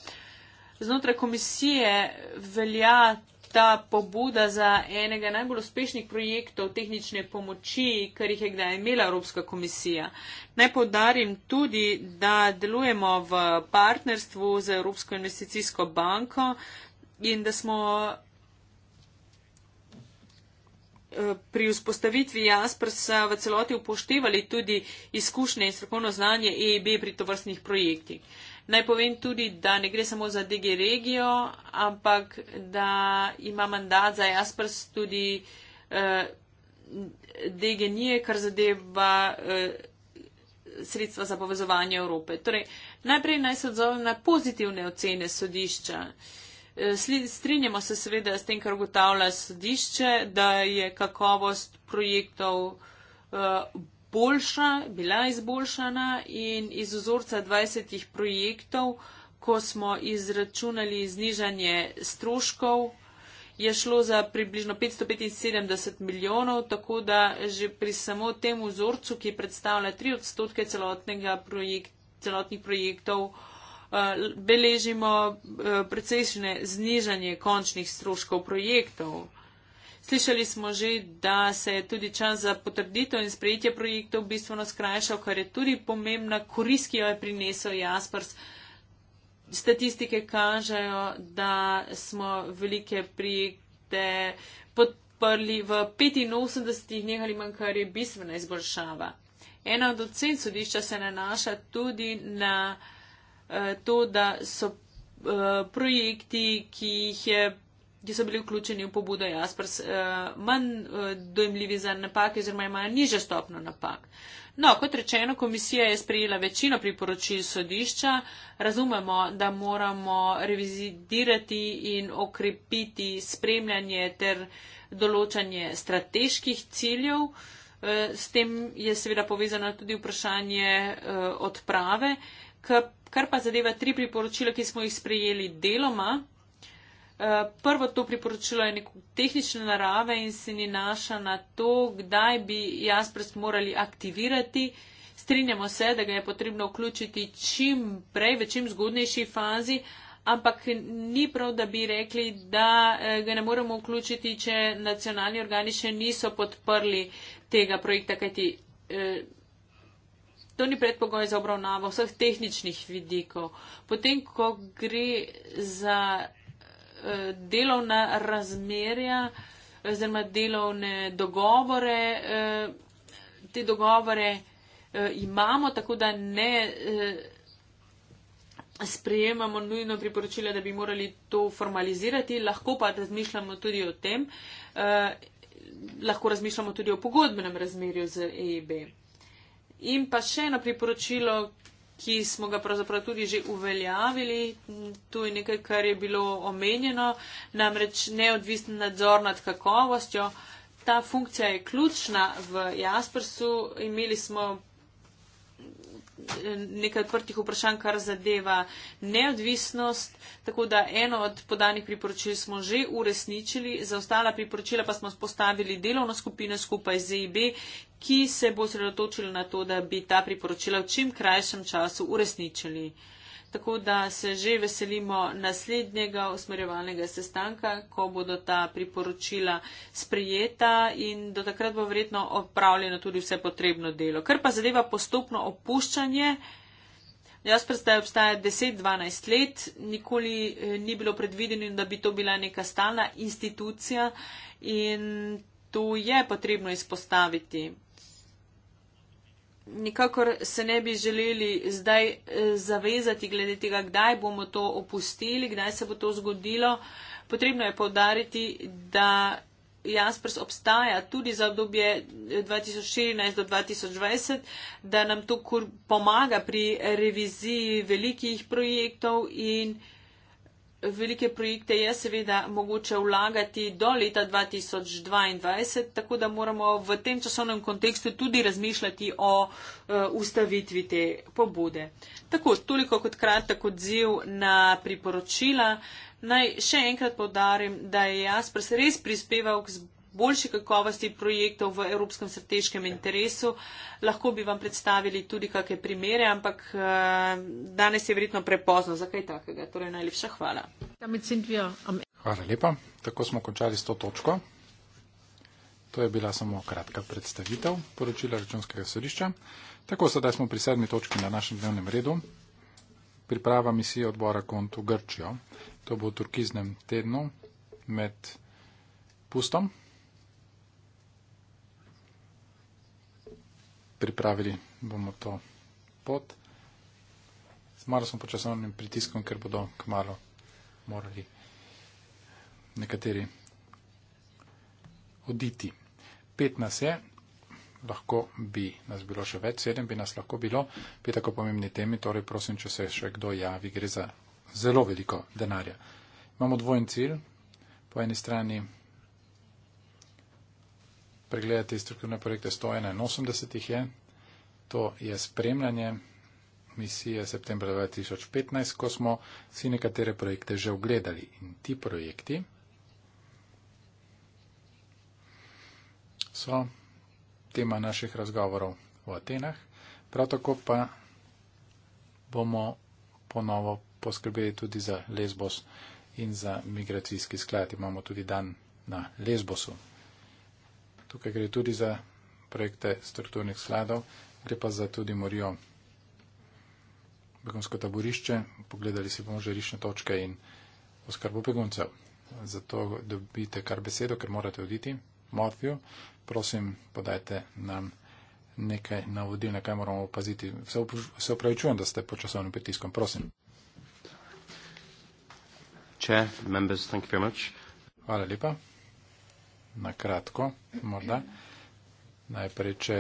B: Znotraj komisije velja ta pobuda za enega najbolj uspešnih projektov tehnične pomoči, kar jih je kdaj imela Evropska komisija. Naj povdarim tudi, da delujemo v partnerstvu z Evropsko investicijsko banko in da smo eh, pri vzpostavitvi Jaspersa v celoti upoštevali tudi izkušnje in strokovno znanje EIB pri tovrstnih projektih. Naj povem tudi, da ne gre samo za DG regijo, ampak da ima mandat za Jaspers tudi eh, DG nije, kar zadeva eh, sredstva za povezovanje Evrope. Torej, najprej naj se odzovem na pozitivne ocene sodišča. Eh, strinjamo se seveda s tem, kar ugotavlja sodišče, da je kakovost projektov uh, boljša, bila izboljšana in iz ozorca 20 projektov, ko smo izračunali znižanje stroškov, je šlo za približno 575 milijonov, tako da že pri samo tem ozorcu, ki predstavlja 3 odstotke projekt, celotnih projektov, eh, beležimo eh, precejšnje znižanje končnih stroškov projektov. Slišali smo že, da se je tudi čas za potrditev in sprejetje projektov bistveno skrajšal, kar je tudi pomembna korist, ki jo je prinesel Jaspers. Statistike kažejo, da smo velike projekte podprli v 85 dneh ali manj, kar je bistvena izboljšava. Ena od ocen sodišča se nanaša tudi na eh, to, da so eh, projekti, ki jih je ki so bili vključeni v pobudo Jaspers, uh, manj uh, dojemljivi za napake oziroma imajo niže stopno napak. No, kot rečeno, komisija je sprejela večino priporočil sodišča. Razumemo, da moramo revizirati in okrepiti spremljanje ter določanje strateških ciljev. Eh, s tem je seveda povezano tudi vprašanje odprave, kar pa zadeva tri priporočila, ki smo jih sprejeli deloma prvo to priporočilo je neko tehnične narave in se ni naša na to, kdaj bi jasprst morali aktivirati. Strinjamo se, da ga je potrebno vključiti čim prej, v čim zgodnejši fazi, ampak ni prav, da bi rekli, da eh, ga ne moremo vključiti, če nacionalni organi še niso podprli tega projekta, kajti eh, to ni predpogoj za obravnavo vseh tehničnih vidikov. Potem, ko gre za Eh, delovna razmerja oziroma delovne dogovore. Eh, te dogovore eh, imamo, tako da ne sprejemamo nujno priporočila, da bi morali to formalizirati, lahko pa razmišljamo tudi o tem, lahko razmišljamo tudi o pogodbenem razmerju z EIB. In pa še eno priporočilo, ki smo ga pravzaprav tudi že uveljavili. To je nekaj, kar je bilo omenjeno, namreč neodvisen nadzor nad kakovostjo. Ta funkcija je ključna v Jaspersu. Imeli smo nekaj odprtih vprašanj, kar zadeva neodvisnost, tako da eno od podanih priporočil smo že uresničili, za ostala priporočila pa smo spostavili delovno skupino skupaj z EIB, ki se bo sredotočila na to, da bi ta priporočila v čim krajšem času uresničili. Tako da se že veselimo naslednjega usmerjevalnega sestanka, ko bodo ta priporočila sprijeta in do takrat bo verjetno opravljeno tudi vse potrebno delo. Ker pa zadeva postopno opuščanje, jaz predstavljam, obstaja 10-12 let, nikoli eh, ni bilo predvideno, da bi to bila neka stalna institucija in to je potrebno izpostaviti nikakor se ne bi želeli zdaj eh, zavezati glede tega, kdaj bomo to opustili, kdaj se bo to zgodilo. Potrebno je povdariti, da Jaspers obstaja tudi za obdobje 2014 eh, do 2020, da nam to pomaga pri reviziji velikih projektov in projektov velike projekte je seveda mogoče vlagati do leta 2022, tako da moramo v tem časovnem kontekstu tudi razmišljati o e, ustavitvi te pobude. Tako, toliko kot kratek odziv na priporočila. Naj še enkrat podarim, da je jaz res prispeval k zbogu boljši kakovosti projektov v evropskem strateškem interesu. Lahko bi vam predstavili tudi kakšne primere, ampak eh, danes je verjetno prepozno za kaj takega. Torej, najlepša hvala.
A: Hvala
E: lepa. Tako smo končali s to točko. To je bila samo kratka predstavitev poročila računskega sodišča. Tako sedaj smo pri sedmi točki na našem dnevnem redu. Priprava misije odbora kontu Grčijo. To bo v turkiznem tednu med pustom. pripravili bomo to pot. Z malo smo počasovnim pritiskom, ker bodo kmalo morali nekateri oditi. Pet nas je, lahko bi nas bilo še več, sedem bi nas lahko bilo, pri tako pomembni temi, torej prosim, če se še kdo javi, gre za zelo veliko denarja. Imamo dvojen cilj, po eni strani pregledati strukturne projekte 181. Je. To je spremljanje misije septembra 2015, ko smo si nekatere projekte že ogledali. In ti projekti so tema naših razgovorov v Atenah. Prav tako pa bomo ponovo poskrbeli tudi za Lesbos in za migracijski sklad. Imamo tudi dan na Lesbosu. Tukaj gre tudi za projekte strukturnih sladov, gre pa za tudi morijo begonsko taborišče. Pogledali si bomo žarišne točke in oskrbo beguncev. Zato dobite kar besedo, ker morate oditi. Morfiju, prosim, podajte nam nekaj navodil, na kaj moramo opaziti. Se upravičujem, da ste pod časovnim pritiskom. Prosim. Chair, members, thank you very much. Hvala lepa na kratko, morda. Najprej, če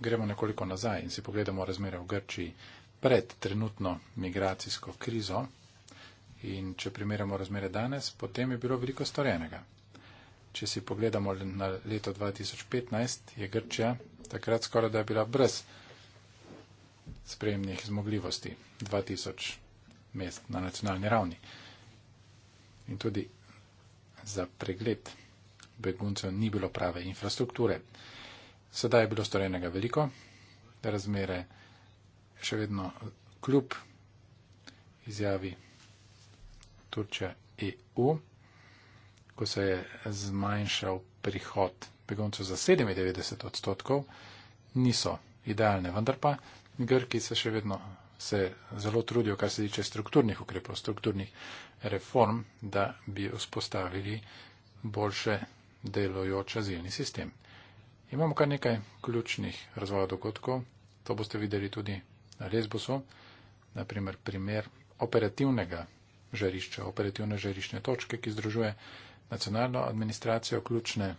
E: gremo nekoliko nazaj in si pogledamo razmere v Grčiji pred trenutno migracijsko krizo in če primerjamo razmere danes, potem je bilo veliko storjenega. Če si pogledamo na leto 2015, je Grčija takrat skoraj da je bila brez spremnih zmogljivosti 2000 mest na nacionalni ravni. In tudi za pregled beguncev ni bilo prave infrastrukture. Sedaj je bilo storjenega veliko, razmere še vedno kljub izjavi Turčja EU, ko se je zmanjšal prihod beguncev za 97 odstotkov, niso idealne, vendar pa Grki se še vedno se zelo trudijo, kar se tiče strukturnih ukrepov, strukturnih reform, da bi vzpostavili boljše delojoč azilni sistem. Imamo kar nekaj ključnih razvojev dogodkov, to boste videli tudi na Lesbosu, naprimer primer operativnega žarišča, operativne žarišne točke, ki združuje nacionalno administracijo ključne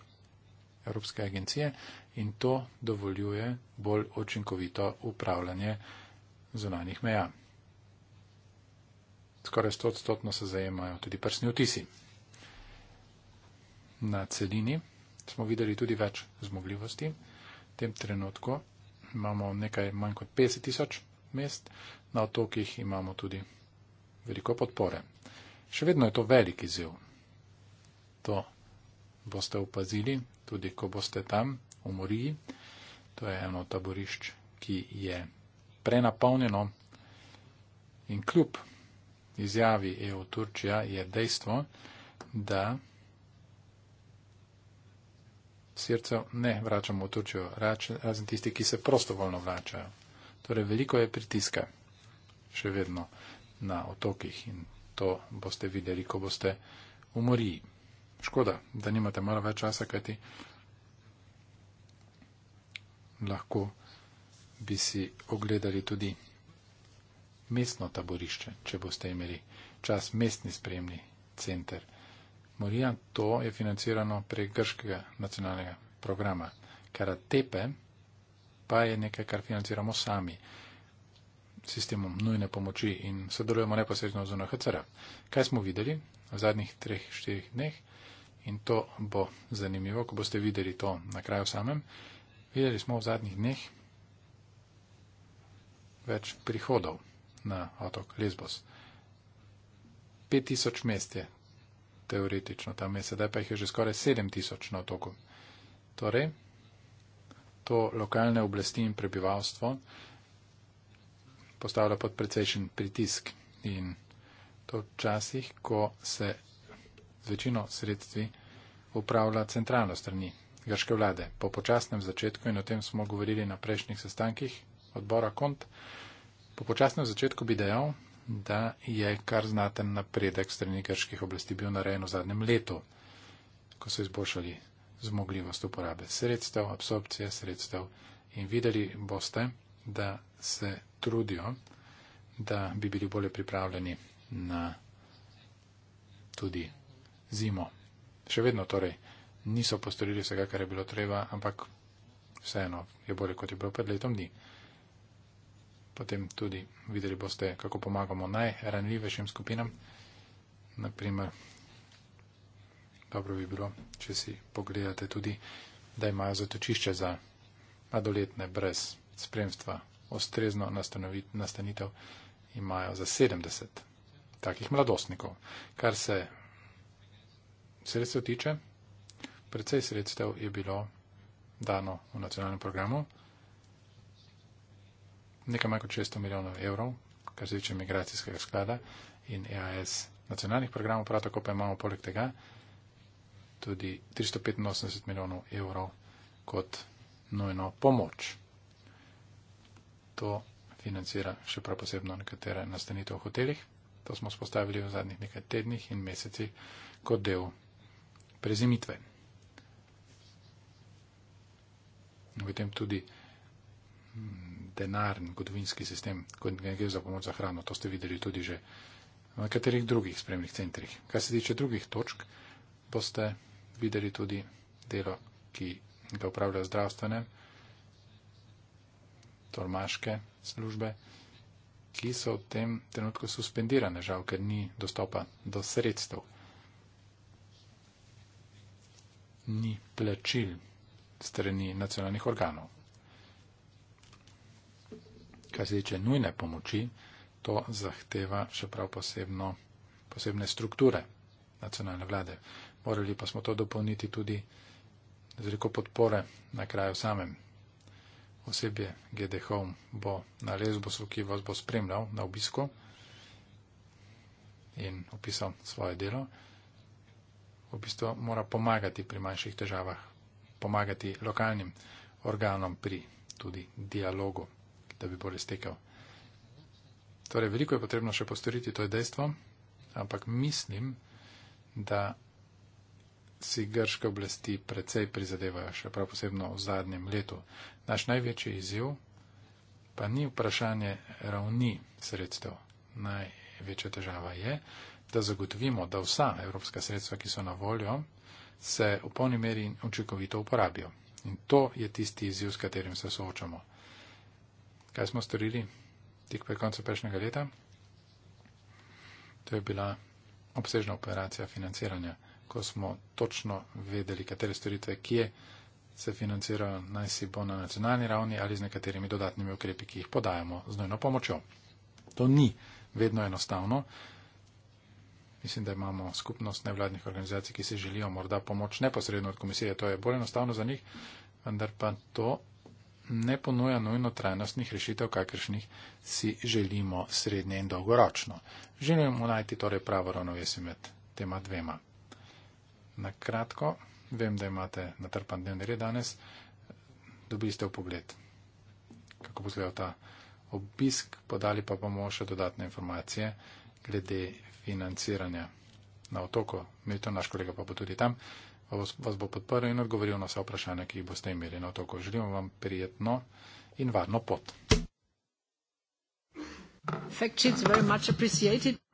E: Evropske agencije in to dovoljuje bolj očinkovito upravljanje zunanjih meja. Skoraj 100-stotno se zajemajo tudi prsni otisi na celini. Smo videli tudi več zmogljivosti. V tem trenutku imamo nekaj manj kot 50 tisoč mest, na otokih imamo tudi veliko podpore. Še vedno je to velik izziv. To boste opazili, tudi ko boste tam v Moriji. To je eno taborišč, ki je prenapolnjeno in kljub izjavi EU Turčija je dejstvo, da srca ne vračamo v Turčijo, razen tisti, ki se prostovoljno vračajo. Torej, veliko je pritiska še vedno na otokih in to boste videli, ko boste v moriji. Škoda, da nimate malo več časa, kajti lahko bi si ogledali tudi mestno taborišče, če boste imeli čas mestni spremni center. Morija, to je financirano prek grškega nacionalnega programa. Karatepe pa je nekaj, kar financiramo sami sistemom nujne pomoči in sodelujemo neposredno z UNHCR. Kaj smo videli v zadnjih treh, štirih dneh in to bo zanimivo, ko boste videli to na kraju samem. Videli smo v zadnjih dneh več prihodov na otok Lesbos. 5000 mest je teoretično, tam je sedaj pa jih je že skoraj 7000 na otoku. Torej, to lokalne oblasti in prebivalstvo postavlja pod precejšen pritisk in to v časih, ko se z večino sredstvi upravlja centralno strani grške vlade. Po počasnem začetku in o tem smo govorili na prejšnjih sestankih odbora KONT, po počasnem začetku bi dejal, da je kar znaten napredek strani grških oblasti bil narejen v zadnjem letu, ko so izboljšali zmogljivost uporabe sredstev, absorpcije sredstev in videli boste, da se trudijo, da bi bili bolje pripravljeni na tudi zimo. Še vedno torej niso postorili vsega, kar je bilo treba, ampak vseeno je bolje, kot je bilo pred letom dni potem tudi videli boste, kako pomagamo najranljivejšim skupinam. Naprimer, dobro bi bilo, če si pogledate tudi, da imajo zatočišče za adoletne brez spremstva, ostrezno nastanitev imajo za 70 takih mladostnikov. Kar se sredstev tiče, precej sredstev je bilo dano v nacionalnem programu nekaj manj kot 600 milijonov evrov, kar se tiče migracijskega sklada in EAS nacionalnih programov, prav tako pa imamo poleg tega tudi 385 milijonov evrov kot nujno pomoč. To financira še prav posebno nekatere nastanitev v hotelih. To smo spostavili v zadnjih nekaj tednih in meseci kot del prezimitve. V tem tudi hm, denarni gotovinski sistem, kot ne gre za pomoč za hrano. To ste videli tudi že na katerih drugih spremnih centrih. Kar se tiče drugih točk, boste videli tudi delo, ki ga upravlja zdravstvene, tormaške službe, ki so v tem trenutku suspendirane, žal, ker ni dostopa do sredstev. Ni plačil strani nacionalnih organov kar se tiče nujne pomoči, to zahteva še prav posebno, posebne strukture nacionalne vlade. Morali pa smo to dopolniti tudi z reko podpore na kraju samem. Osebje GD Home bo na Lesbosu, ki vas bo spremljal na obisku in opisal svoje delo, v bistvu mora pomagati pri manjših težavah, pomagati lokalnim organom pri tudi dialogu da bi bolj iztekel. Torej, veliko je potrebno še postoriti, to je dejstvo, ampak mislim, da si grške oblasti precej prizadevajo, še prav posebno v zadnjem letu. Naš največji izziv pa ni vprašanje ravni sredstev. Največja težava je, da zagotovimo, da vsa evropska sredstva, ki so na voljo, se v polni meri učinkovito uporabijo. In to je tisti izziv, s katerim se soočamo kaj smo storili tik pred koncem prejšnjega leta. To je bila obsežna operacija financiranja, ko smo točno vedeli, katere storitve kje se financirajo, naj si bo na nacionalni ravni ali z nekaterimi dodatnimi ukrepi, ki jih podajamo z nojno pomočjo. To ni vedno enostavno. Mislim, da imamo skupnost nevladnih organizacij, ki si želijo morda pomoč neposredno od komisije. To je bolj enostavno za njih, vendar pa to ne ponuja nujno trajnostnih rešitev, kakršnih si želimo srednje in dolgoročno. Želimo najti torej pravo ravnovesje med tema dvema. Na kratko, vem, da imate natrpan dnevni red danes, dobili ste v pogled, kako bo zgledal ta obisk, podali pa bomo še dodatne informacije glede financiranja na otoku. Milton, naš kolega, pa bo tudi tam vas, vas bo podprl in odgovoril na vse vprašanja, ki jih boste imeli. No, tako želim vam prijetno in varno pot.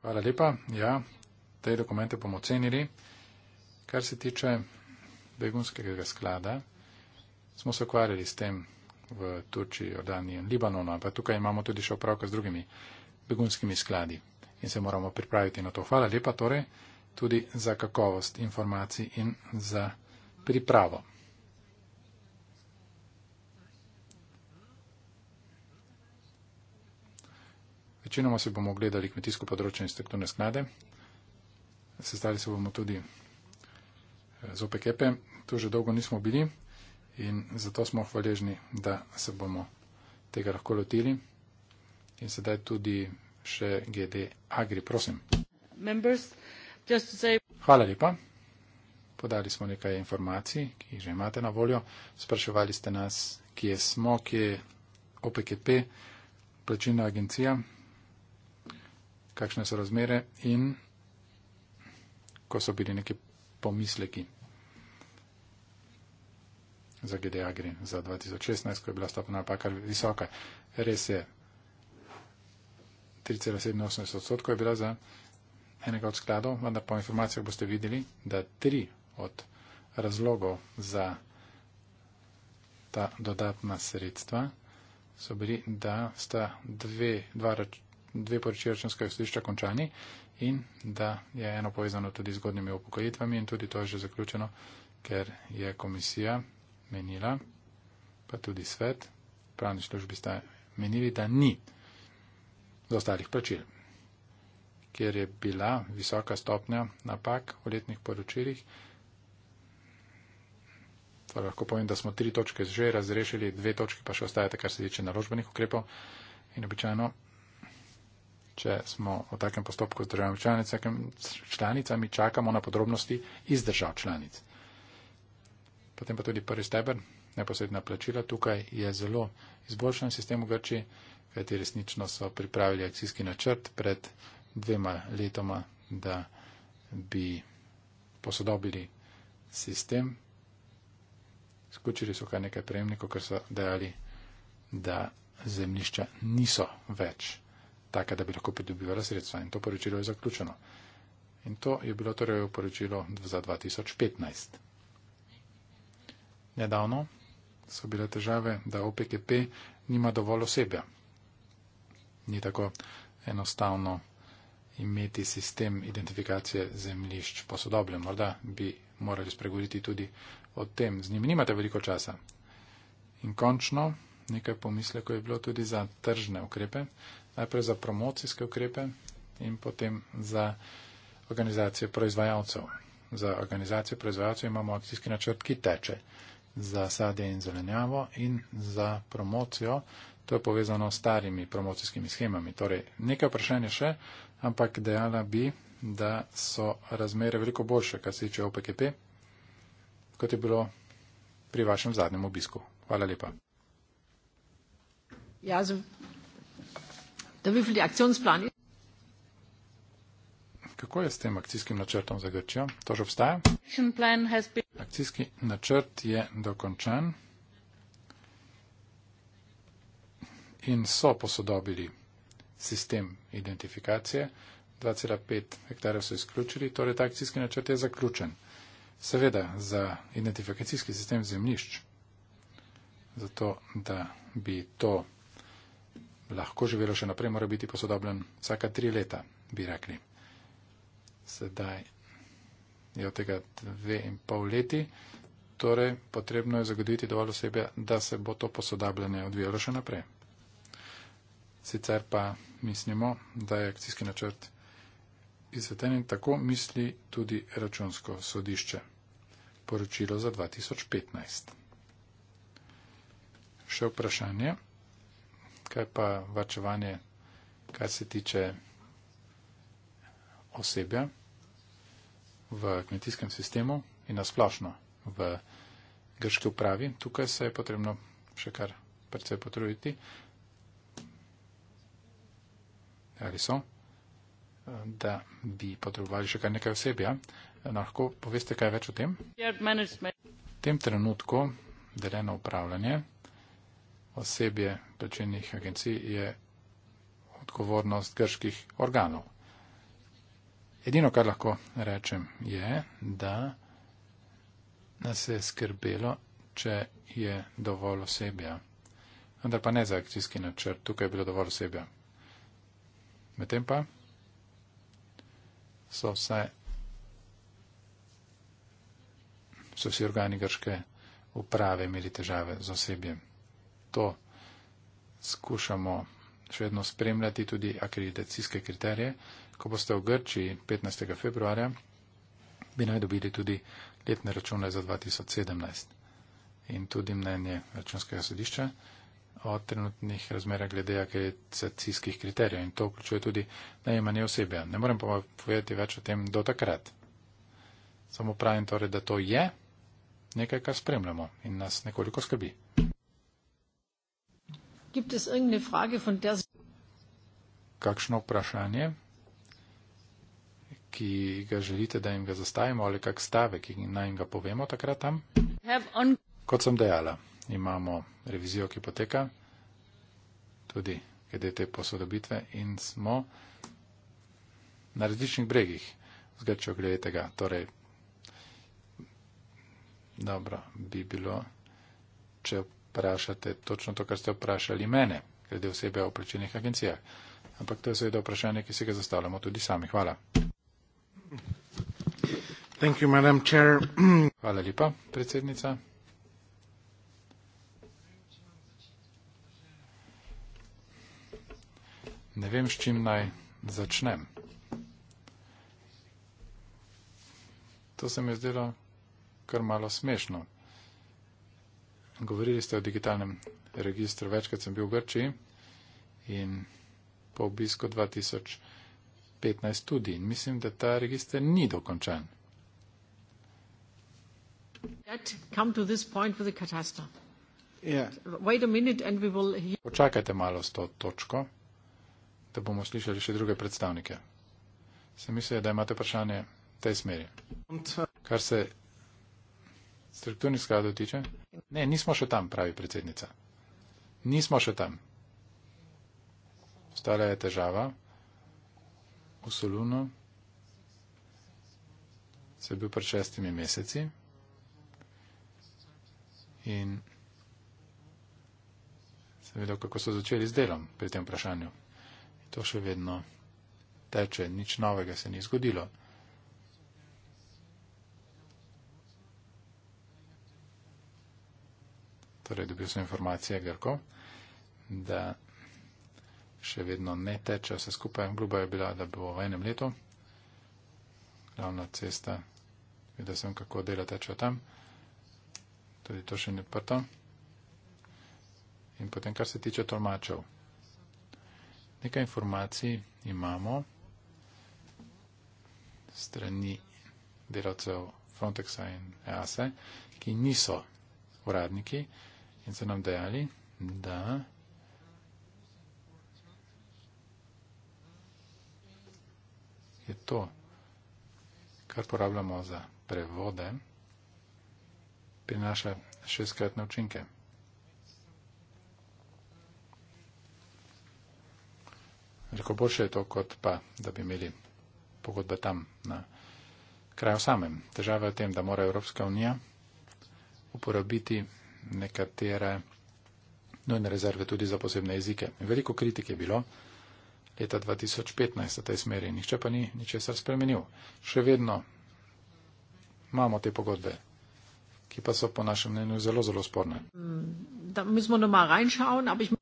E: Hvala lepa. Ja, te dokumente bomo ocenili. Kar se tiče begunskega sklada, smo se ukvarjali s tem v Turčiji, Jordaniji in Libanonu, ampak tukaj imamo tudi še opravka z drugimi begunskimi skladi in se moramo pripraviti na to. Hvala lepa torej tudi za kakovost informacij in za pripravo. Večinoma si bomo ogledali kmetijsko področje in strukturne sklade. Sestali se bomo tudi eh, z OPKP. Tu že dolgo nismo bili in zato smo hvaležni, da se bomo tega lahko lotili. In sedaj tudi še GD Agri, prosim.
A: Members. Say...
E: Hvala lepa. Podali smo nekaj informacij, ki jih že imate na voljo. Spraševali ste nas, kje smo, kje je OPKP, plačilna agencija, kakšne so razmere in ko so bili neki pomisleki za GDA gre za 2016, ko je bila stopna napaka visoka. Res je, 3,87 odstotkov je bila za enega od skladov, vendar po informacijah boste videli, da tri od razlogov za ta dodatna sredstva so bili, da sta dve, rač, dve poročila računskega sodišča končani in da je eno povezano tudi z zgodnjimi upokojitvami in tudi to je že zaključeno, ker je komisija menila, pa tudi svet, pravni službi sta menili, da ni za ostalih plačil kjer je bila visoka stopnja napak v letnih poročilih. To lahko povem, da smo tri točke že razrešili, dve točke pa še ostajate, kar se tiče naložbenih ukrepov. In običajno, če smo v takem postopku z državami članicami, čakamo na podrobnosti iz držav članic. Potem pa tudi prvi steber, neposredna plačila. Tukaj je zelo izboljšan sistem v Grči, kajti resnično so pripravili akcijski načrt pred dvema letoma, da bi posodobili sistem. Skočili so kar nekaj prejemnikov, ker so dejali, da zemljišča niso več taka, da bi lahko pridobivala sredstva. In to poročilo je zaključeno. In to je bilo torej poročilo za 2015. Nedavno so bile težave, da OPKP nima dovolj osebja. Ni tako enostavno imeti sistem identifikacije zemljišč posodobljen. Morda bi morali spregovoriti tudi o tem. Z njim nimate veliko časa. In končno, nekaj pomisleko je bilo tudi za tržne ukrepe. Najprej za promocijske ukrepe in potem za organizacije proizvajalcev. Za organizacije proizvajalcev imamo akcijski načrt, ki teče za sadje in zelenjavo in za promocijo. To je povezano s starimi promocijskimi schemami. Torej, nekaj vprašanje še ampak dejala bi, da so razmere veliko boljše, kar se tiče OPKP, kot je bilo pri vašem zadnjem obisku. Hvala lepa. Ja, Kako je s tem akcijskim načrtom za Grčijo? To že obstaja? Akcijski načrt je dokončan in so posodobili sistem identifikacije. 2,5 hektarjev so izključili, torej ta akcijski načrt je zaključen. Seveda, za identifikacijski sistem zemljišč, zato da bi to lahko živelo še naprej, mora biti posodobljen vsaka tri leta, bi rekli. Sedaj je od tega dve in pol leti, torej potrebno je zagoditi dovolj osebe, da se bo to posodabljanje odvijalo še naprej. Sicer pa mislimo, da je akcijski načrt izveten in tako misli tudi računsko sodišče. Poročilo za 2015. Še vprašanje, kaj pa vrčevanje, kar se tiče osebja v kmetijskem sistemu in nasplošno v grški upravi. Tukaj se je potrebno še kar precej potruditi ali so, da bi potrebovali še kar nekaj osebja. Lahko poveste kaj več o tem?
A: V
E: tem trenutku deljeno upravljanje osebje plačenih agencij je odgovornost grških organov. Edino, kar lahko rečem, je, da nas je skrbelo, če je dovolj osebja. Vendar pa ne za akcijski načrt, tukaj je bilo dovolj osebja. Medtem pa so vse, so vsi organi grške uprave imeli težave z osebjem. To skušamo še vedno spremljati tudi akreditacijske kriterije. Ko boste v Grčiji 15. februarja, bi naj dobili tudi letne račune za 2017 in tudi mnenje računskega sodišča o trenutnih razmerah glede akreditacijskih kriterijev in to vključuje tudi najmanje osebe. Ne morem pa povedati več o tem do takrat. Samo pravim torej, da to je nekaj, kar spremljamo in nas nekoliko skrbi. Kakšno vprašanje, ki ga želite, da jim ga zastavimo ali kak stavek, ki naj jim ga povemo takrat tam? Kot sem dejala imamo revizijo, ki poteka, tudi glede te posodobitve in smo na različnih bregih. Zgrčo glede tega. Torej, dobro bi bilo, če vprašate točno to, kar ste vprašali mene, glede osebe v plačilnih agencijah. Ampak to je seveda vprašanje, ki si ga zastavljamo tudi sami. Hvala. Thank you, Madam Chair. [clears throat] Hvala lepa, predsednica. ne vem, s čim naj začnem. To se mi je zdelo kar malo smešno. Govorili ste o digitalnem registru, večkrat sem bil v Grčiji in po obisku 2015 tudi in mislim, da ta registr ni dokončan. Ja. Počakajte malo s to točko da bomo slišali še druge predstavnike. Se mislijo, da imate vprašanje v tej smeri. Kar se strukturnih skladov tiče. Ne, nismo še tam, pravi predsednica. Nismo še tam. Ostala je težava v Solunu. Se je bil pred šestimi meseci in sem videl, kako so začeli z delom pri tem vprašanju to še vedno teče, nič novega se ni zgodilo. Torej, dobil sem informacije, Grko, da še vedno ne teče vse skupaj. Gluba je bila, da bo v enem letu glavna cesta, videl sem, kako dela teče tam. Tudi to še ni odprto. In potem, kar se tiče tolmačev. Nekaj informacij imamo strani delavcev Frontexa in EASE, e, ki niso uradniki in so nam dejali, da je to, kar porabljamo za prevode, prinaša šestkratne učinke. Reko, boljše je to, kot pa, da bi imeli pogodbe tam na kraju samem. Težava je v tem, da mora Evropska unija uporabiti nekatere nujne rezerve tudi za posebne jezike. Veliko kritike je bilo leta 2015 v tej smeri, nihče pa ni ničesar spremenil. Še vedno imamo te pogodbe, ki pa so po našem mnenju zelo, zelo sporne. Mm,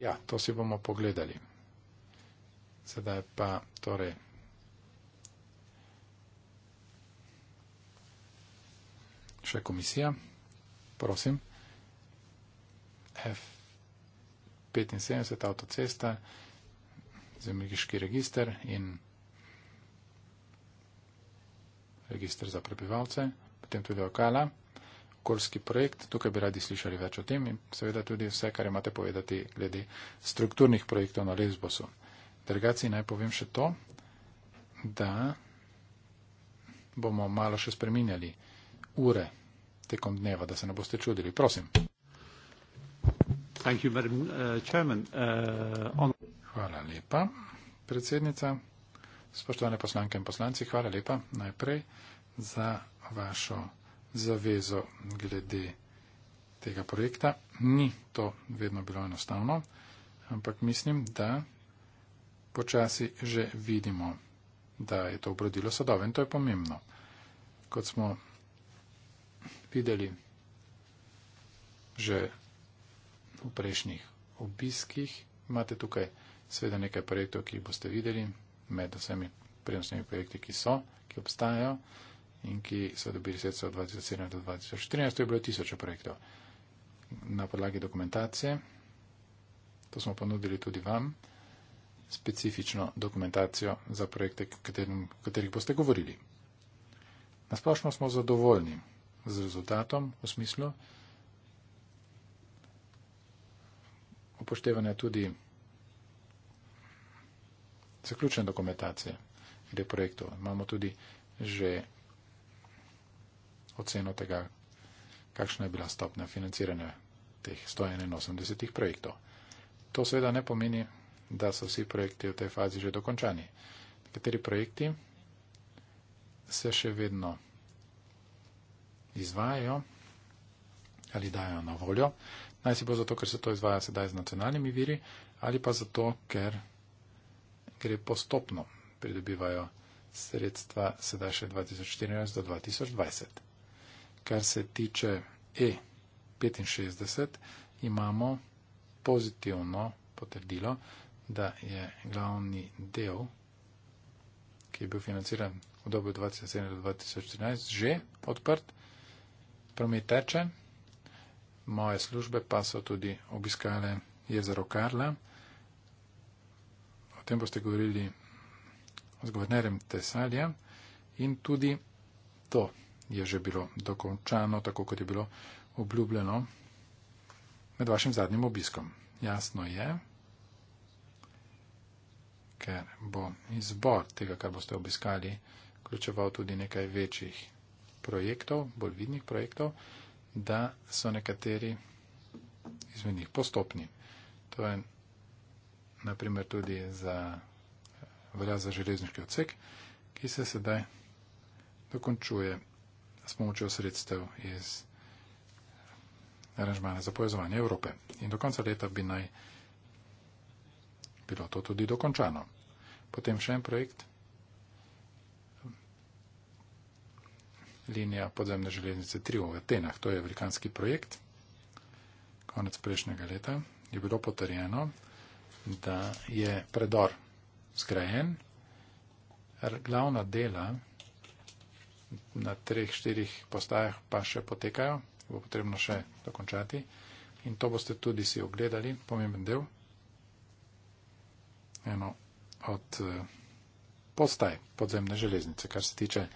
E: ja, to si bomo pogledali. Sedaj pa torej. Še komisija, prosim. F75 avtocesta, zemljiški register in register za prebivalce, potem tudi okala, okoljski projekt. Tukaj bi radi slišali več o tem in seveda tudi vse, kar imate povedati glede strukturnih projektov na Lesbosu. Delegaciji naj povem še to, da bomo malo še spreminjali ure tekom dneva, da se ne boste čudili. Prosim. You, Madam, uh, Chairman, uh, on... Hvala lepa, predsednica. Spoštovane poslanke in poslanci, hvala lepa najprej za vašo zavezo glede tega projekta. Ni to vedno bilo enostavno, ampak mislim, da počasi že vidimo, da je to obrodilo sadove in to je pomembno. Kot smo videli že v prejšnjih obiskih, imate tukaj seveda nekaj projektov, ki jih boste videli med vsemi prenosnimi projekti, ki so, ki obstajajo in ki so dobili sredstva od 2007 do 2014, to je bilo tisoče projektov. Na podlagi dokumentacije, to smo ponudili tudi vam, specifično dokumentacijo za projekte, katerim, katerih boste govorili. Nasplošno smo zadovoljni z rezultatom v smislu upoštevanja tudi zaključene dokumentacije glede projektov. Imamo tudi že oceno tega, kakšna je bila stopnja financiranja teh 181 projektov. To seveda ne pomeni, da so vsi projekti v tej fazi že dokončani. Nekateri projekti se še vedno izvajajo ali dajo na voljo. Naj si bo zato, ker se to izvaja sedaj z nacionalnimi viri ali pa zato, ker gre postopno pridobivajo sredstva sedaj še 2014 do 2020. Kar se tiče E65, imamo pozitivno potrdilo, da je glavni del, ki je bil financiran v dobu 2007-2013, že odprt, promet teče, moje službe pa so tudi obiskale jezero Karla. O tem boste govorili z guvernerjem Tesalja in tudi to je že bilo dokončano, tako kot je bilo obljubljeno med vašim zadnjim obiskom. Jasno je, ker bo izbor tega, kar boste obiskali, vključeval tudi nekaj večjih projektov, bolj vidnih projektov, da so nekateri izmed njih postopni. To je naprimer tudi za, velja za železniški odsek, ki se sedaj dokončuje s pomočjo sredstev iz aranžmana za povezovanje Evrope. In do konca leta bi naj bilo to tudi dokončano. Potem še en projekt. Linija podzemne železnice 3 v Atenah, to je velikanski projekt. Konec prejšnjega leta je bilo potrjeno, da je predor zgrajen, glavna dela na treh, štirih postajah pa še potekajo, bo potrebno še dokončati in to boste tudi si ogledali, pomemben del eno od eh, postaj podzemne železnice, kar se tiče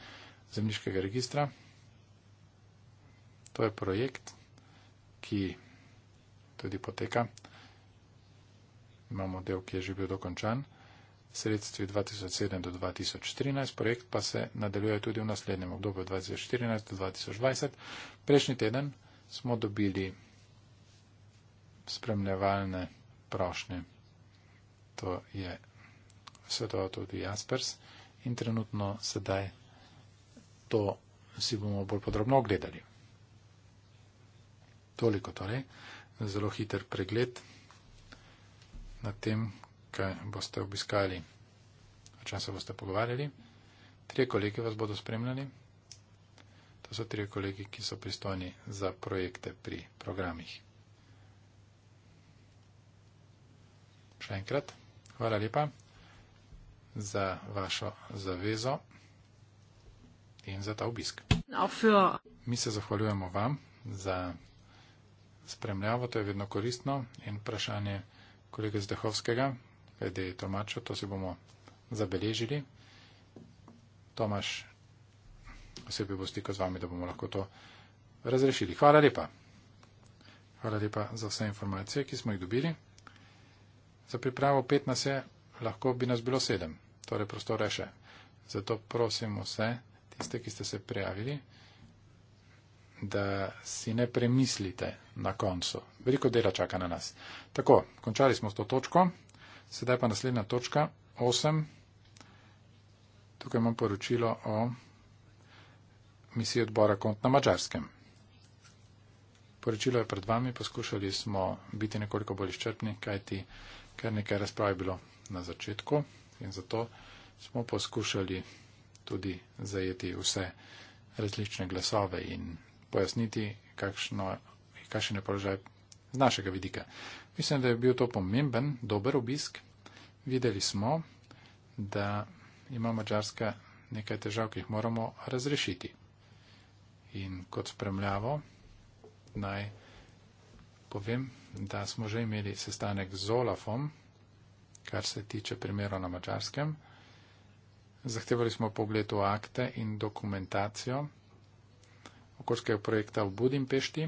E: zemljiškega registra. To je projekt, ki tudi poteka. Imamo del, ki je že bil dokončan. Sredstvi 2007 do 2013, projekt pa se nadaljuje tudi v naslednjem obdobju 2014 do 2020. Prejšnji teden smo dobili spremljevalne prošnje to je svetoval tudi Jaspers in trenutno sedaj to si bomo bolj podrobno ogledali. Toliko torej, zelo hiter pregled nad tem, kaj boste obiskali, o čem se boste pogovarjali. Trije kolegi vas bodo spremljali. To so trije kolegi, ki so pristojni za projekte pri programih. Še enkrat. Hvala lepa za vašo zavezo in za ta obisk. Mi se zahvaljujemo vam za spremljavo, to je vedno koristno in vprašanje kolega Zdehovskega, glede Tomača, to si bomo zabeležili. Tomaš, osebi bo stiko z vami, da bomo lahko to razrešili. Hvala lepa. Hvala lepa za vse informacije, ki smo jih dobili. Za pripravo pet nas je, lahko bi nas bilo sedem, torej prostore še. Zato prosim vse, tiste, ki ste se prijavili, da si ne premislite na koncu. Veliko dela čaka na nas. Tako, končali smo s to točko, sedaj pa naslednja točka, osem. Tukaj imam poročilo o misiji odbora kont na Mačarskem. Poročilo je pred vami, poskušali smo biti nekoliko bolj izčrpni, kajti ker nekaj razprav je bilo na začetku in zato smo poskušali tudi zajeti vse različne glasove in pojasniti, kakšno, kakšen je položaj z našega vidika. Mislim, da je bil to pomemben, dober obisk. Videli smo, da ima Mačarska nekaj težav, ki jih moramo razrešiti. In kot spremljavo naj povem, da smo že imeli sestanek z Olafom, kar se tiče primero na mačarskem. Zahtevali smo pogled v akte in dokumentacijo okoljskega projekta v Budimpešti,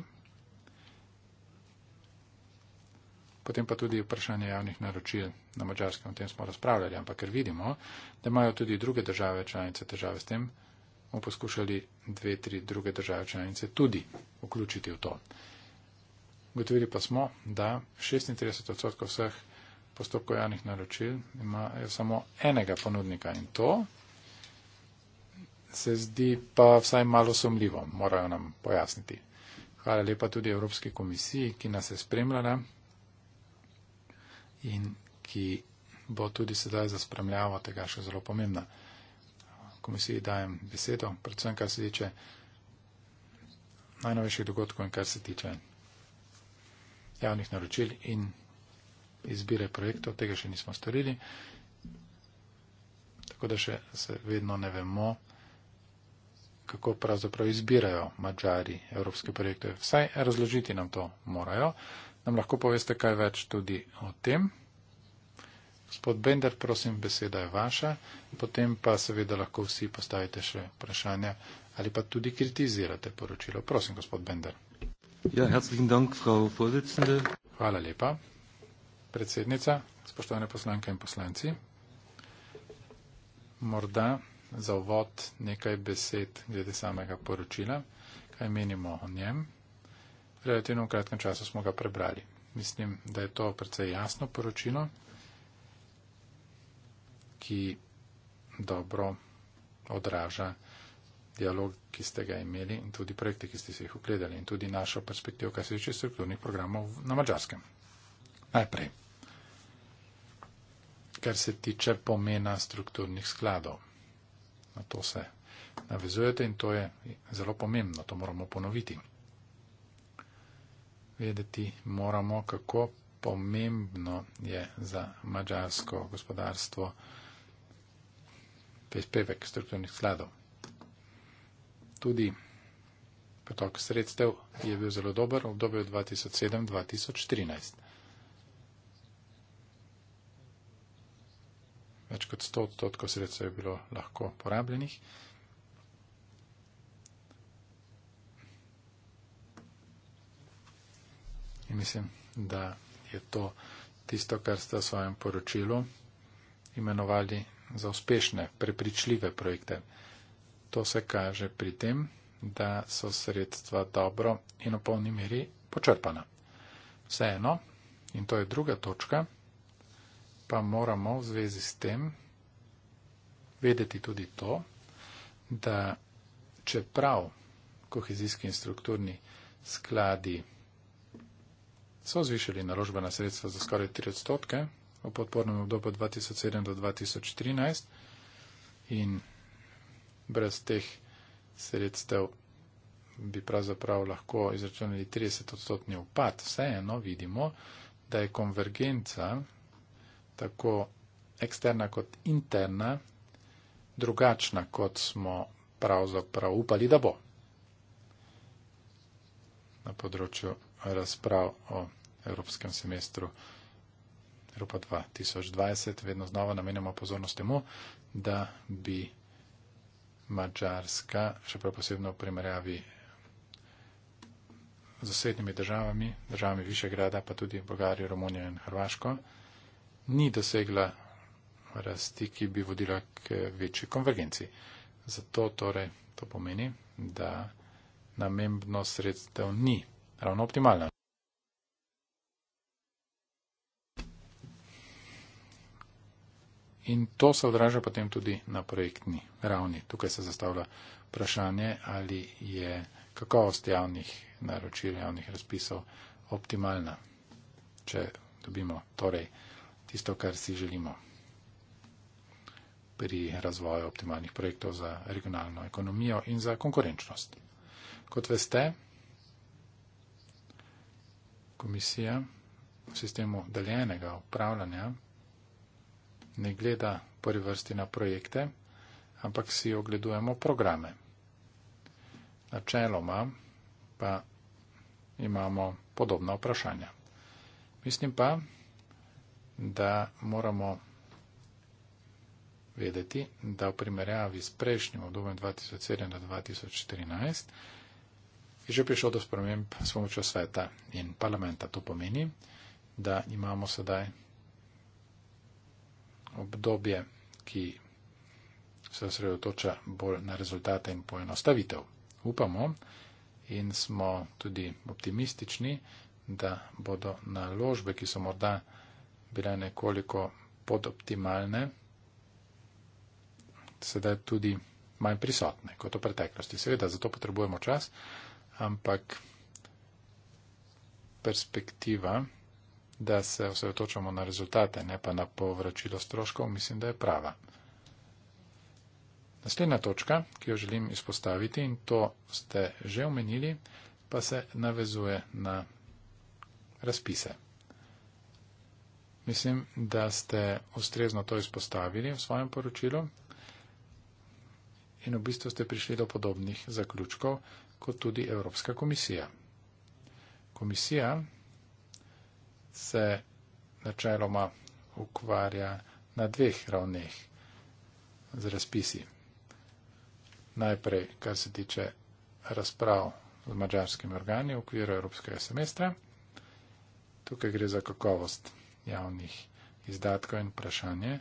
E: potem pa tudi vprašanje javnih naročil na mačarskem. O tem smo razpravljali, ampak ker vidimo, da imajo tudi druge države članice težave s tem, bomo poskušali dve, tri druge države članice tudi vključiti v to. Gotovili pa smo, da 36 odstotkov vseh postopkov javnih naročil ima samo enega ponudnika in to se zdi pa vsaj malo sumljivo, morajo nam pojasniti. Hvala lepa tudi Evropski komisiji, ki nas je spremljala in ki bo tudi sedaj za spremljavo tega še zelo pomembna. Komisiji dajem besedo, predvsem kar se tiče najnovejših dogodkov in kar se tiče javnih naročil in izbire projektov, tega še nismo storili. Tako da še se vedno ne vemo, kako pravzaprav izbirajo mačari evropske projekte. Vsaj razložiti nam to morajo. Nam lahko poveste kaj več tudi o tem. Gospod Bender, prosim, beseda je vaša. Potem pa seveda lahko vsi postavite še vprašanja ali pa tudi kritizirate poročilo. Prosim, gospod Bender.
C: Ja, herzlichen Dank, Frau Vorsitzende.
E: Hvala lepa. Predsednica, spoštovane poslanke in poslanci. Morda za uvod nekaj besed glede samega poročila, kaj menimo o njem. Relativno v kratkem času smo ga prebrali. Mislim, da je to precej jasno poročilo, ki dobro odraža dialog, ki ste ga imeli in tudi projekte, ki ste se jih ogledali in tudi našo perspektivo, kar se tiče strukturnih programov na mačarskem. Najprej, kar se tiče pomena strukturnih skladov. Na to se navezujete in to je zelo pomembno, to moramo ponoviti. Vedeti moramo, kako pomembno je za mačarsko gospodarstvo prispevek strukturnih skladov tudi potok sredstev je bil zelo dober v obdobju 2007-2013. Več kot 100 odstotkov sredstev je bilo lahko porabljenih. In mislim, da je to tisto, kar ste v svojem poročilu imenovali za uspešne, prepričljive projekte. To se kaže pri tem, da so sredstva dobro in v polni meri počrpana. Vseeno, in to je druga točka, pa moramo v zvezi s tem vedeti tudi to, da čeprav kohezijski in strukturni skladi so zvišali naložbena sredstva za skoraj 3 odstotke v podpornem obdobju 2007 do 2013 in brez teh sredstev bi pravzaprav lahko izračunali 30 odstotni upad. Vseeno vidimo, da je konvergenca tako eksterna kot interna drugačna, kot smo pravzaprav upali, da bo. Na področju razprav o Evropskem semestru Evropa 2020 vedno znova namenjamo pozornost temu, da bi Mačarska, še prav posebno v primerjavi z osrednjimi državami, državami Višegrada, pa tudi Bolgarijo, Romunijo in Hrvaško, ni dosegla rasti, ki bi vodila k večji konvergenci. Zato torej to pomeni, da namembnost sredstev ni ravno optimalna. In to se odraža potem tudi na projektni ravni. Tukaj se zastavlja vprašanje, ali je kakovost javnih naročil, javnih razpisov optimalna, če dobimo torej tisto, kar si želimo pri razvoju optimalnih projektov za regionalno ekonomijo in za konkurenčnost. Kot veste, komisija v sistemu deljenega upravljanja ne gleda prvi vrsti na projekte, ampak si ogledujemo programe. Načeloma pa imamo podobna vprašanja. Mislim pa, da moramo vedeti, da v primerjavi s prejšnjim obdobjem 2007-2014 je že prišlo do sprememb s pomočjo sveta in parlamenta. To pomeni, da imamo sedaj obdobje, ki se osredotoča bolj na rezultate in poenostavitev. Upamo in smo tudi optimistični, da bodo naložbe, ki so morda bile nekoliko podoptimalne, sedaj tudi manj prisotne kot v preteklosti. Seveda, zato potrebujemo čas, ampak perspektiva da se osredotočamo na rezultate, ne pa na povračilo stroškov, mislim, da je prava. Naslednja točka, ki jo želim izpostaviti, in to ste že omenili, pa se navezuje na razpise. Mislim, da ste ustrezno to izpostavili v svojem poročilu in v bistvu ste prišli do podobnih zaključkov kot tudi Evropska komisija. Komisija se načeloma ukvarja na dveh ravneh z razpisi. Najprej, kar se tiče razprav z mačarskimi organi v okviru Evropskega semestra. Tukaj gre za kakovost javnih izdatkov in vprašanje,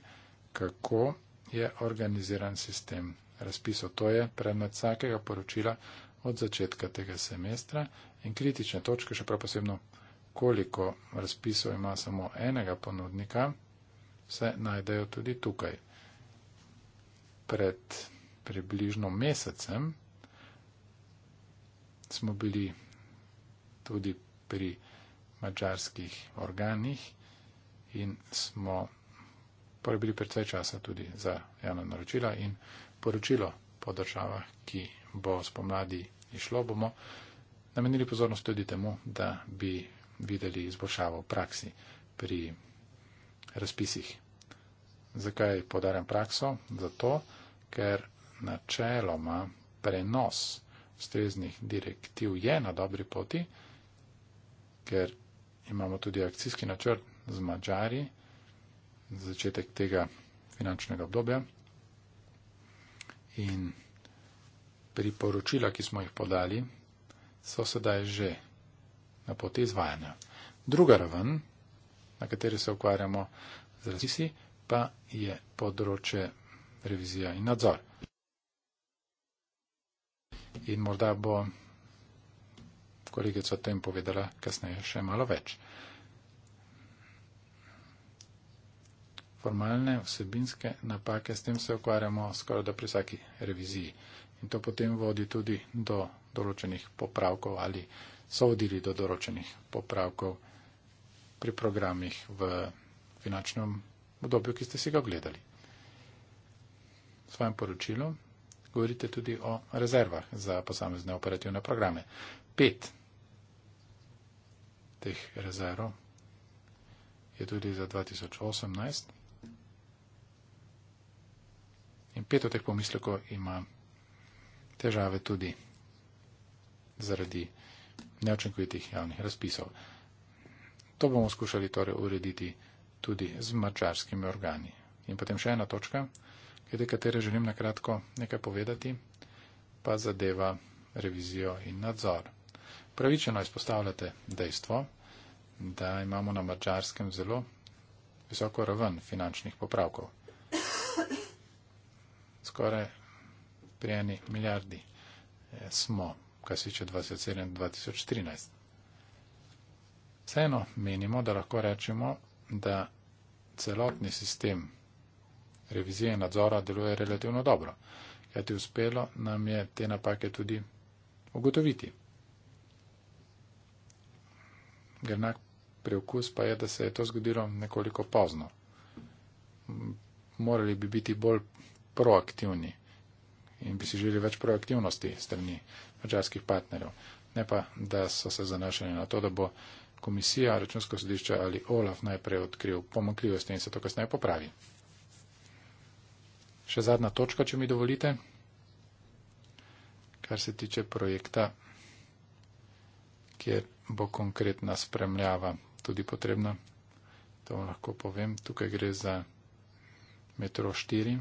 E: kako je organiziran sistem razpisov. To je predmet vsakega poročila od začetka tega semestra in kritične točke, še prav posebno koliko razpisov ima samo enega ponudnika, se najdejo tudi tukaj. Pred približno mesecem smo bili tudi pri mačarskih organih in smo porabili torej predvsej časa tudi za javna naročila in poročilo po državah, ki bo spomladi išlo, bomo namenili pozornost tudi temu, da bi videli izboljšavo v praksi pri razpisih. Zakaj podarjam prakso? Zato, ker načeloma prenos ustreznih direktiv je na dobri poti, ker imamo tudi akcijski načrt z Mačari za začetek tega finančnega obdobja in priporočila, ki smo jih podali, so sedaj že na poti izvajanja. Druga raven, na kateri se ukvarjamo z razpisi, pa je področje revizija in nadzor. In morda bo kolegica o tem povedala kasneje še malo več. Formalne vsebinske napake, s tem se ukvarjamo skoraj da pri vsaki reviziji. In to potem vodi tudi do določenih popravkov ali so vodili do določenih popravkov pri programih v finančnem obdobju, ki ste si ga gledali. V svojem poročilu govorite tudi o rezervah za posamezne operativne programe. Pet teh rezerv je tudi za 2018 in pet od teh pomislekov ima težave tudi zaradi neočinkovitih javnih razpisov. To bomo skušali torej urediti tudi z mačarskimi organi. In potem še ena točka, glede katere želim na kratko nekaj povedati, pa zadeva revizijo in nadzor. Pravičeno izpostavljate dejstvo, da imamo na mačarskem zelo visoko raven finančnih popravkov. Skoraj pri eni milijardi eh, smo kar se tiče 2007-2013. Vseeno menimo, da lahko rečemo, da celotni sistem revizije in nadzora deluje relativno dobro, kajti uspelo nam je te napake tudi ugotoviti. Grenak preukus pa je, da se je to zgodilo nekoliko pozno. Morali bi biti bolj proaktivni in bi si želeli več proaktivnosti strani mačarskih partnerjev. Ne pa, da so se zanašali na to, da bo komisija, računsko sodišče ali Olaf najprej odkril pomankljivosti in se to kasneje popravi. Še zadnja točka, če mi dovolite, kar se tiče projekta, kjer bo konkretna spremljava tudi potrebna. To vam lahko povem. Tukaj gre za metro 4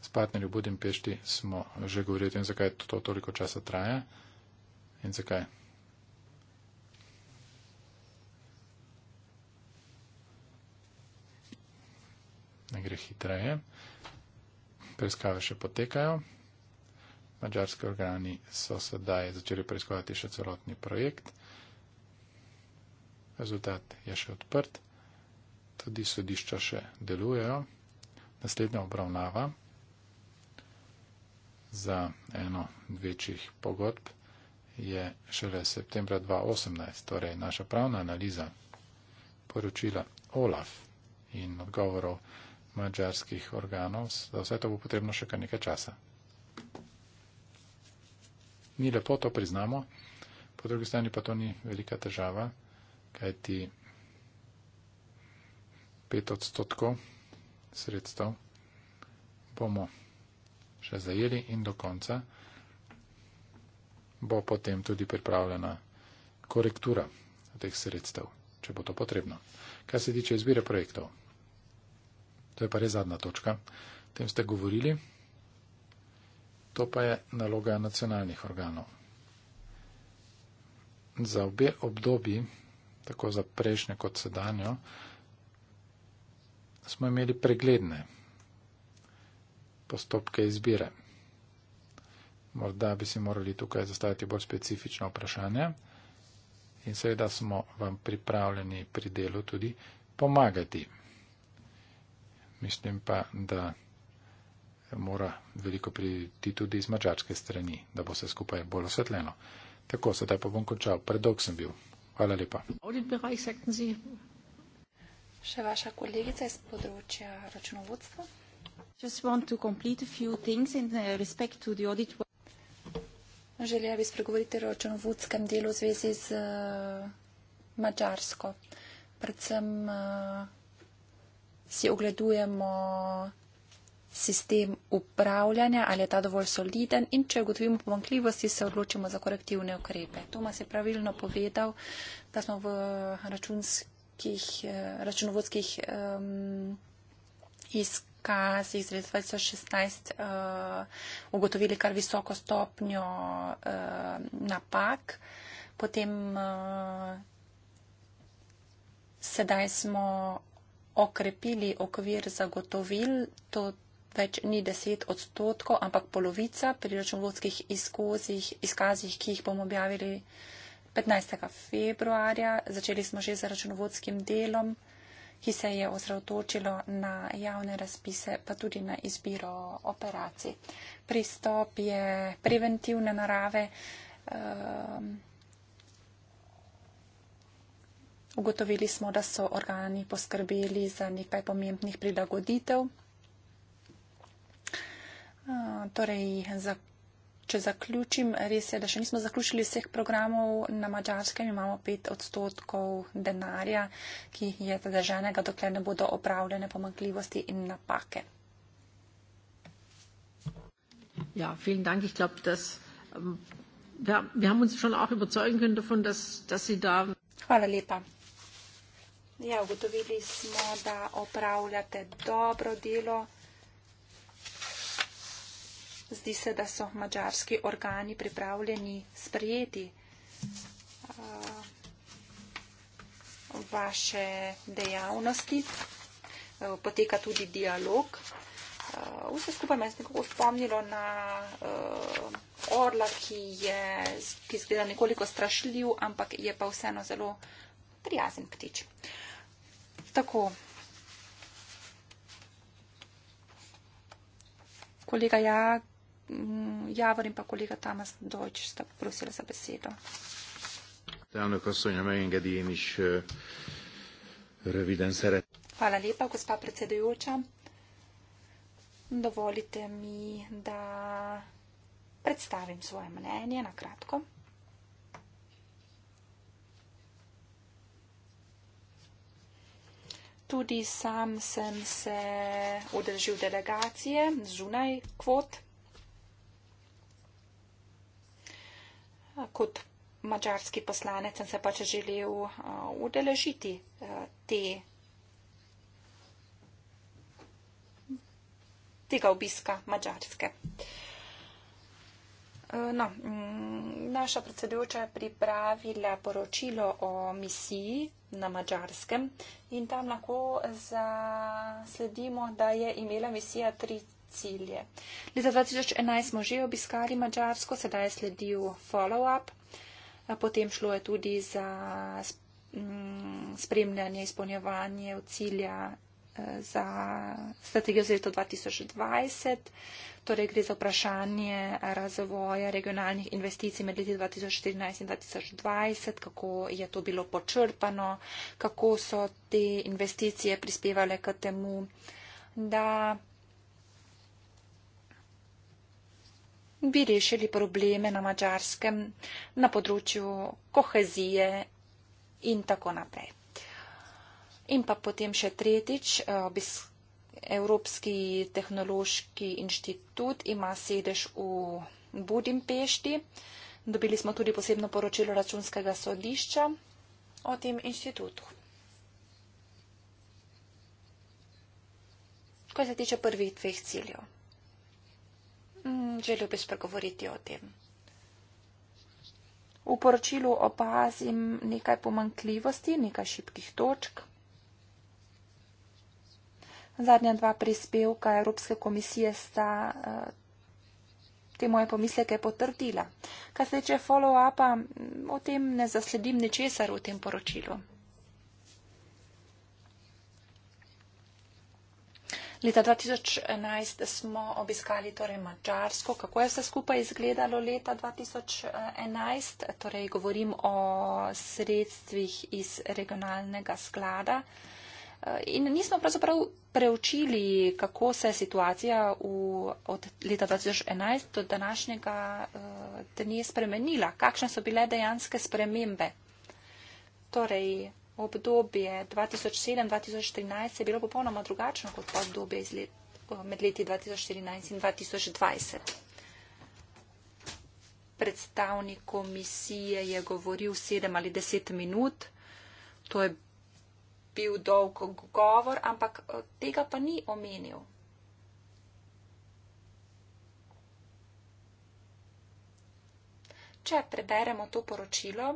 E: s partnerji v Budimpešti smo že govorili o tem, zakaj to toliko časa traja in zakaj. Ne gre hitreje. Preiskave še potekajo. Mačarski organi so sedaj začeli preiskovati še celotni projekt. Rezultat je še odprt. Tudi sodišča še delujejo. Naslednja obravnava za eno večjih pogodb je šele septembra 2018, torej naša pravna analiza poročila OLAF in odgovorov mađarskih organov, za vse to bo potrebno še kar nekaj časa. Mi lepo to priznamo, po drugi strani pa to ni velika težava, kajti pet odstotkov sredstev bomo še zajeli in do konca bo potem tudi pripravljena korektura teh sredstev, če bo to potrebno. Kaj se tiče izbire projektov, to je pa res zadnja točka, o tem ste govorili, to pa je naloga nacionalnih organov. Za obe obdobji, tako za prejšnjo kot sedanjo, smo imeli pregledne postopke izbire. Morda bi si morali tukaj zastaviti bolj specifično vprašanje in seveda smo vam pripravljeni pri delu tudi pomagati. Mislim pa, da mora veliko priti tudi iz mačačke strani, da bo se skupaj bolj osvetljeno. Tako, sedaj pa bom končal. Predolg sem bil. Hvala lepa.
F: Še vaša kolegica iz področja računovodstva. Just want to complete a few things in uh, respect to the audit. Želela bi spregovoriti o računovodskem delu v zvezi z uh, Mačarsko. Predvsem uh, si ogledujemo sistem upravljanja, ali je ta dovolj soliden in če ugotovimo pomankljivosti, se odločimo za korektivne ukrepe. Tomas je pravilno povedal, da smo v eh, računovodskih um, izkušnjah ka se iz 2016 uh, eh, ugotovili kar visoko stopnjo uh, napak. Potem uh, sedaj smo okrepili okvir zagotovil, to več ni 10 odstotkov, ampak polovica pri računovodskih izkazih, ki jih bomo objavili 15. februarja. Začeli smo že z računovodskim delom ki se je osredotočilo na javne razpise, pa tudi na izbiro operacij. Pristop je preventivne narave. Um, ugotovili smo, da so organi poskrbeli za nekaj pomembnih prilagoditev. Uh, torej, za če zaključim, res je, da še nismo zaključili vseh programov na Mačarskem, imamo pet odstotkov denarja, ki je zadržanega, dokler ne bodo opravljene pomankljivosti in napake.
A: Ja, vielen Dank. Ich glaube, dass ja, wir haben uns schon auch überzeugen können davon, dass, dass Sie da. Hvala lepa.
F: Ja, ugotovili smo, da opravljate dobro delo. Zdi se, da so mačarski organi pripravljeni sprejeti uh, vaše dejavnosti. Uh, poteka tudi dialog. Uh, vse skupaj me je nekako spomnilo na orla, ki je, ki izgleda nekoliko strašljiv, ampak je pa vseeno zelo prijazen ptič. Tako. Kolega Jak, Mm, Javor in pa kolega Tamas Dojč sta prosila za besedo. Hvala lepa, gospa predsedujoča. Dovolite mi, da predstavim svoje mnenje na kratko. Tudi sam sem se udeležil delegacije zunaj kvot kot mačarski poslanec sem se pač želel eh, udeležiti eh, te, tega obiska mačarske. Eh, no, mm, naša predsedujoča je pripravila poročilo o misiji na mačarskem in tam lahko zasledimo, da je imela misija 3 cilje. Leta 2011 smo že obiskali Mačarsko, sedaj je sledil follow-up, potem šlo je tudi za mm, spremljanje, izpolnjevanje cilja e, za strategijo za leto 2020, torej gre za vprašanje razvoja regionalnih investicij med leti 2014 in 2020, kako je to bilo počrpano, kako so te investicije prispevale k temu, da bi rešili probleme na mačarskem, na področju kohezije in tako naprej. In pa potem še tretjič, eh, Evropski tehnološki inštitut ima sedež v Budimpešti. Dobili smo tudi posebno poročilo računskega sodišča o tem inštitutu. Kaj se tiče prvih dveh ciljev. Mm, želel bi spregovoriti o tem. V poročilu opazim nekaj pomankljivosti, nekaj šibkih točk. Zadnja dva prispevka Evropske komisije sta eh, te moje pomisleke potrdila. Kar se tiče follow-upa, mm, o tem ne zasledim ničesar v tem poročilu. Leta 2011 smo obiskali torej Mačarsko. Kako je vse skupaj izgledalo leta 2011? Torej, govorim o sredstvih iz regionalnega sklada. In nismo pravzaprav preučili, kako se je situacija v, od leta 2011 do današnjega eh, dne spremenila, kakšne so bile dejanske spremembe. Torej, obdobje 2007-2013 je bilo popolnoma drugačno kot pa obdobje let, med leti 2014 in 2020. Predstavnik komisije je govoril 7 ali 10 minut, to je bil dolg govor, ampak eh, tega pa ni omenil. Če preberemo to poročilo,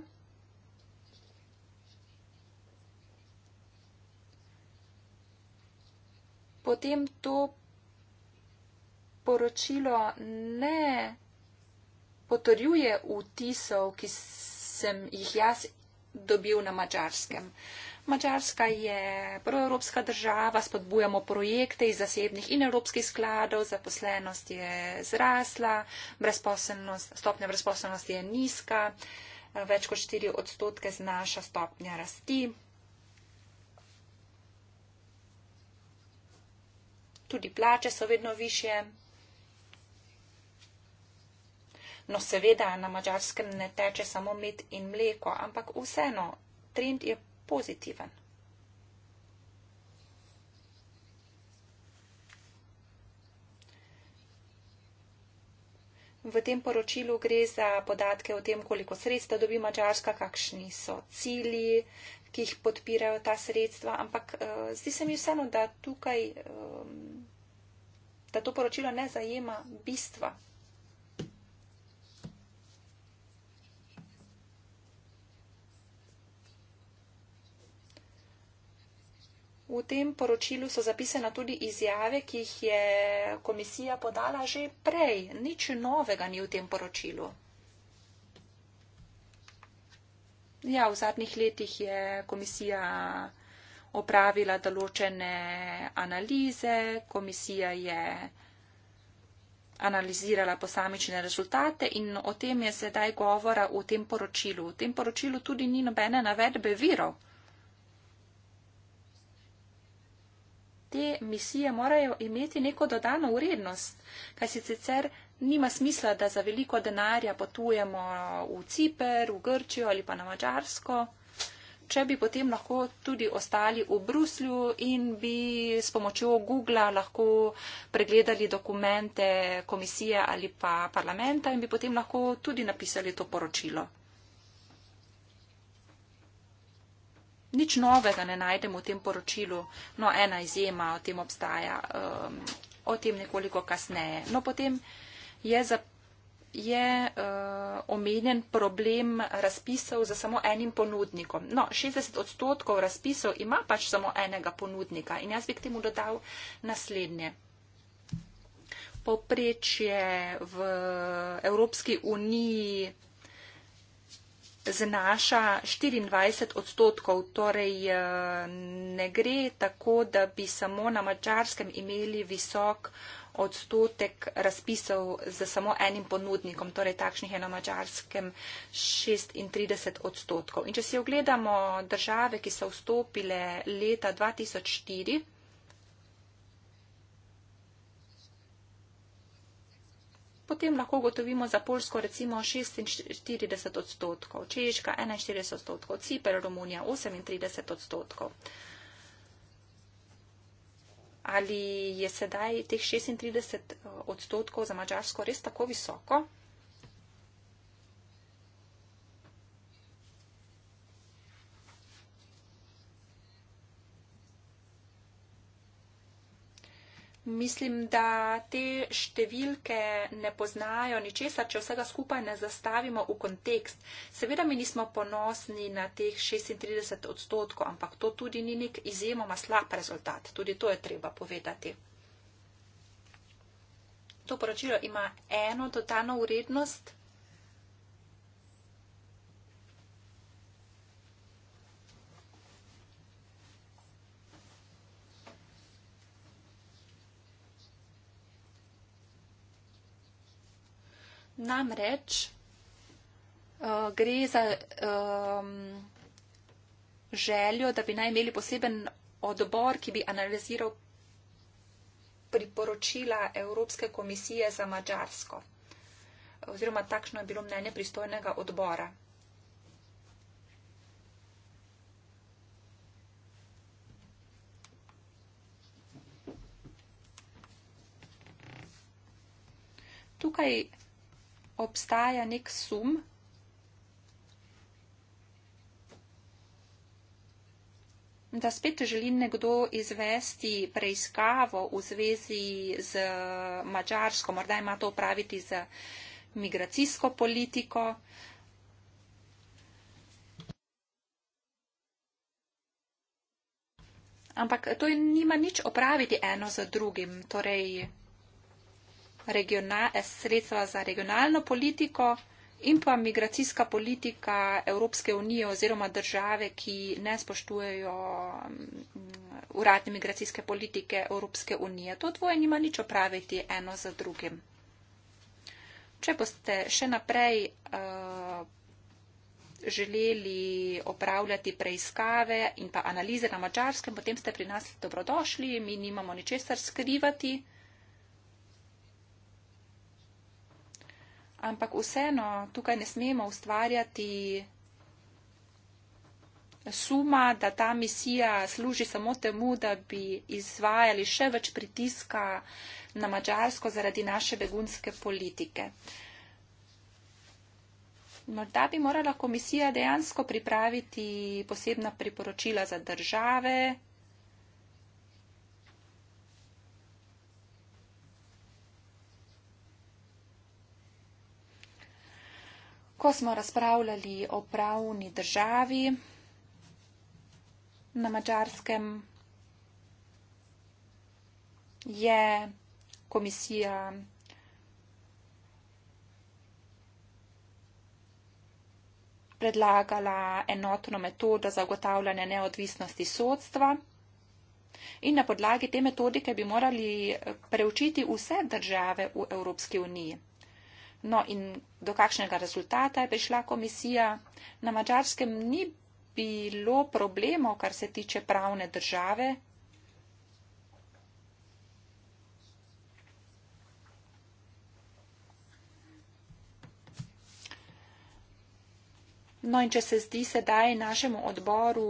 F: potem to poročilo ne potrjuje vtisov, ki sem jih jaz dobil na mačarskem. Mačarska je proevropska država, spodbujamo projekte iz zasebnih in evropskih skladov, zaposlenost je zrasla, stopnja brezposelnosti je nizka, več kot 4 odstotke znaša stopnja rasti. tudi plače so vedno više. No, seveda na mačarskem ne teče samo med in mleko, ampak vseeno, trend je pozitiven. V tem poročilu gre za podatke o tem, koliko sredstva dobi Mačarska, kakšni so cilji, ki jih podpirajo ta sredstva, ampak uh, zdi se mi vseeno, da tukaj, um, da to poročilo ne zajema bistva. V tem poročilu so zapisane tudi izjave, ki jih je komisija podala že prej. Nič novega ni v tem poročilu. Ja, v zadnjih letih je komisija opravila določene analize, komisija je analizirala posamične rezultate in o tem je sedaj govora v tem poročilu. V tem poročilu tudi ni nobene navedbe virov. Te misije morajo imeti neko dodano urednost, kaj si sicer nima smisla, da za veliko denarja potujemo v Ciper, v Grčijo ali pa na Mačarsko, če bi potem lahko tudi ostali v Bruslju in bi s pomočjo Google lahko pregledali dokumente komisije ali pa parlamenta in bi potem lahko tudi napisali to poročilo. Nič novega ne najdem v tem poročilu, no ena izjema o tem obstaja, um, o tem nekoliko kasneje. No, potem, uh, je, za, je uh, omenjen problem razpisov za samo enim ponudnikom. No, 60 odstotkov razpisov ima pač samo enega ponudnika in jaz bi k temu dodal naslednje. Poprečje v Evropski uniji znaša 24 odstotkov, torej eh, ne gre tako, da bi samo na mačarskem imeli visok uh, odstotek razpisov z samo enim ponudnikom, torej takšnih je na mačarskem 36 odstotkov. In če si ogledamo države, ki so vstopile leta 2004, potem lahko gotovimo za Polsko recimo 46 odstotkov, Češka 41 odstotkov, Ciper, Romunija 38 odstotkov ali je sedaj teh 36 eh, odstotkov za Mačarsko res tako visoko, Mislim, da te številke ne poznajo ničesar, če vsega skupaj ne zastavimo v kontekst. Seveda mi nismo ponosni na teh 36 odstotkov, ampak to tudi ni nek izjemoma slab rezultat. Tudi to je treba povedati. To poročilo ima eno dodano vrednost. Namreč uh, gre za um, željo, da bi naj imeli poseben odbor, ki bi analiziral priporočila Evropske komisije za Mačarsko. Oziroma takšno je bilo mnenje pristojnega odbora. Tukaj obstaja nek sum, da spet želi nekdo izvesti preiskavo v zvezi z Mačarsko, morda ima to upraviti z migracijsko politiko. Ampak to nima nič opraviti eno za drugim. Torej, Eh, sredstva za regionalno politiko in pa migracijska politika Evropske unije oziroma države, ki ne spoštujejo mm, uradne migracijske politike Evropske unije. To dvoje nima nič opraviti eno za drugim. Če boste še naprej eh, želeli opravljati preiskave in pa analize na mačarskem, potem ste pri nas dobrodošli, mi nimamo ničesar skrivati. ampak vseeno tukaj ne smemo ustvarjati suma, da ta misija služi samo temu, da bi izvajali še več pritiska na Mačarsko zaradi naše begunske politike. Morda bi morala komisija dejansko pripraviti posebna priporočila za države, ko smo razpravljali o pravni državi na mačarskem, je komisija predlagala enotno metodo za ugotavljanje neodvisnosti sodstva. In na podlagi te metodike bi morali preučiti vse države v Evropski uniji. No in do kakšnega rezultata je prišla komisija? Na mačarskem ni bilo problemov, kar se tiče pravne države, No in če se zdi sedaj našemu odboru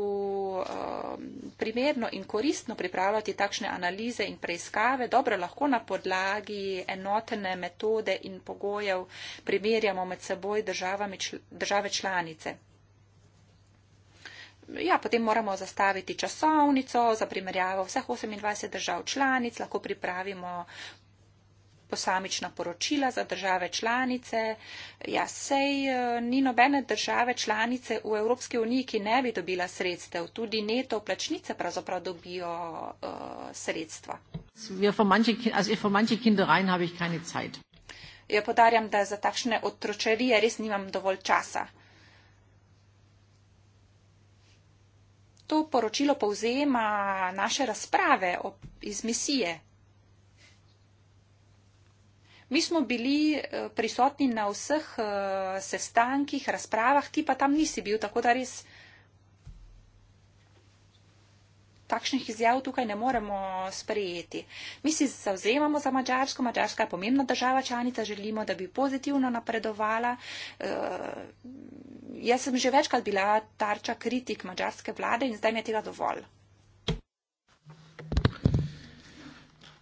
F: um, primerno in koristno pripravljati takšne analize in preiskave, dobro lahko na podlagi enotene metode in pogojev primerjamo med seboj državami, države članice. Ja, potem moramo zastaviti časovnico za primerjavo vseh 28 držav članic, lahko pripravimo posamična poročila za države članice. Ja, sej eh, ni nobene države članice v Evropski uniji, ki ne bi dobila sredstev. Tudi neto plačnice pravzaprav dobijo uh, sredstva. Ja, ja, podarjam, da za takšne otročarije res nimam dovolj časa. To poročilo povzema naše razprave iz misije. Mi smo bili eh, prisotni na vseh eh, sestankih, razpravah, ti pa tam nisi bil, tako da res takšnih izjav tukaj ne moremo sprejeti. Mi si zauzemamo za Mačarsko, Mačarska je pomembna država članica, želimo, da bi pozitivno napredovala. Eh, jaz sem že večkrat bila tarča kritik mačarske vlade in zdaj mi je tega dovolj.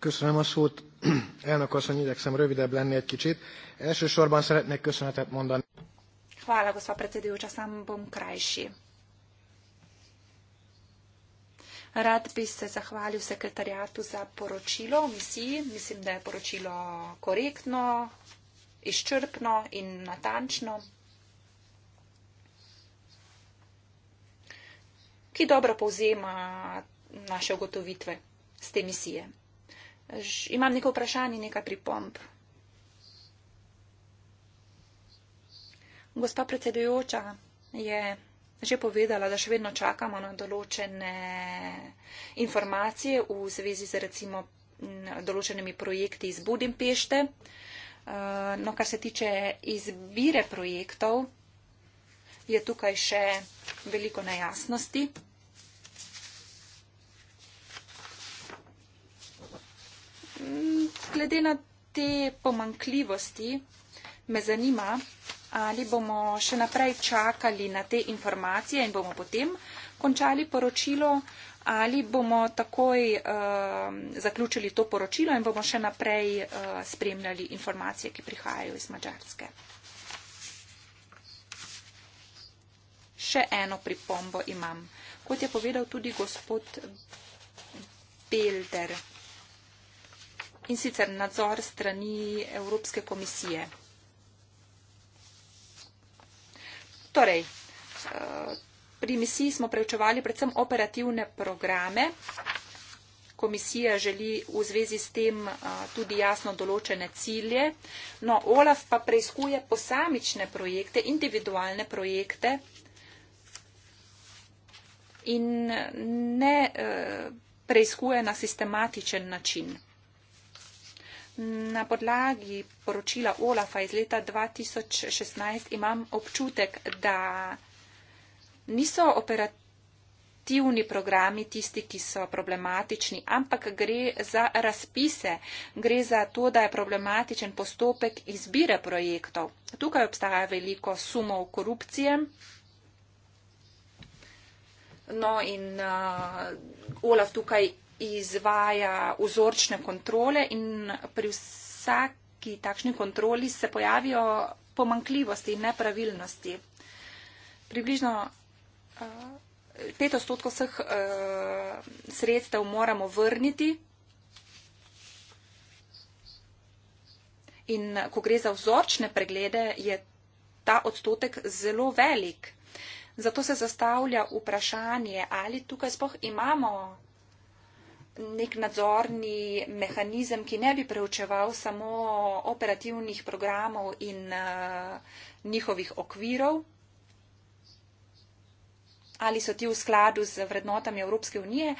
C: Ker se nama sod [clears throat] Elnök asszony, igyekszem rövidebb lenni egy kicsit. Elsősorban szeretnék köszönetet mondani.
F: Hvala, gospa predsedujoča, sam bom krajši. Rad bi se zahvalil sekretarjatu za poročilo v misiji. Mislim, da je poročilo korektno, izčrpno in natančno, ki dobro povzema naše ugotovitve z te misije imam nekaj vprašanj in nekaj pripomb. Gospa predsedujoča je že povedala, da še vedno čakamo na določene informacije v zvezi z recimo določenimi projekti iz Budimpešte. Eh, no, kar se tiče izbire projektov, je tukaj še veliko nejasnosti. glede na te pomankljivosti, me zanima, ali bomo še naprej čakali na te informacije in bomo potem končali poročilo, ali bomo takoj uh, zaključili to poročilo in bomo še naprej uh, spremljali informacije, ki prihajajo iz Mačarske. Še eno pripombo imam. Kot je povedal tudi gospod Belder in sicer nadzor strani Evropske komisije. Torej, eh, pri misiji smo preučevali predvsem operativne programe. Komisija želi v zvezi s tem eh, tudi jasno določene cilje. No, OLAF pa preizkuje posamične projekte, individualne projekte in ne eh, preizkuje na sistematičen način. Na podlagi poročila Olafa iz leta 2016 imam občutek, da niso operativni programi tisti, ki so problematični, ampak gre za razpise, gre za to, da je problematičen postopek izbire projektov. Tukaj obstaja veliko sumov korupcije. No in uh, Olaf tukaj izvaja vzorčne kontrole in pri vsaki takšni kontroli se pojavijo pomankljivosti in nepravilnosti. Približno
D: uh,
F: pet odstotkov vseh uh, sredstev moramo vrniti. In ko gre za vzorčne preglede, je ta odstotek zelo velik. Zato se zastavlja vprašanje, ali tukaj spoh imamo nek nadzorni mehanizem, ki ne bi preučeval samo operativnih programov in eh, njihovih okvirov, ali so ti v skladu z vrednotami Evropske unije, eh,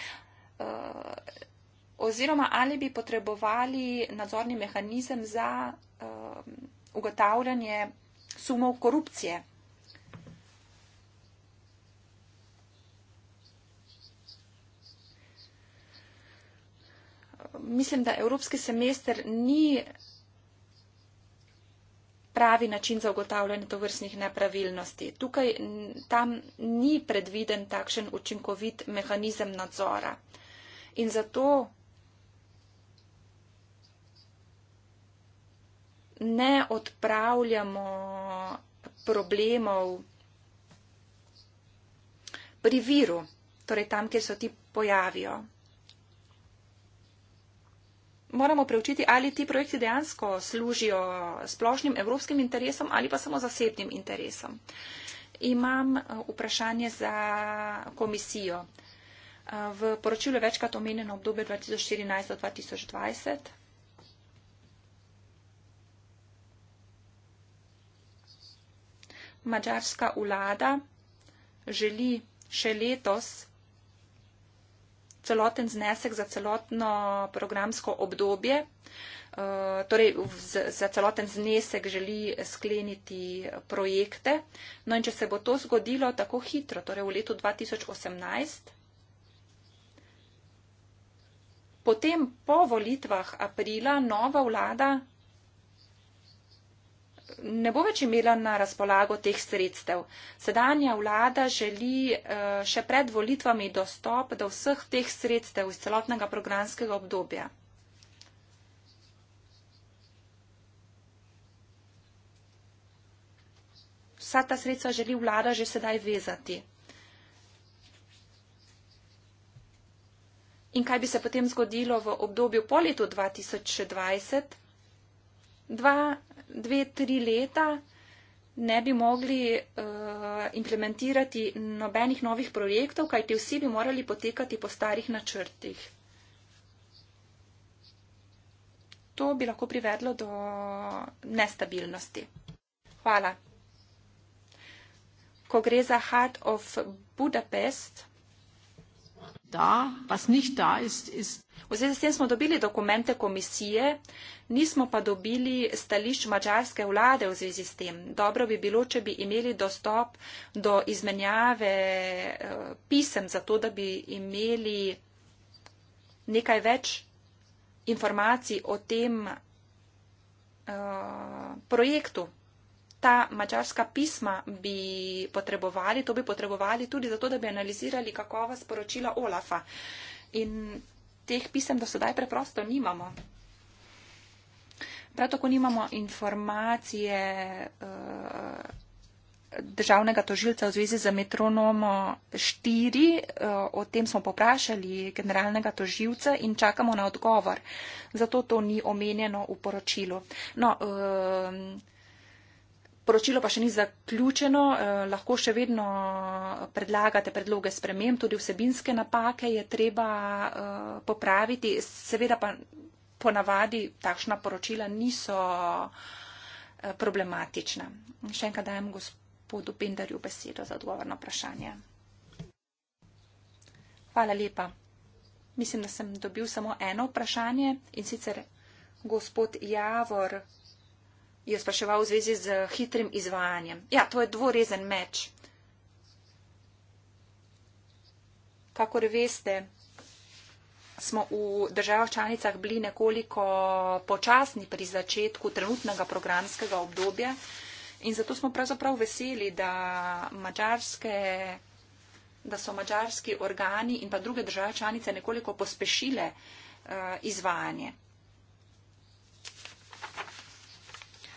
F: oziroma ali bi potrebovali nadzorni mehanizem za eh, ugotavljanje sumov korupcije. mislim, da evropski semester ni pravi način za ugotavljanje tovrstnih nepravilnosti. Tukaj tam ni predviden takšen učinkovit mehanizem nadzora. In zato ne odpravljamo problemov pri viru, torej tam, kjer se ti pojavijo moramo preučiti, ali ti projekti dejansko služijo splošnim evropskim interesom ali pa samo zasebnim interesom. Imam eh, vprašanje za komisijo. Eh, v poročilu je večkrat omenjeno obdobje 2014 do 2020. Mačarska vlada želi še letos celoten znesek za celotno programsko obdobje. Eh, torej, za celoten znesek želi skleniti projekte. No in če se bo to zgodilo tako hitro, torej v letu 2018, potem po volitvah aprila nova vlada ne bo več imela na razpolago teh sredstev. Sedanja vlada želi eh, še pred volitvami dostop do vseh teh sredstev iz celotnega programskega obdobja. Vsa ta sredstva želi vlada že sedaj vezati. In kaj bi se potem zgodilo v obdobju po letu 2020? dva, dve, tri leta ne bi mogli uh, implementirati nobenih novih projektov, kajti vsi bi morali potekati po starih načrtih. To bi lahko privedlo do nestabilnosti. Hvala. Ko gre za Heart of Budapest. Da, was nicht da ist, ist V zvezi s tem smo dobili dokumente komisije, nismo pa dobili stališč mačarske vlade v zvezi s tem. Dobro bi bilo, če bi imeli dostop do izmenjave eh, pisem, zato da bi imeli nekaj več informacij o tem uh, projektu. Ta mačarska pisma bi potrebovali, to bi potrebovali tudi zato, da bi analizirali kakova sporočila Olafa. In teh pisem do sedaj preprosto nimamo. Prav tako nimamo informacije eh, državnega tožilca v zvezi z metronomo 4. Eh, o tem smo poprašali generalnega tožilca in čakamo na odgovor. Zato to ni omenjeno v poročilu. No, eh, Poročilo pa še ni zaključeno, eh, lahko še vedno predlagate predloge sprememb, tudi vsebinske napake je treba eh, popraviti. Seveda pa ponavadi takšna poročila niso eh, problematična. Še enkrat dajem gospodu Pendarju besedo za odgovor na vprašanje. Hvala lepa. Mislim, da sem dobil samo eno vprašanje in sicer gospod Javor je spraševal v zvezi z hitrim izvajanjem. Ja, to je dvorezen meč. Kakor veste, smo v državah članicah bili nekoliko počasni pri začetku trenutnega programskega obdobja in zato smo pravzaprav veseli, da, mađarske, da so mađarski organi in pa druge države članice nekoliko pospešile uh, izvajanje.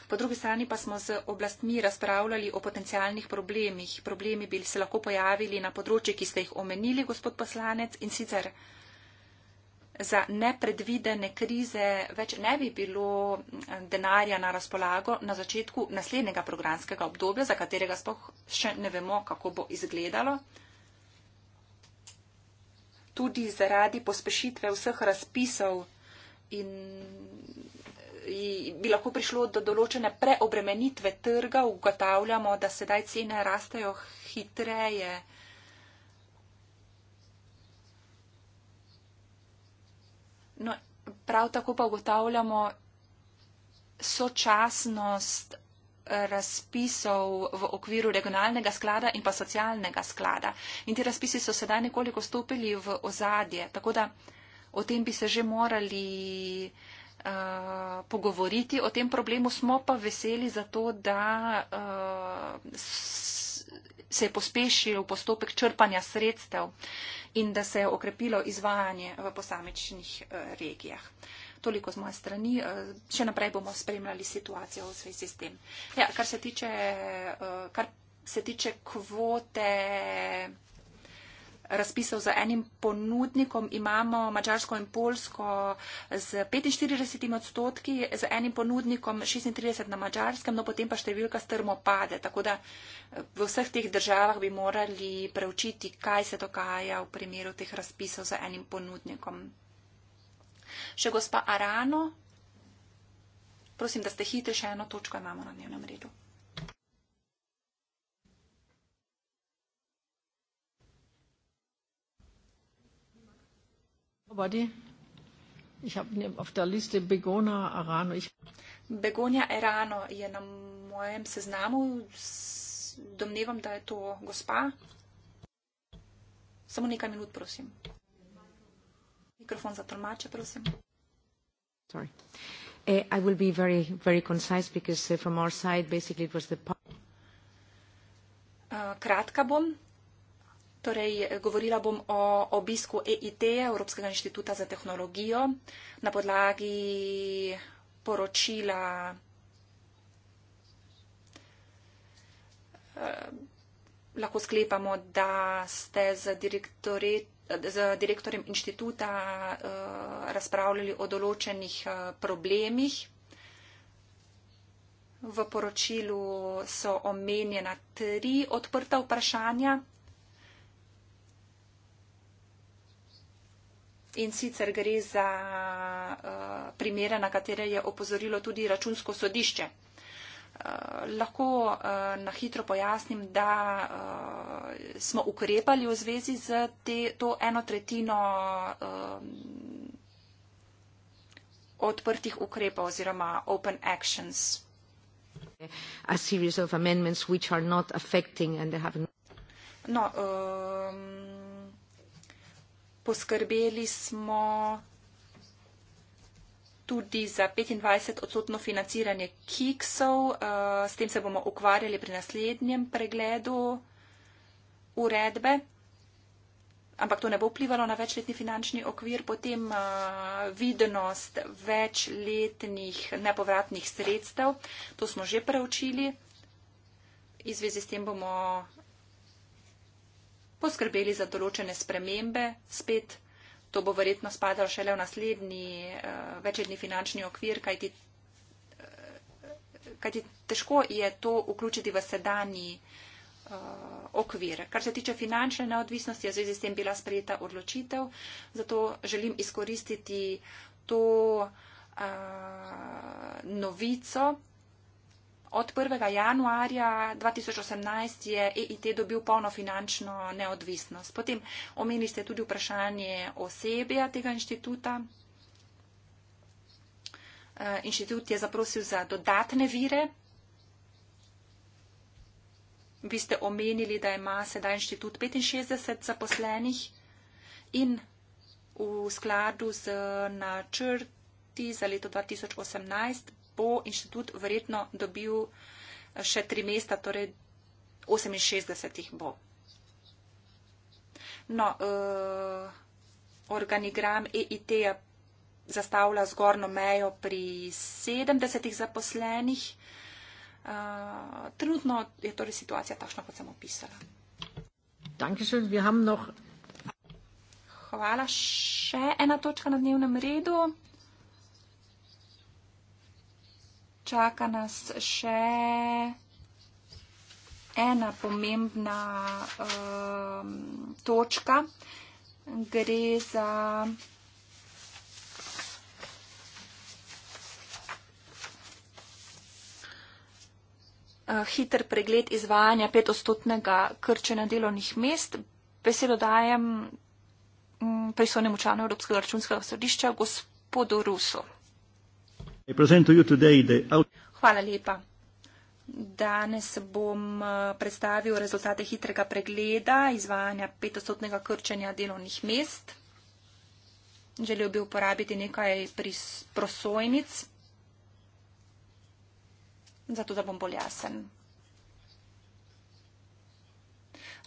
F: Po drugi strani pa smo z oblastmi razpravljali o potencijalnih problemih. Problemi bi se lahko pojavili na področju, ki ste jih omenili, gospod poslanec, in sicer za nepredvidene krize več ne bi bilo eh, denarja na razpolago na začetku naslednjega programskega obdobja, za katerega spoh še ne vemo, kako bo izgledalo. Tudi zaradi pospešitve vseh razpisov in bi lahko prišlo do določene preobremenitve trga, ugotavljamo, da sedaj cene rastejo hitreje. No, prav tako pa ugotavljamo sočasnost razpisov v okviru regionalnega sklada in pa socialnega sklada. In ti razpisi so sedaj nekoliko stopili v ozadje, tako da o tem bi se že morali uh, uh, pogovoriti o tem problemu, smo pa veseli za to, da uh, se je pospešil postopek črpanja sredstev in da se je okrepilo izvajanje v posamečnih uh, regijah. Toliko z moje strani. Še naprej bomo spremljali situacijo v svoji s tem. Ja, kar se tiče, kar se tiče kvote razpisov z enim ponudnikom, imamo Mačarsko in Polsko z 45 odstotki, z enim ponudnikom 36 na Mačarskem, no potem pa številka strmo pade. Tako da eh, v vseh teh državah bi morali preučiti, kaj se dogaja v primeru teh razpisov z enim ponudnikom. Še gospa Arano, prosim, da ste hitri, še eno točko imamo na dnevnem redu.
A: Obadi. Ich habe auf der Liste Begonia Arano.
F: Ich Begonia Arano je na mojem seznamu. Domnevam, da je to gospa. Samo nekaj minut, prosim. Mikrofon za tolmače, prosim.
A: Sorry. Uh, I will be very, very concise because uh, from our side basically it was the
F: uh, kratka bom, Torej, govorila bom o obisku EIT, Evropskega inštituta za tehnologijo, na podlagi poročila eh, lahko sklepamo, da ste z, z direktorjem inštituta eh, razpravljali o določenih eh, problemih. V poročilu so omenjena tri odprta vprašanja. In sicer gre za uh, primere, na katere je opozorilo tudi računsko sodišče. Uh, lahko uh, na hitro pojasnim, da uh, smo ukrepali v zvezi z te, to eno tretjino uh, odprtih ukrepov oziroma open actions. No, um, poskrbeli smo tudi za 25 odstotno financiranje kiksov. Eh, s tem se bomo ukvarjali pri naslednjem pregledu uredbe. Ampak to ne bo vplivalo na večletni finančni okvir. Potem eh, vidnost večletnih nepovratnih sredstev. To smo že preučili. Izvezi s tem bomo poskrbeli za določene spremembe spet. To bo verjetno spadalo šele v naslednji eh, večletni finančni okvir, kajti, eh, kajti težko je to vključiti v sedanji eh, okvir. Kar se tiče finančne neodvisnosti, je zvezi s tem bila sprejeta odločitev, zato želim izkoristiti to novico, od 1. januarja 2018 je EIT dobil polno finančno neodvisnost. Potem omenili ste tudi vprašanje osebja tega inštituta. Eh, inštitut je zaprosil za dodatne vire. Vi ste omenili, da ima sedaj inštitut 65 zaposlenih in v skladu z načrti za leto 2018 bo inštitut verjetno dobil eh, še tri mesta, torej 68 jih bo. No, uh, organigram EIT zastavlja zgornjo mejo pri 70 zaposlenih. Uh, trenutno je torej situacija takšna, kot sem opisala. Hvala. Še ena točka na dnevnem redu. čaka nas še ena pomembna um, točka. Gre za. Uh, hiter pregled izvajanja petostotnega krčenja delovnih mest. Besedo dajem mm, prisonemu članu Evropskega računskega sodišča, gospodu Rusu.
D: Hvala
F: lepa. Danes bom eh, predstavil rezultate hitrega pregleda izvajanja petostotnega krčenja delovnih mest. Želel bi uporabiti nekaj prosojnic, zato da bom bolj jasen.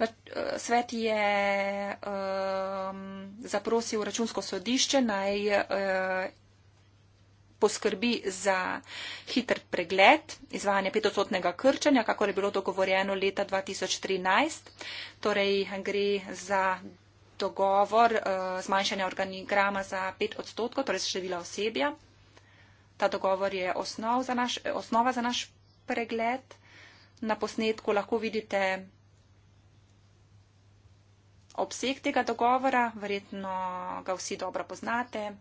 F: Eh, svet je um, zaprosil računsko sodišče naj uh, poskrbi za hiter pregled izvajanja petodstotnega krčanja, kako je bilo dogovorjeno leta 2013. Torej gre za dogovor eh, zmanjšanja organigrama za pet odstotkov, torej števila osebja. Ta dogovor je osnov za naš, osnova za naš pregled. Na posnetku lahko vidite obseg tega dogovora, verjetno ga vsi dobro poznate.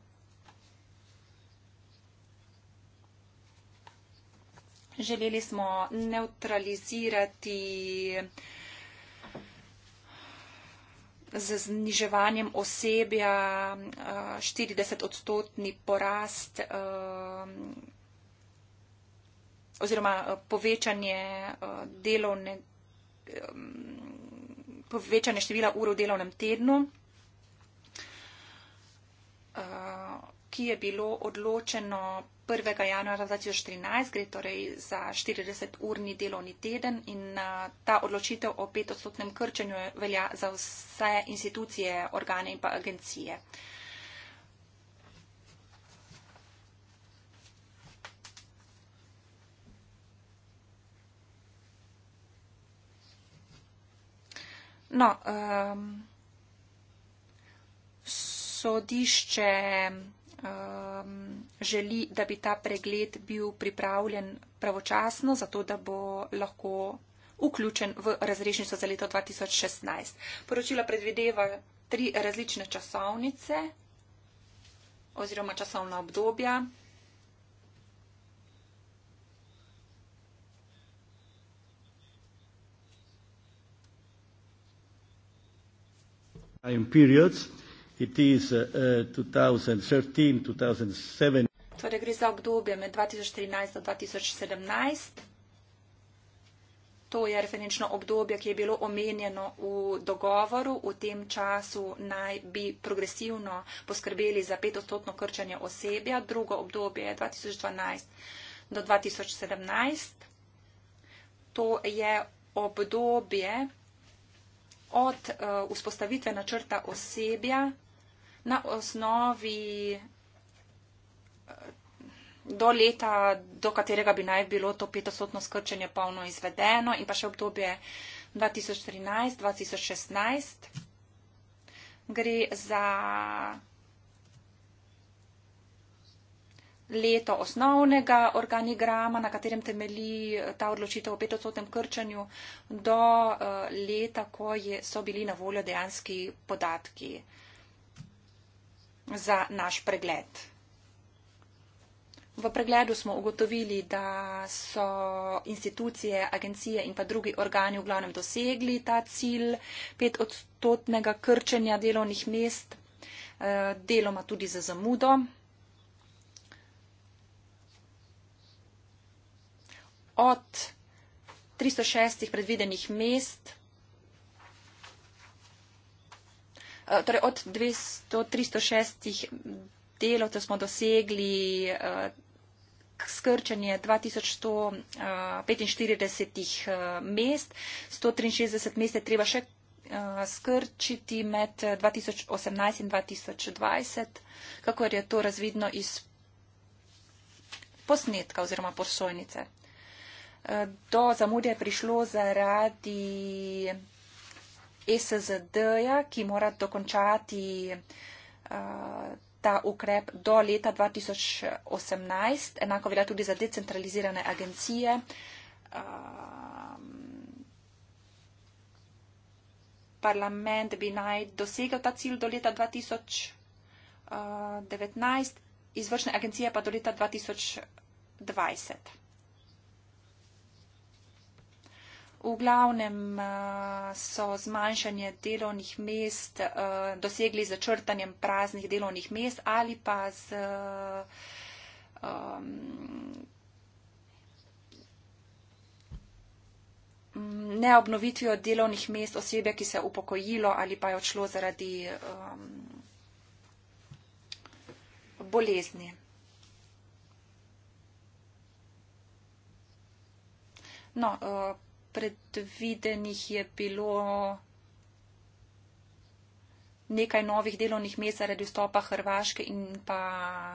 F: Želeli smo neutralizirati z zniževanjem osebja 40 eh, odstotni porast eh, oziroma eh, povečanje delovne, povečanje števila ur v delovnem tednu, ki je bilo odločeno 1. januara 2013 gre torej za 40-urni delovni teden in ta odločitev o petostotnem krčenju velja za vse institucije, organe in pa agencije. No, um, sodišče um, želi, da bi ta pregled bil pripravljen pravočasno, zato da bo lahko vključen v razrešnico za leto 2016. Poročilo predvideva tri različne časovnice oziroma časovna obdobja.
D: Time periods. Uh, oh
F: torej gre za obdobje med 2013 in 2017. To je referenčno obdobje, ki je bilo omenjeno v dogovoru. V tem času naj bi progresivno poskrbeli za petostotno krčanje osebja. Drugo obdobje je 2012 do 2017. To je obdobje od uh, vzpostavitve načrta osebja na osnovi eh, do leta, do katerega bi naj bilo to petosotno skrčenje polno izvedeno in pa še obdobje 2013-2016 gre za leto osnovnega organigrama, na katerem temeli eh, ta odločitev o petosotnem krčenju, do eh, leta, ko je, so bili na voljo dejanski podatki za naš pregled. V pregledu smo ugotovili, da so institucije, agencije in pa drugi organi v glavnem dosegli ta cilj petodstotnega krčenja delovnih mest, eh, deloma tudi za zamudo. Od 306 predvidenih mest Eh, torej od 200, 306 delovcev smo dosegli eh, skrčenje 2145 eh, mest, 163 mest je treba še skrčiti med 2018 in 2020, kakor je to razvidno iz posnetka oziroma porsojnice. Do zamude je prišlo zaradi SZD-ja, ki mora dokončati eh, ta ukrep do leta 2018, enako velja tudi za decentralizirane agencije. Eh, parlament bi naj dosegal ta cilj do leta 2019, izvršne agencije pa do leta 2020. V glavnem eh, so zmanjšanje delovnih mest eh, dosegli z črtanjem praznih delovnih mest ali pa z um, neobnovitvijo delovnih mest osebe, ki se je upokojilo ali pa je odšlo zaradi um, bolezni. No, uh, predvidenih je bilo nekaj novih delovnih mest zaradi vstopa Hrvaške in pa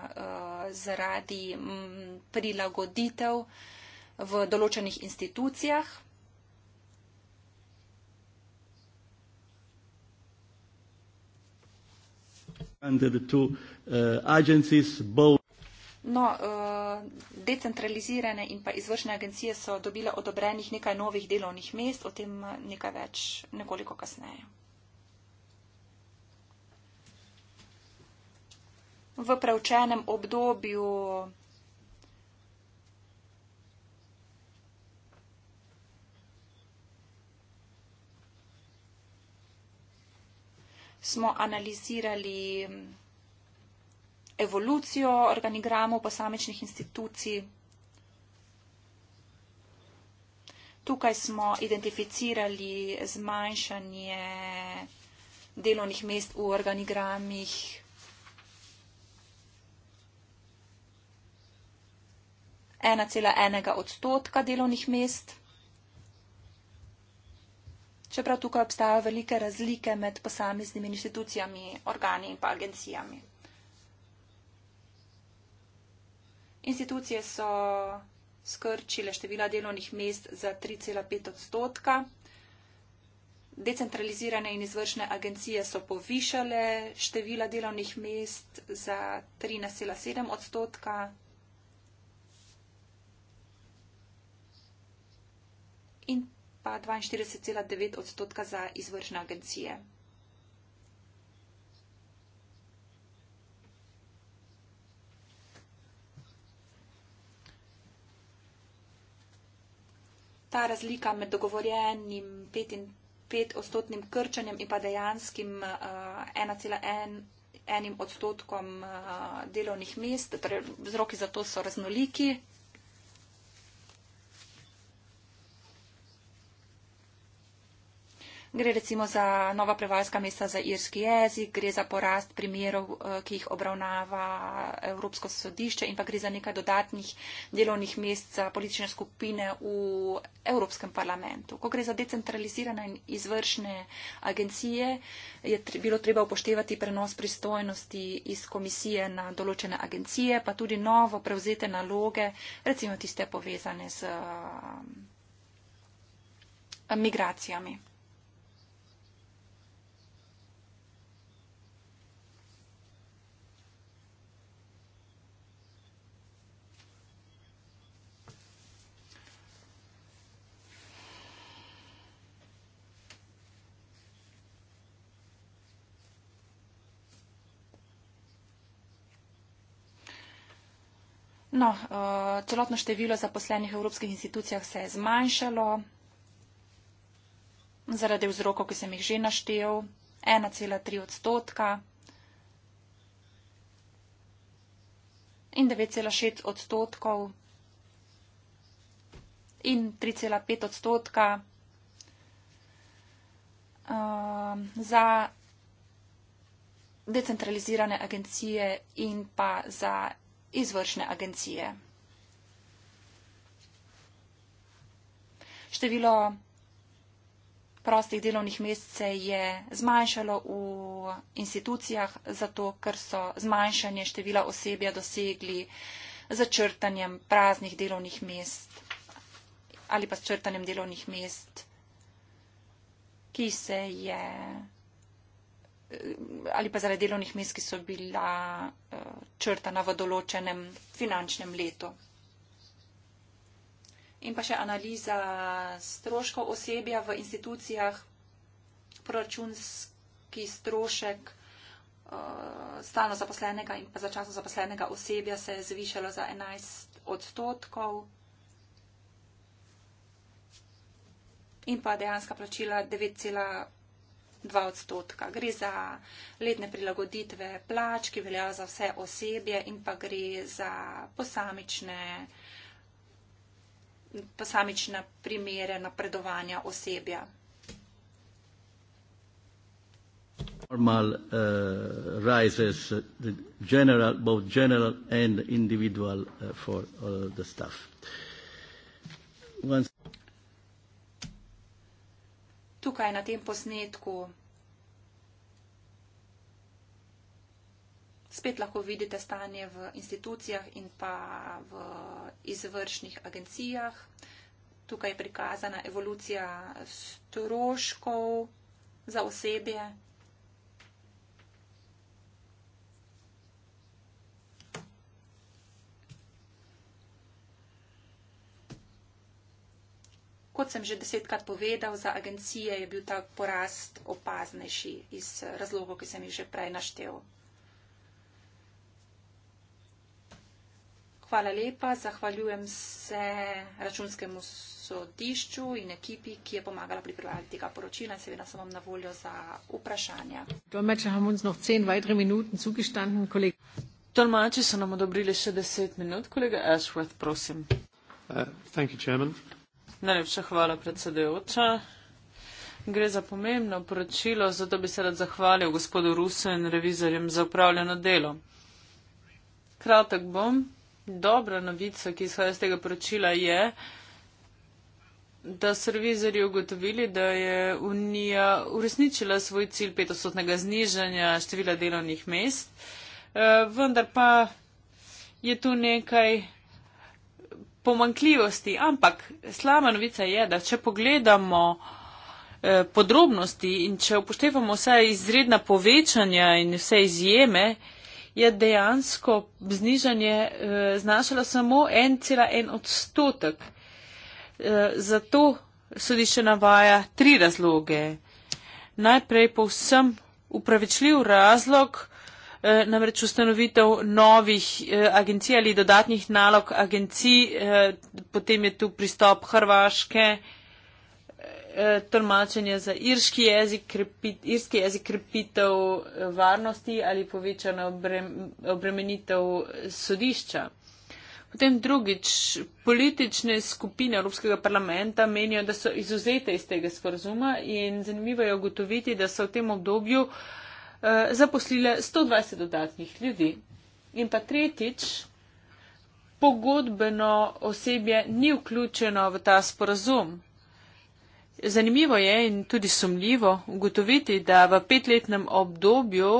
F: uh, zaradi m, mm, prilagoditev v določenih institucijah.
D: Under the two uh, agencies, both
F: No, eh, decentralizirane in pa izvršne agencije so dobile odobrenih nekaj novih delovnih mest, o tem eh, nekaj več nekoliko kasneje. V preučenem obdobju smo analizirali mm, evolucijo organigramov posamečnih institucij. Tukaj smo identificirali zmanjšanje delovnih mest v organigramih. ena cela enega odstotka delovnih mest. Čeprav tukaj obstajajo velike razlike med posameznimi inštitucijami, organi in pa agencijami. Institucije so skrčile števila delovnih mest za 3,5 odstotka. Decentralizirane in izvršne agencije so povišale števila delovnih mest za 13,7 odstotka. In pa 42,9 odstotka za izvršne agencije. ta razlika med dogovorjenim 5-odstotnim krčanjem in pa dejanskim 1,1 eh, odstotkom eh, delovnih mest, torej vzroki za to so raznoliki. Gre recimo za nova prevajalska mesta za irski jezik, gre za porast primerov, eh, ki jih obravnava Evropsko sodišče in pa gre za nekaj dodatnih delovnih mest za politične skupine v Evropskem parlamentu. Ko gre za decentralizirane in izvršne agencije, je bilo treba upoštevati prenos pristojnosti iz komisije na določene agencije, pa tudi novo prevzete naloge, recimo tiste povezane z eh, migracijami. No, eh, celotno število zaposlenih v evropskih institucijah se je zmanjšalo zaradi vzrokov, ki sem jih že naštel, 1,3 odstotka in 9,6 odstotkov in 3,5 odstotka eh, za decentralizirane agencije in pa za izvršne agencije. Število prostih delovnih mest se je zmanjšalo v institucijah, zato ker so zmanjšanje števila osebja dosegli začrtanjem praznih delovnih mest ali pa s črtanjem delovnih mest, ki se je ali pa zaradi delovnih mest, ki so bila eh, črtana v določenem finančnem letu. In pa še analiza stroškov osebja v institucijah, proračunski strošek eh, stalno zaposlenega in pa začasno zaposlenega osebja se je zvišalo za 11 odstotkov. In pa dejanska plačila 2 odstotka. Gre za letne prilagoditve plač, ki veljajo za vse osebje in pa gre za posamične, posamične primere napredovanja osebja.
D: Normal uh, rises uh, the general, both general and individual uh, for uh, the staff. Once
F: tukaj na tem posnetku. Spet lahko vidite stanje v institucijah in pa v izvršnih agencijah. Tukaj je prikazana evolucija stroškov za osebje, kot sem že desetkrat povedal, za agencije je bil ta porast opaznejši iz razlogov, ki sem jih že prej naštel. Hvala lepa, zahvaljujem se računskemu sodišču in ekipi, ki je pomagala pri pripravi tega poročila in seveda sem vam na voljo za vprašanja.
B: Tolmači so nam odobrili še deset minut, kolega Ashworth, prosim.
C: Uh, thank you, Chairman.
B: Najlepša hvala, predsedujoča. Gre za pomembno poročilo, zato bi se rad zahvalil gospodu Rusu in revizorjem za upravljeno delo. Kratek bom. Dobra novica, ki izhaja iz tega poročila, je, da so revizori ugotovili, da je Unija uresničila svoj cilj petosotnega znižanja števila delovnih mest, eh, vendar pa je tu nekaj pomankljivosti, ampak slaba novica je, da če pogledamo eh, podrobnosti in če upoštevamo vse izredna povečanja in vse izjeme, je dejansko znižanje eh, znašalo samo 1,1 odstotek. Eh, zato sodišče navaja tri razloge. Najprej povsem upravičljiv razlog, Eh, namreč ustanovitev novih eh, agencij ali dodatnih nalog agencij, eh, potem je tu pristop Hrvaške, tolmačenje za irski jezik, krepit, irski jezik krepitev varnosti ali povečana obremenitev sodišča. Potem drugič, politične skupine Evropskega parlamenta menijo, da so izuzete iz tega sporazuma in zanimivo je ugotoviti, da so v tem obdobju uh, uh, zaposlile 120 dodatnih ljudi. In pa tretjič, pogodbeno osebje ni vključeno v ta sporazum. Zanimivo je in tudi sumljivo ugotoviti, da v petletnem obdobju,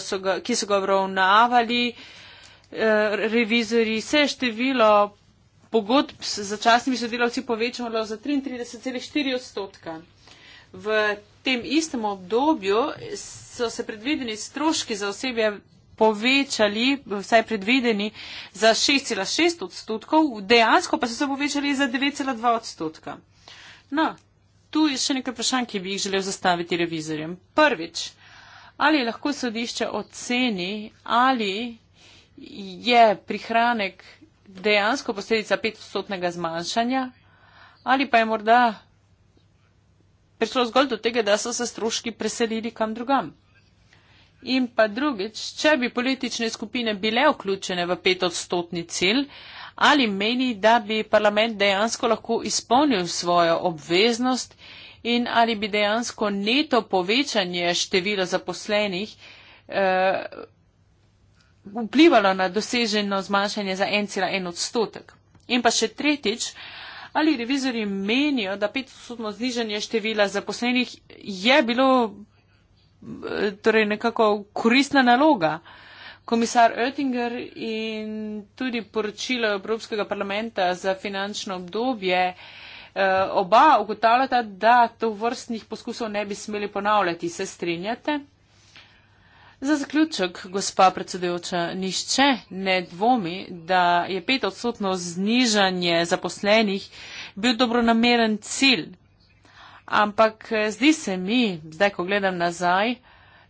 B: so ga, ki so ga obravnavali eh, revizori, se je število pogodb z začasnimi sodelavci povečalo za 33,4 odstotka. V tem istem obdobju so se predvideni stroški za osebje povečali, vsaj predvideni, za 6,6 odstotkov, dejansko pa so se povečali za 9,2 odstotka. No, tu je še nekaj vprašanj, ki bi jih želel zastaviti revizorjem. Prvič, ali lahko sodišče oceni, ali je prihranek dejansko posledica 5-odstotnega zmanjšanja, ali pa je morda prišlo zgolj do tega, da so se stroški preselili kam drugam. In pa drugič, če bi politične skupine bile vključene v petodstotni cilj, ali meni, da bi parlament dejansko lahko izpolnil svojo obveznost in ali bi dejansko neto povečanje števila zaposlenih eh, vplivalo na doseženo zmanjšanje za 1,1 odstotek. In pa še tretjič, ali revizori menijo, da petodstotno znižanje števila zaposlenih je bilo torej nekako koristna naloga. Komisar Oettinger in tudi poročilo Evropskega parlamenta za finančno obdobje, eh, oba ugotavljata, da to vrstnih poskusov ne bi smeli ponavljati. Se strinjate? Za zaključek, gospa predsedujoča, nišče ne dvomi, da je petodstotno znižanje zaposlenih bil dobronameren cilj Ampak eh, zdi se mi, zdaj ko gledam nazaj,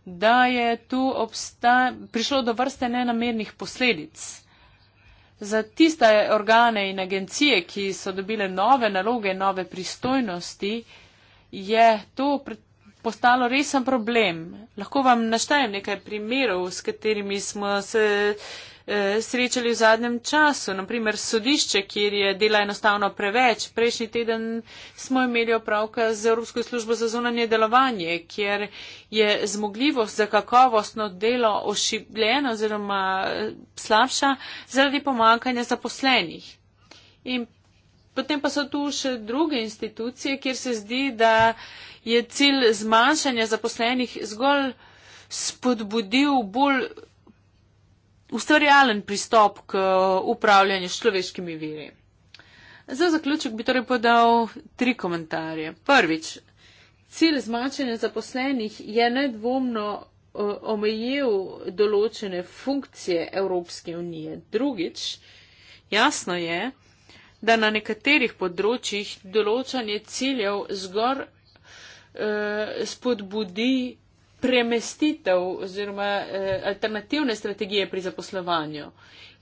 B: da je tu obsta, prišlo do vrste nenamernih posledic. Za tiste organe in agencije, ki so dobile nove naloge, nove pristojnosti, je to postalo resen problem. Lahko vam naštejem nekaj primerov, s katerimi smo se Eh, srečali v zadnjem času. Naprimer, sodišče, kjer je dela enostavno preveč. Prejšnji teden smo imeli opravka z Evropsko službo za zunanje delovanje, kjer je zmogljivost za kakovostno delo ošibljena oziroma eh, slabša zaradi pomankanja zaposlenih. In potem pa so tu še druge institucije, kjer se zdi, da je cilj zmanjšanja zaposlenih zgolj spodbudil bolj ustvarjalen pristop k uh, upravljanju s človeškimi viri. Za zaključek bi torej podal tri komentarje. Prvič, cilj zmanjšanja zaposlenih je nedvomno uh, omejil določene funkcije Evropske unije. Drugič, jasno je, da na nekaterih področjih določanje ciljev zgor eh, spodbudi premestitev oziroma eh, alternativne strategije pri zaposlovanju.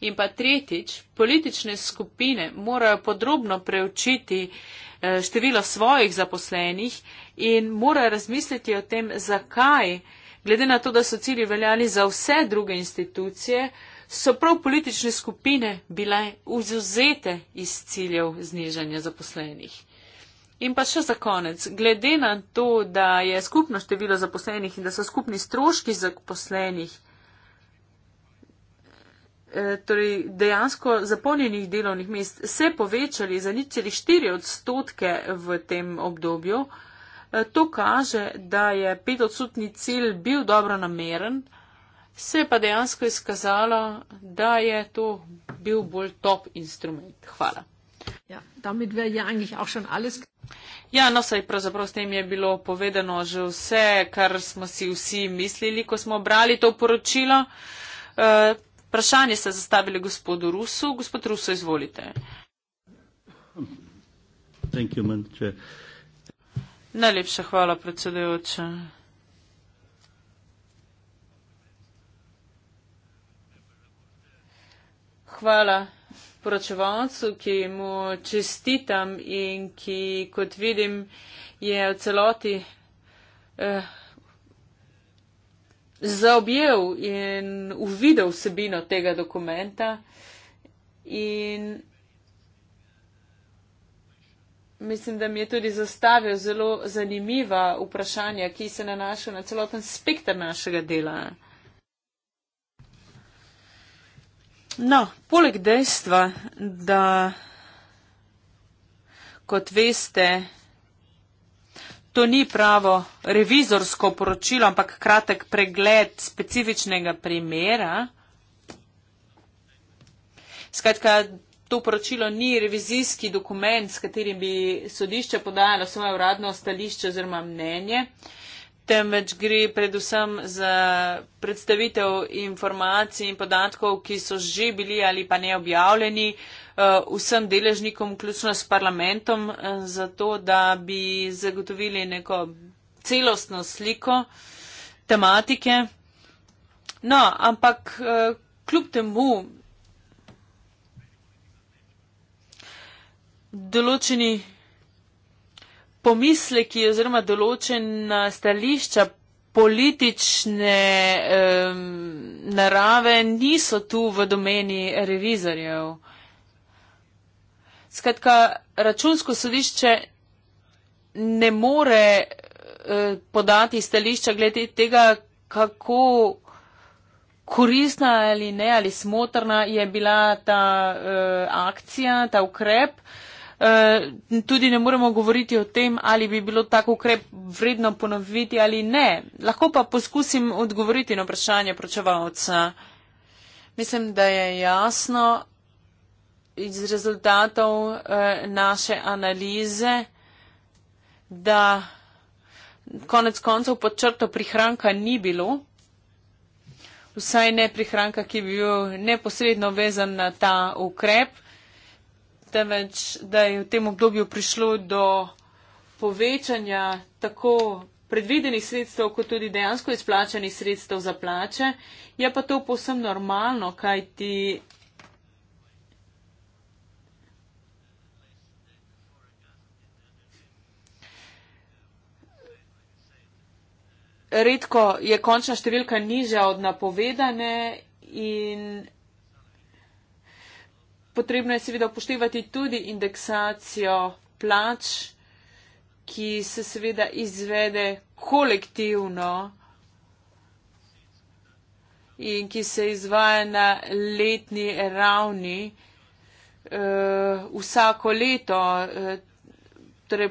B: In pa tretjič, politične skupine morajo podrobno preučiti eh, število svojih zaposlenih in morajo razmisliti o tem, zakaj, glede na to, da so cilji veljali za vse druge institucije, so prav politične skupine bile vzuzete iz ciljev znižanja zaposlenih. In pa še za konec, glede na to, da je skupno število zaposlenih in da so skupni stroški zaposlenih, eh, torej dejansko zapolnjenih delovnih mest, se povečali za nič celi 4 odstotke v tem obdobju, eh, to kaže, da je 5 odstotni cilj bil dobro nameren, se pa dejansko izkazalo, da je to bil bolj top instrument. Hvala.
A: Ja, damit wäre ja eigentlich auch schon alles.
B: Ja, no, saj pravzaprav s tem je bilo povedano že vse, kar smo si vsi mislili, ko smo brali to poročilo. Eh, vprašanje uh, ste zastavili gospodu Rusu. Gospod Rusu, izvolite.
D: You,
B: Najlepša hvala, predsedujoča. Hvala poročevalcu, ki mu čestitam in ki, kot vidim, je v celoti eh, zaobjel in uvidel vsebino tega dokumenta. In mislim, da mi je tudi zastavil zelo zanimiva vprašanja, ki se nanašajo na celoten spektr našega dela. No, poleg dejstva, da kot veste, to ni pravo revizorsko poročilo, ampak kratek pregled specifičnega primera. Skratka, to poročilo ni revizijski dokument, s katerim bi sodišče podajalo svoje uradno stališče oziroma mnenje. Uh, temveč gre predvsem za predstavitev informacij in podatkov, ki so že bili ali pa ne objavljeni eh, vsem deležnikom, vključno s parlamentom, eh, zato da bi zagotovili neko celostno sliko tematike. No, ampak eh, kljub temu določeni pomisleki oziroma določena stališča politične um, narave niso tu v domeni revizorjev. Skratka, računsko sodišče ne more uh, podati stališča glede tega, kako koristna ali ne ali smotrna je bila ta uh, akcija, ta ukrep. Uh, Eh, tudi ne moremo govoriti o tem, ali bi bilo tako ukrep vredno ponoviti ali ne. Lahko pa poskusim odgovoriti na vprašanje pročevalca. Mislim, da je jasno iz rezultatov eh, naše analize, da konec koncev pod črto prihranka ni bilo. Vsaj ne prihranka, ki bi bil neposredno vezan na ta ukrep temveč da je v tem obdobju prišlo do povečanja tako predvidenih sredstev, kot tudi dejansko izplačanih sredstev za plače. Je pa to posebno normalno, kaj ti. Redko je končna številka nižja od napovedane in potrebno je seveda upoštevati tudi indeksacijo plač, ki se seveda izvede kolektivno in ki se izvaja na letni ravni uh, vsako leto. Uh, torej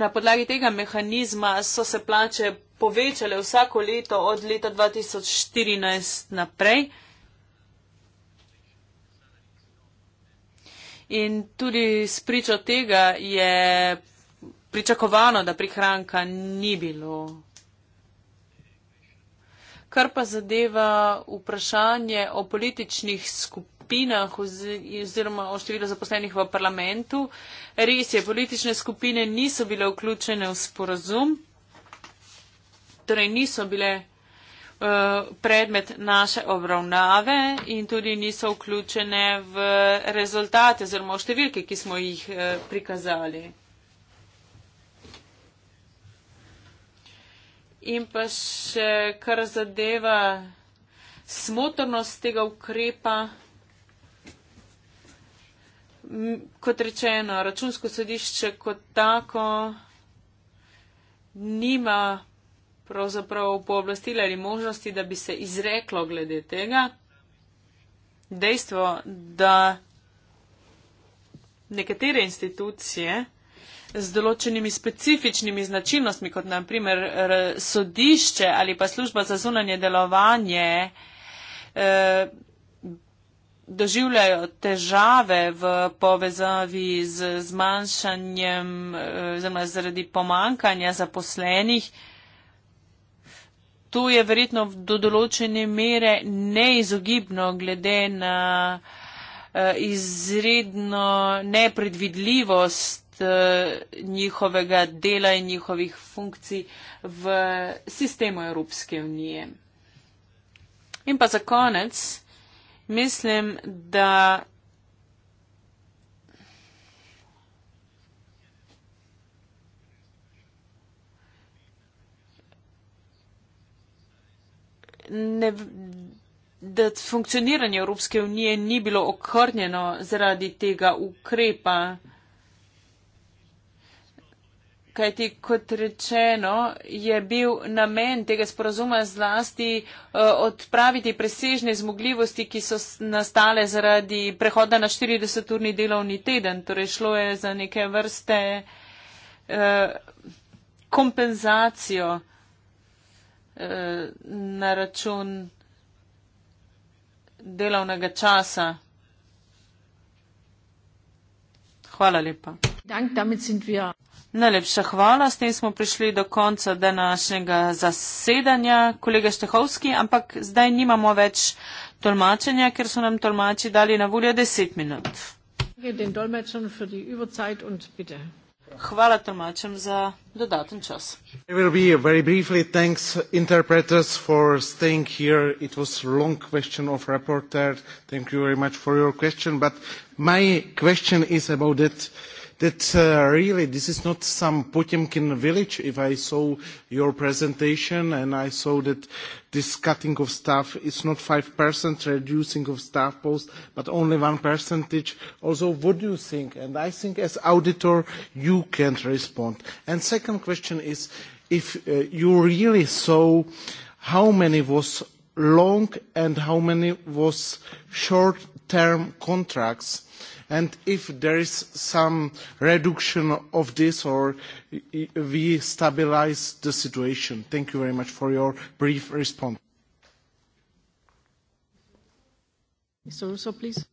B: na podlagi tega mehanizma so se plače povečale vsako leto od leta 2014 naprej. In tudi s pričo tega je pričakovano, da prihranka ni bilo. Kar pa zadeva vprašanje o političnih skupinah oziroma o številu zaposlenih v parlamentu, res je, politične skupine niso bile vključene v sporazum, torej niso bile Eh, predmet naše obravnave in tudi niso vključene v rezultate oziroma številke, ki smo jih eh, prikazali. In pa še kar zadeva smotrnost tega ukrepa. Kot rečeno, računsko sodišče kot tako nima pravzaprav pooblastila ali možnosti, da bi se izreklo glede tega. Dejstvo, da nekatere institucije z določenimi specifičnimi značilnostmi, kot naprimer sodišče ali pa služba za zunanje delovanje, eh, doživljajo težave v povezavi z zmanjšanjem, eh, zaradi pomankanja zaposlenih, tu je verjetno do določene mere neizogibno glede na eh, izredno nepredvidljivost eh, njihovega dela in njihovih funkcij v sistemu Evropske unije. In pa za konec, mislim, da ne, da funkcioniranje Evropske unije ni bilo okrnjeno zaradi tega ukrepa. Kaj ti kot rečeno je bil namen tega sporazuma zlasti eh, odpraviti presežne zmogljivosti, ki so nastale zaradi prehoda na 40-urni delovni teden. Torej šlo je za neke vrste eh, kompenzacijo eh, na račun delovnega časa. Hvala lepa. Dank, Najlepša hvala, s tem smo prišli do konca današnjega zasedanja, kolega Štehovski, ampak zdaj nimamo več tolmačenja, ker so nam tolmači dali na voljo deset minut.
A: Den Dolmetschern für die Überzeit und bitte. Hvala tlmačem za dodaten čas.
C: It will be very briefly. Thanks, interpreters, for staying here. It was long question of reporter. Thank you very much for your question. But my question is about that that uh, really this is not some Potemkin village. If I saw your presentation and I saw that this cutting of staff is not 5% reducing of staff posts, but only one percentage. Also, what do you think? And I think as auditor, you can't respond. And second question is, if uh, you really saw how many was long and how many was short-term contracts, uh, and if there is some reduction of this or we stabilize the situation. Thank you very much for your brief response. Mr. Russo, please.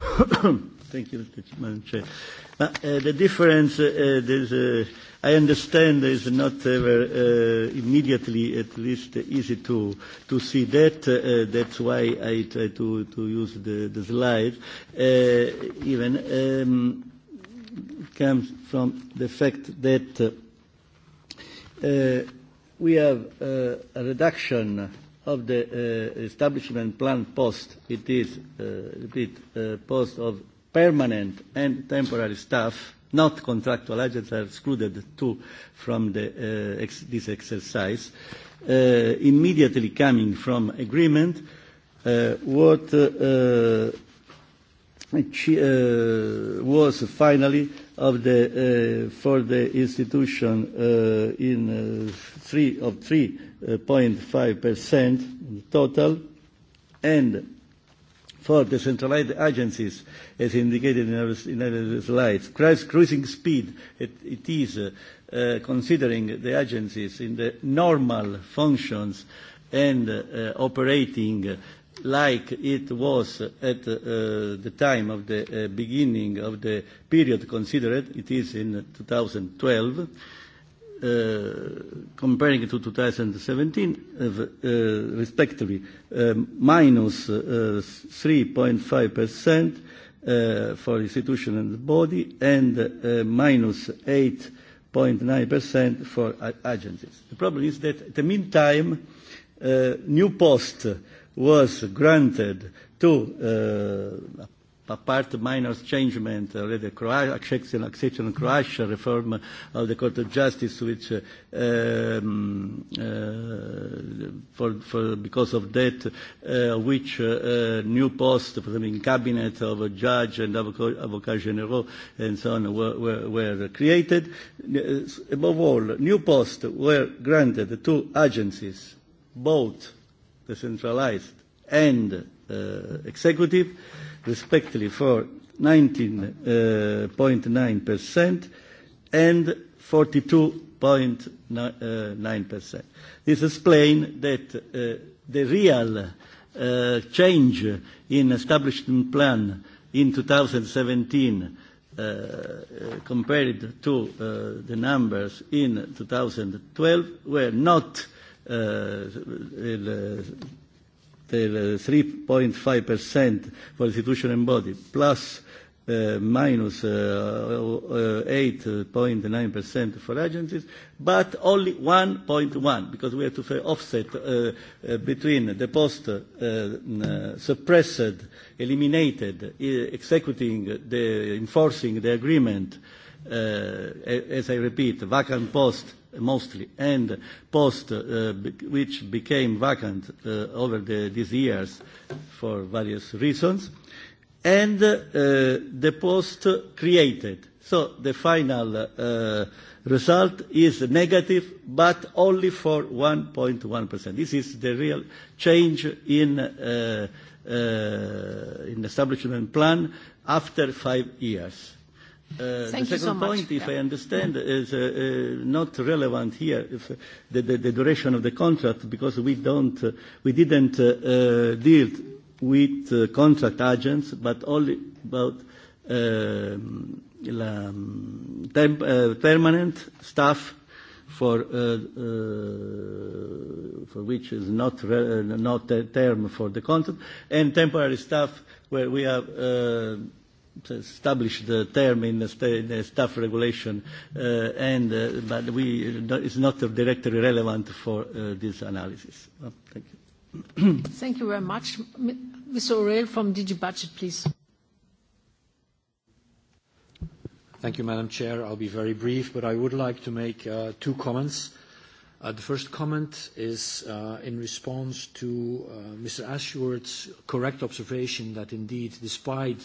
D: Thank you, Madam Chair. Uh, uh, the difference uh, is, uh, I understand, is not ever uh, immediately, at least, uh, easy to to see that. Uh, that's why I try to to use the the slide. Uh, even um, comes from the fact that uh, we have uh, a reduction. Uh, of the uh, establishment plan post, it is uh, a bit uh, post of permanent and temporary staff, not contractual agents are excluded too from the, uh, ex this exercise, uh, immediately coming from agreement, uh, what uh, uh, uh was finally of the, uh, for the institution uh, in uh, three of three 0.5% total, and for the centralized agencies, as indicated in other, in other slides, cruising speed, it, it is uh, uh, considering the agencies in the normal functions and uh, operating like it was at uh, the time of the uh, beginning of the period considered, it is in 2012, Uh, comparing it to 2017, uh, uh, respectively, uh, minus 3.5% uh, uh, for institution and body and uh, minus 8.9% for uh, agencies. The problem is that in the meantime, uh, new post was granted to uh, apart minor changement of uh, the Croatia, exception, exception of Croatia reform of the Court of Justice, which uh, um, uh, for, for, because of that, uh, which uh, uh, new post for the cabinet of a judge and avocat general and so on were, were, were created. Uh, above all, new posts were granted to agencies, both the centralized and uh, executive. Mm -hmm respectively for 19.9% uh, and 42.9%. Uh, this explains that uh, the real uh, change in establishment plan in 2017 uh, uh, compared to uh, the numbers in 2012 were not uh, 3.5% eh, for institutional body, plus eh, minus 8.9% eh, for agencies, but only 1.1%, because we have to offset between the post suppressed, eliminated, executing the enforcing the agreement, as I repeat, vacant post mostly, and posts uh, be which became vacant uh, over the, these years for various reasons, and uh, the post created. So the final uh, result is negative, but only for 1.1%. This is the real change in, uh, uh, in establishment plan after five years. Uh, Thank the second you so point, much. if yeah. I understand, is uh, uh, not relevant here, if, uh, the, the, the duration of the contract, because we, don't, uh, we didn't uh, uh, deal with uh, contract agents, but only about uh, la, temp, uh, permanent staff for, uh, uh, for which is not, re- uh, not a term for the contract, and temporary staff where we have uh, establish the term in the, sta in the staff regulation, uh, and, uh, but we, no, it's not directly relevant for uh, this analysis. Well, thank
C: you. [coughs] thank you
A: very much. Mr. O'Reilly from DG Budget, please.
C: Thank you, Madam Chair. I'll be very brief, but I would like to make uh, two comments. Uh, the first comment is uh, in response to uh, Mr. Ashworth's correct observation that indeed, despite uh,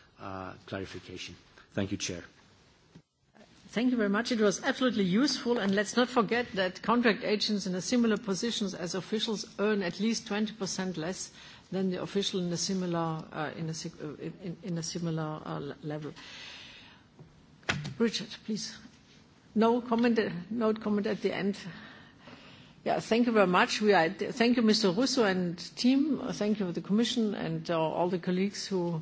C: Uh, clarification. Thank you, Chair.
A: Thank you very much. It was absolutely useful. And let's not forget that contract agents in a similar positions as officials earn at least 20% less than the official in a similar, uh, in a, uh, in, in a similar uh, level. Richard, please. No comment, uh, no comment at the end. Yeah, thank you very much. We are, thank you, Mr. Russo and team. Thank you, the Commission and uh, all the colleagues who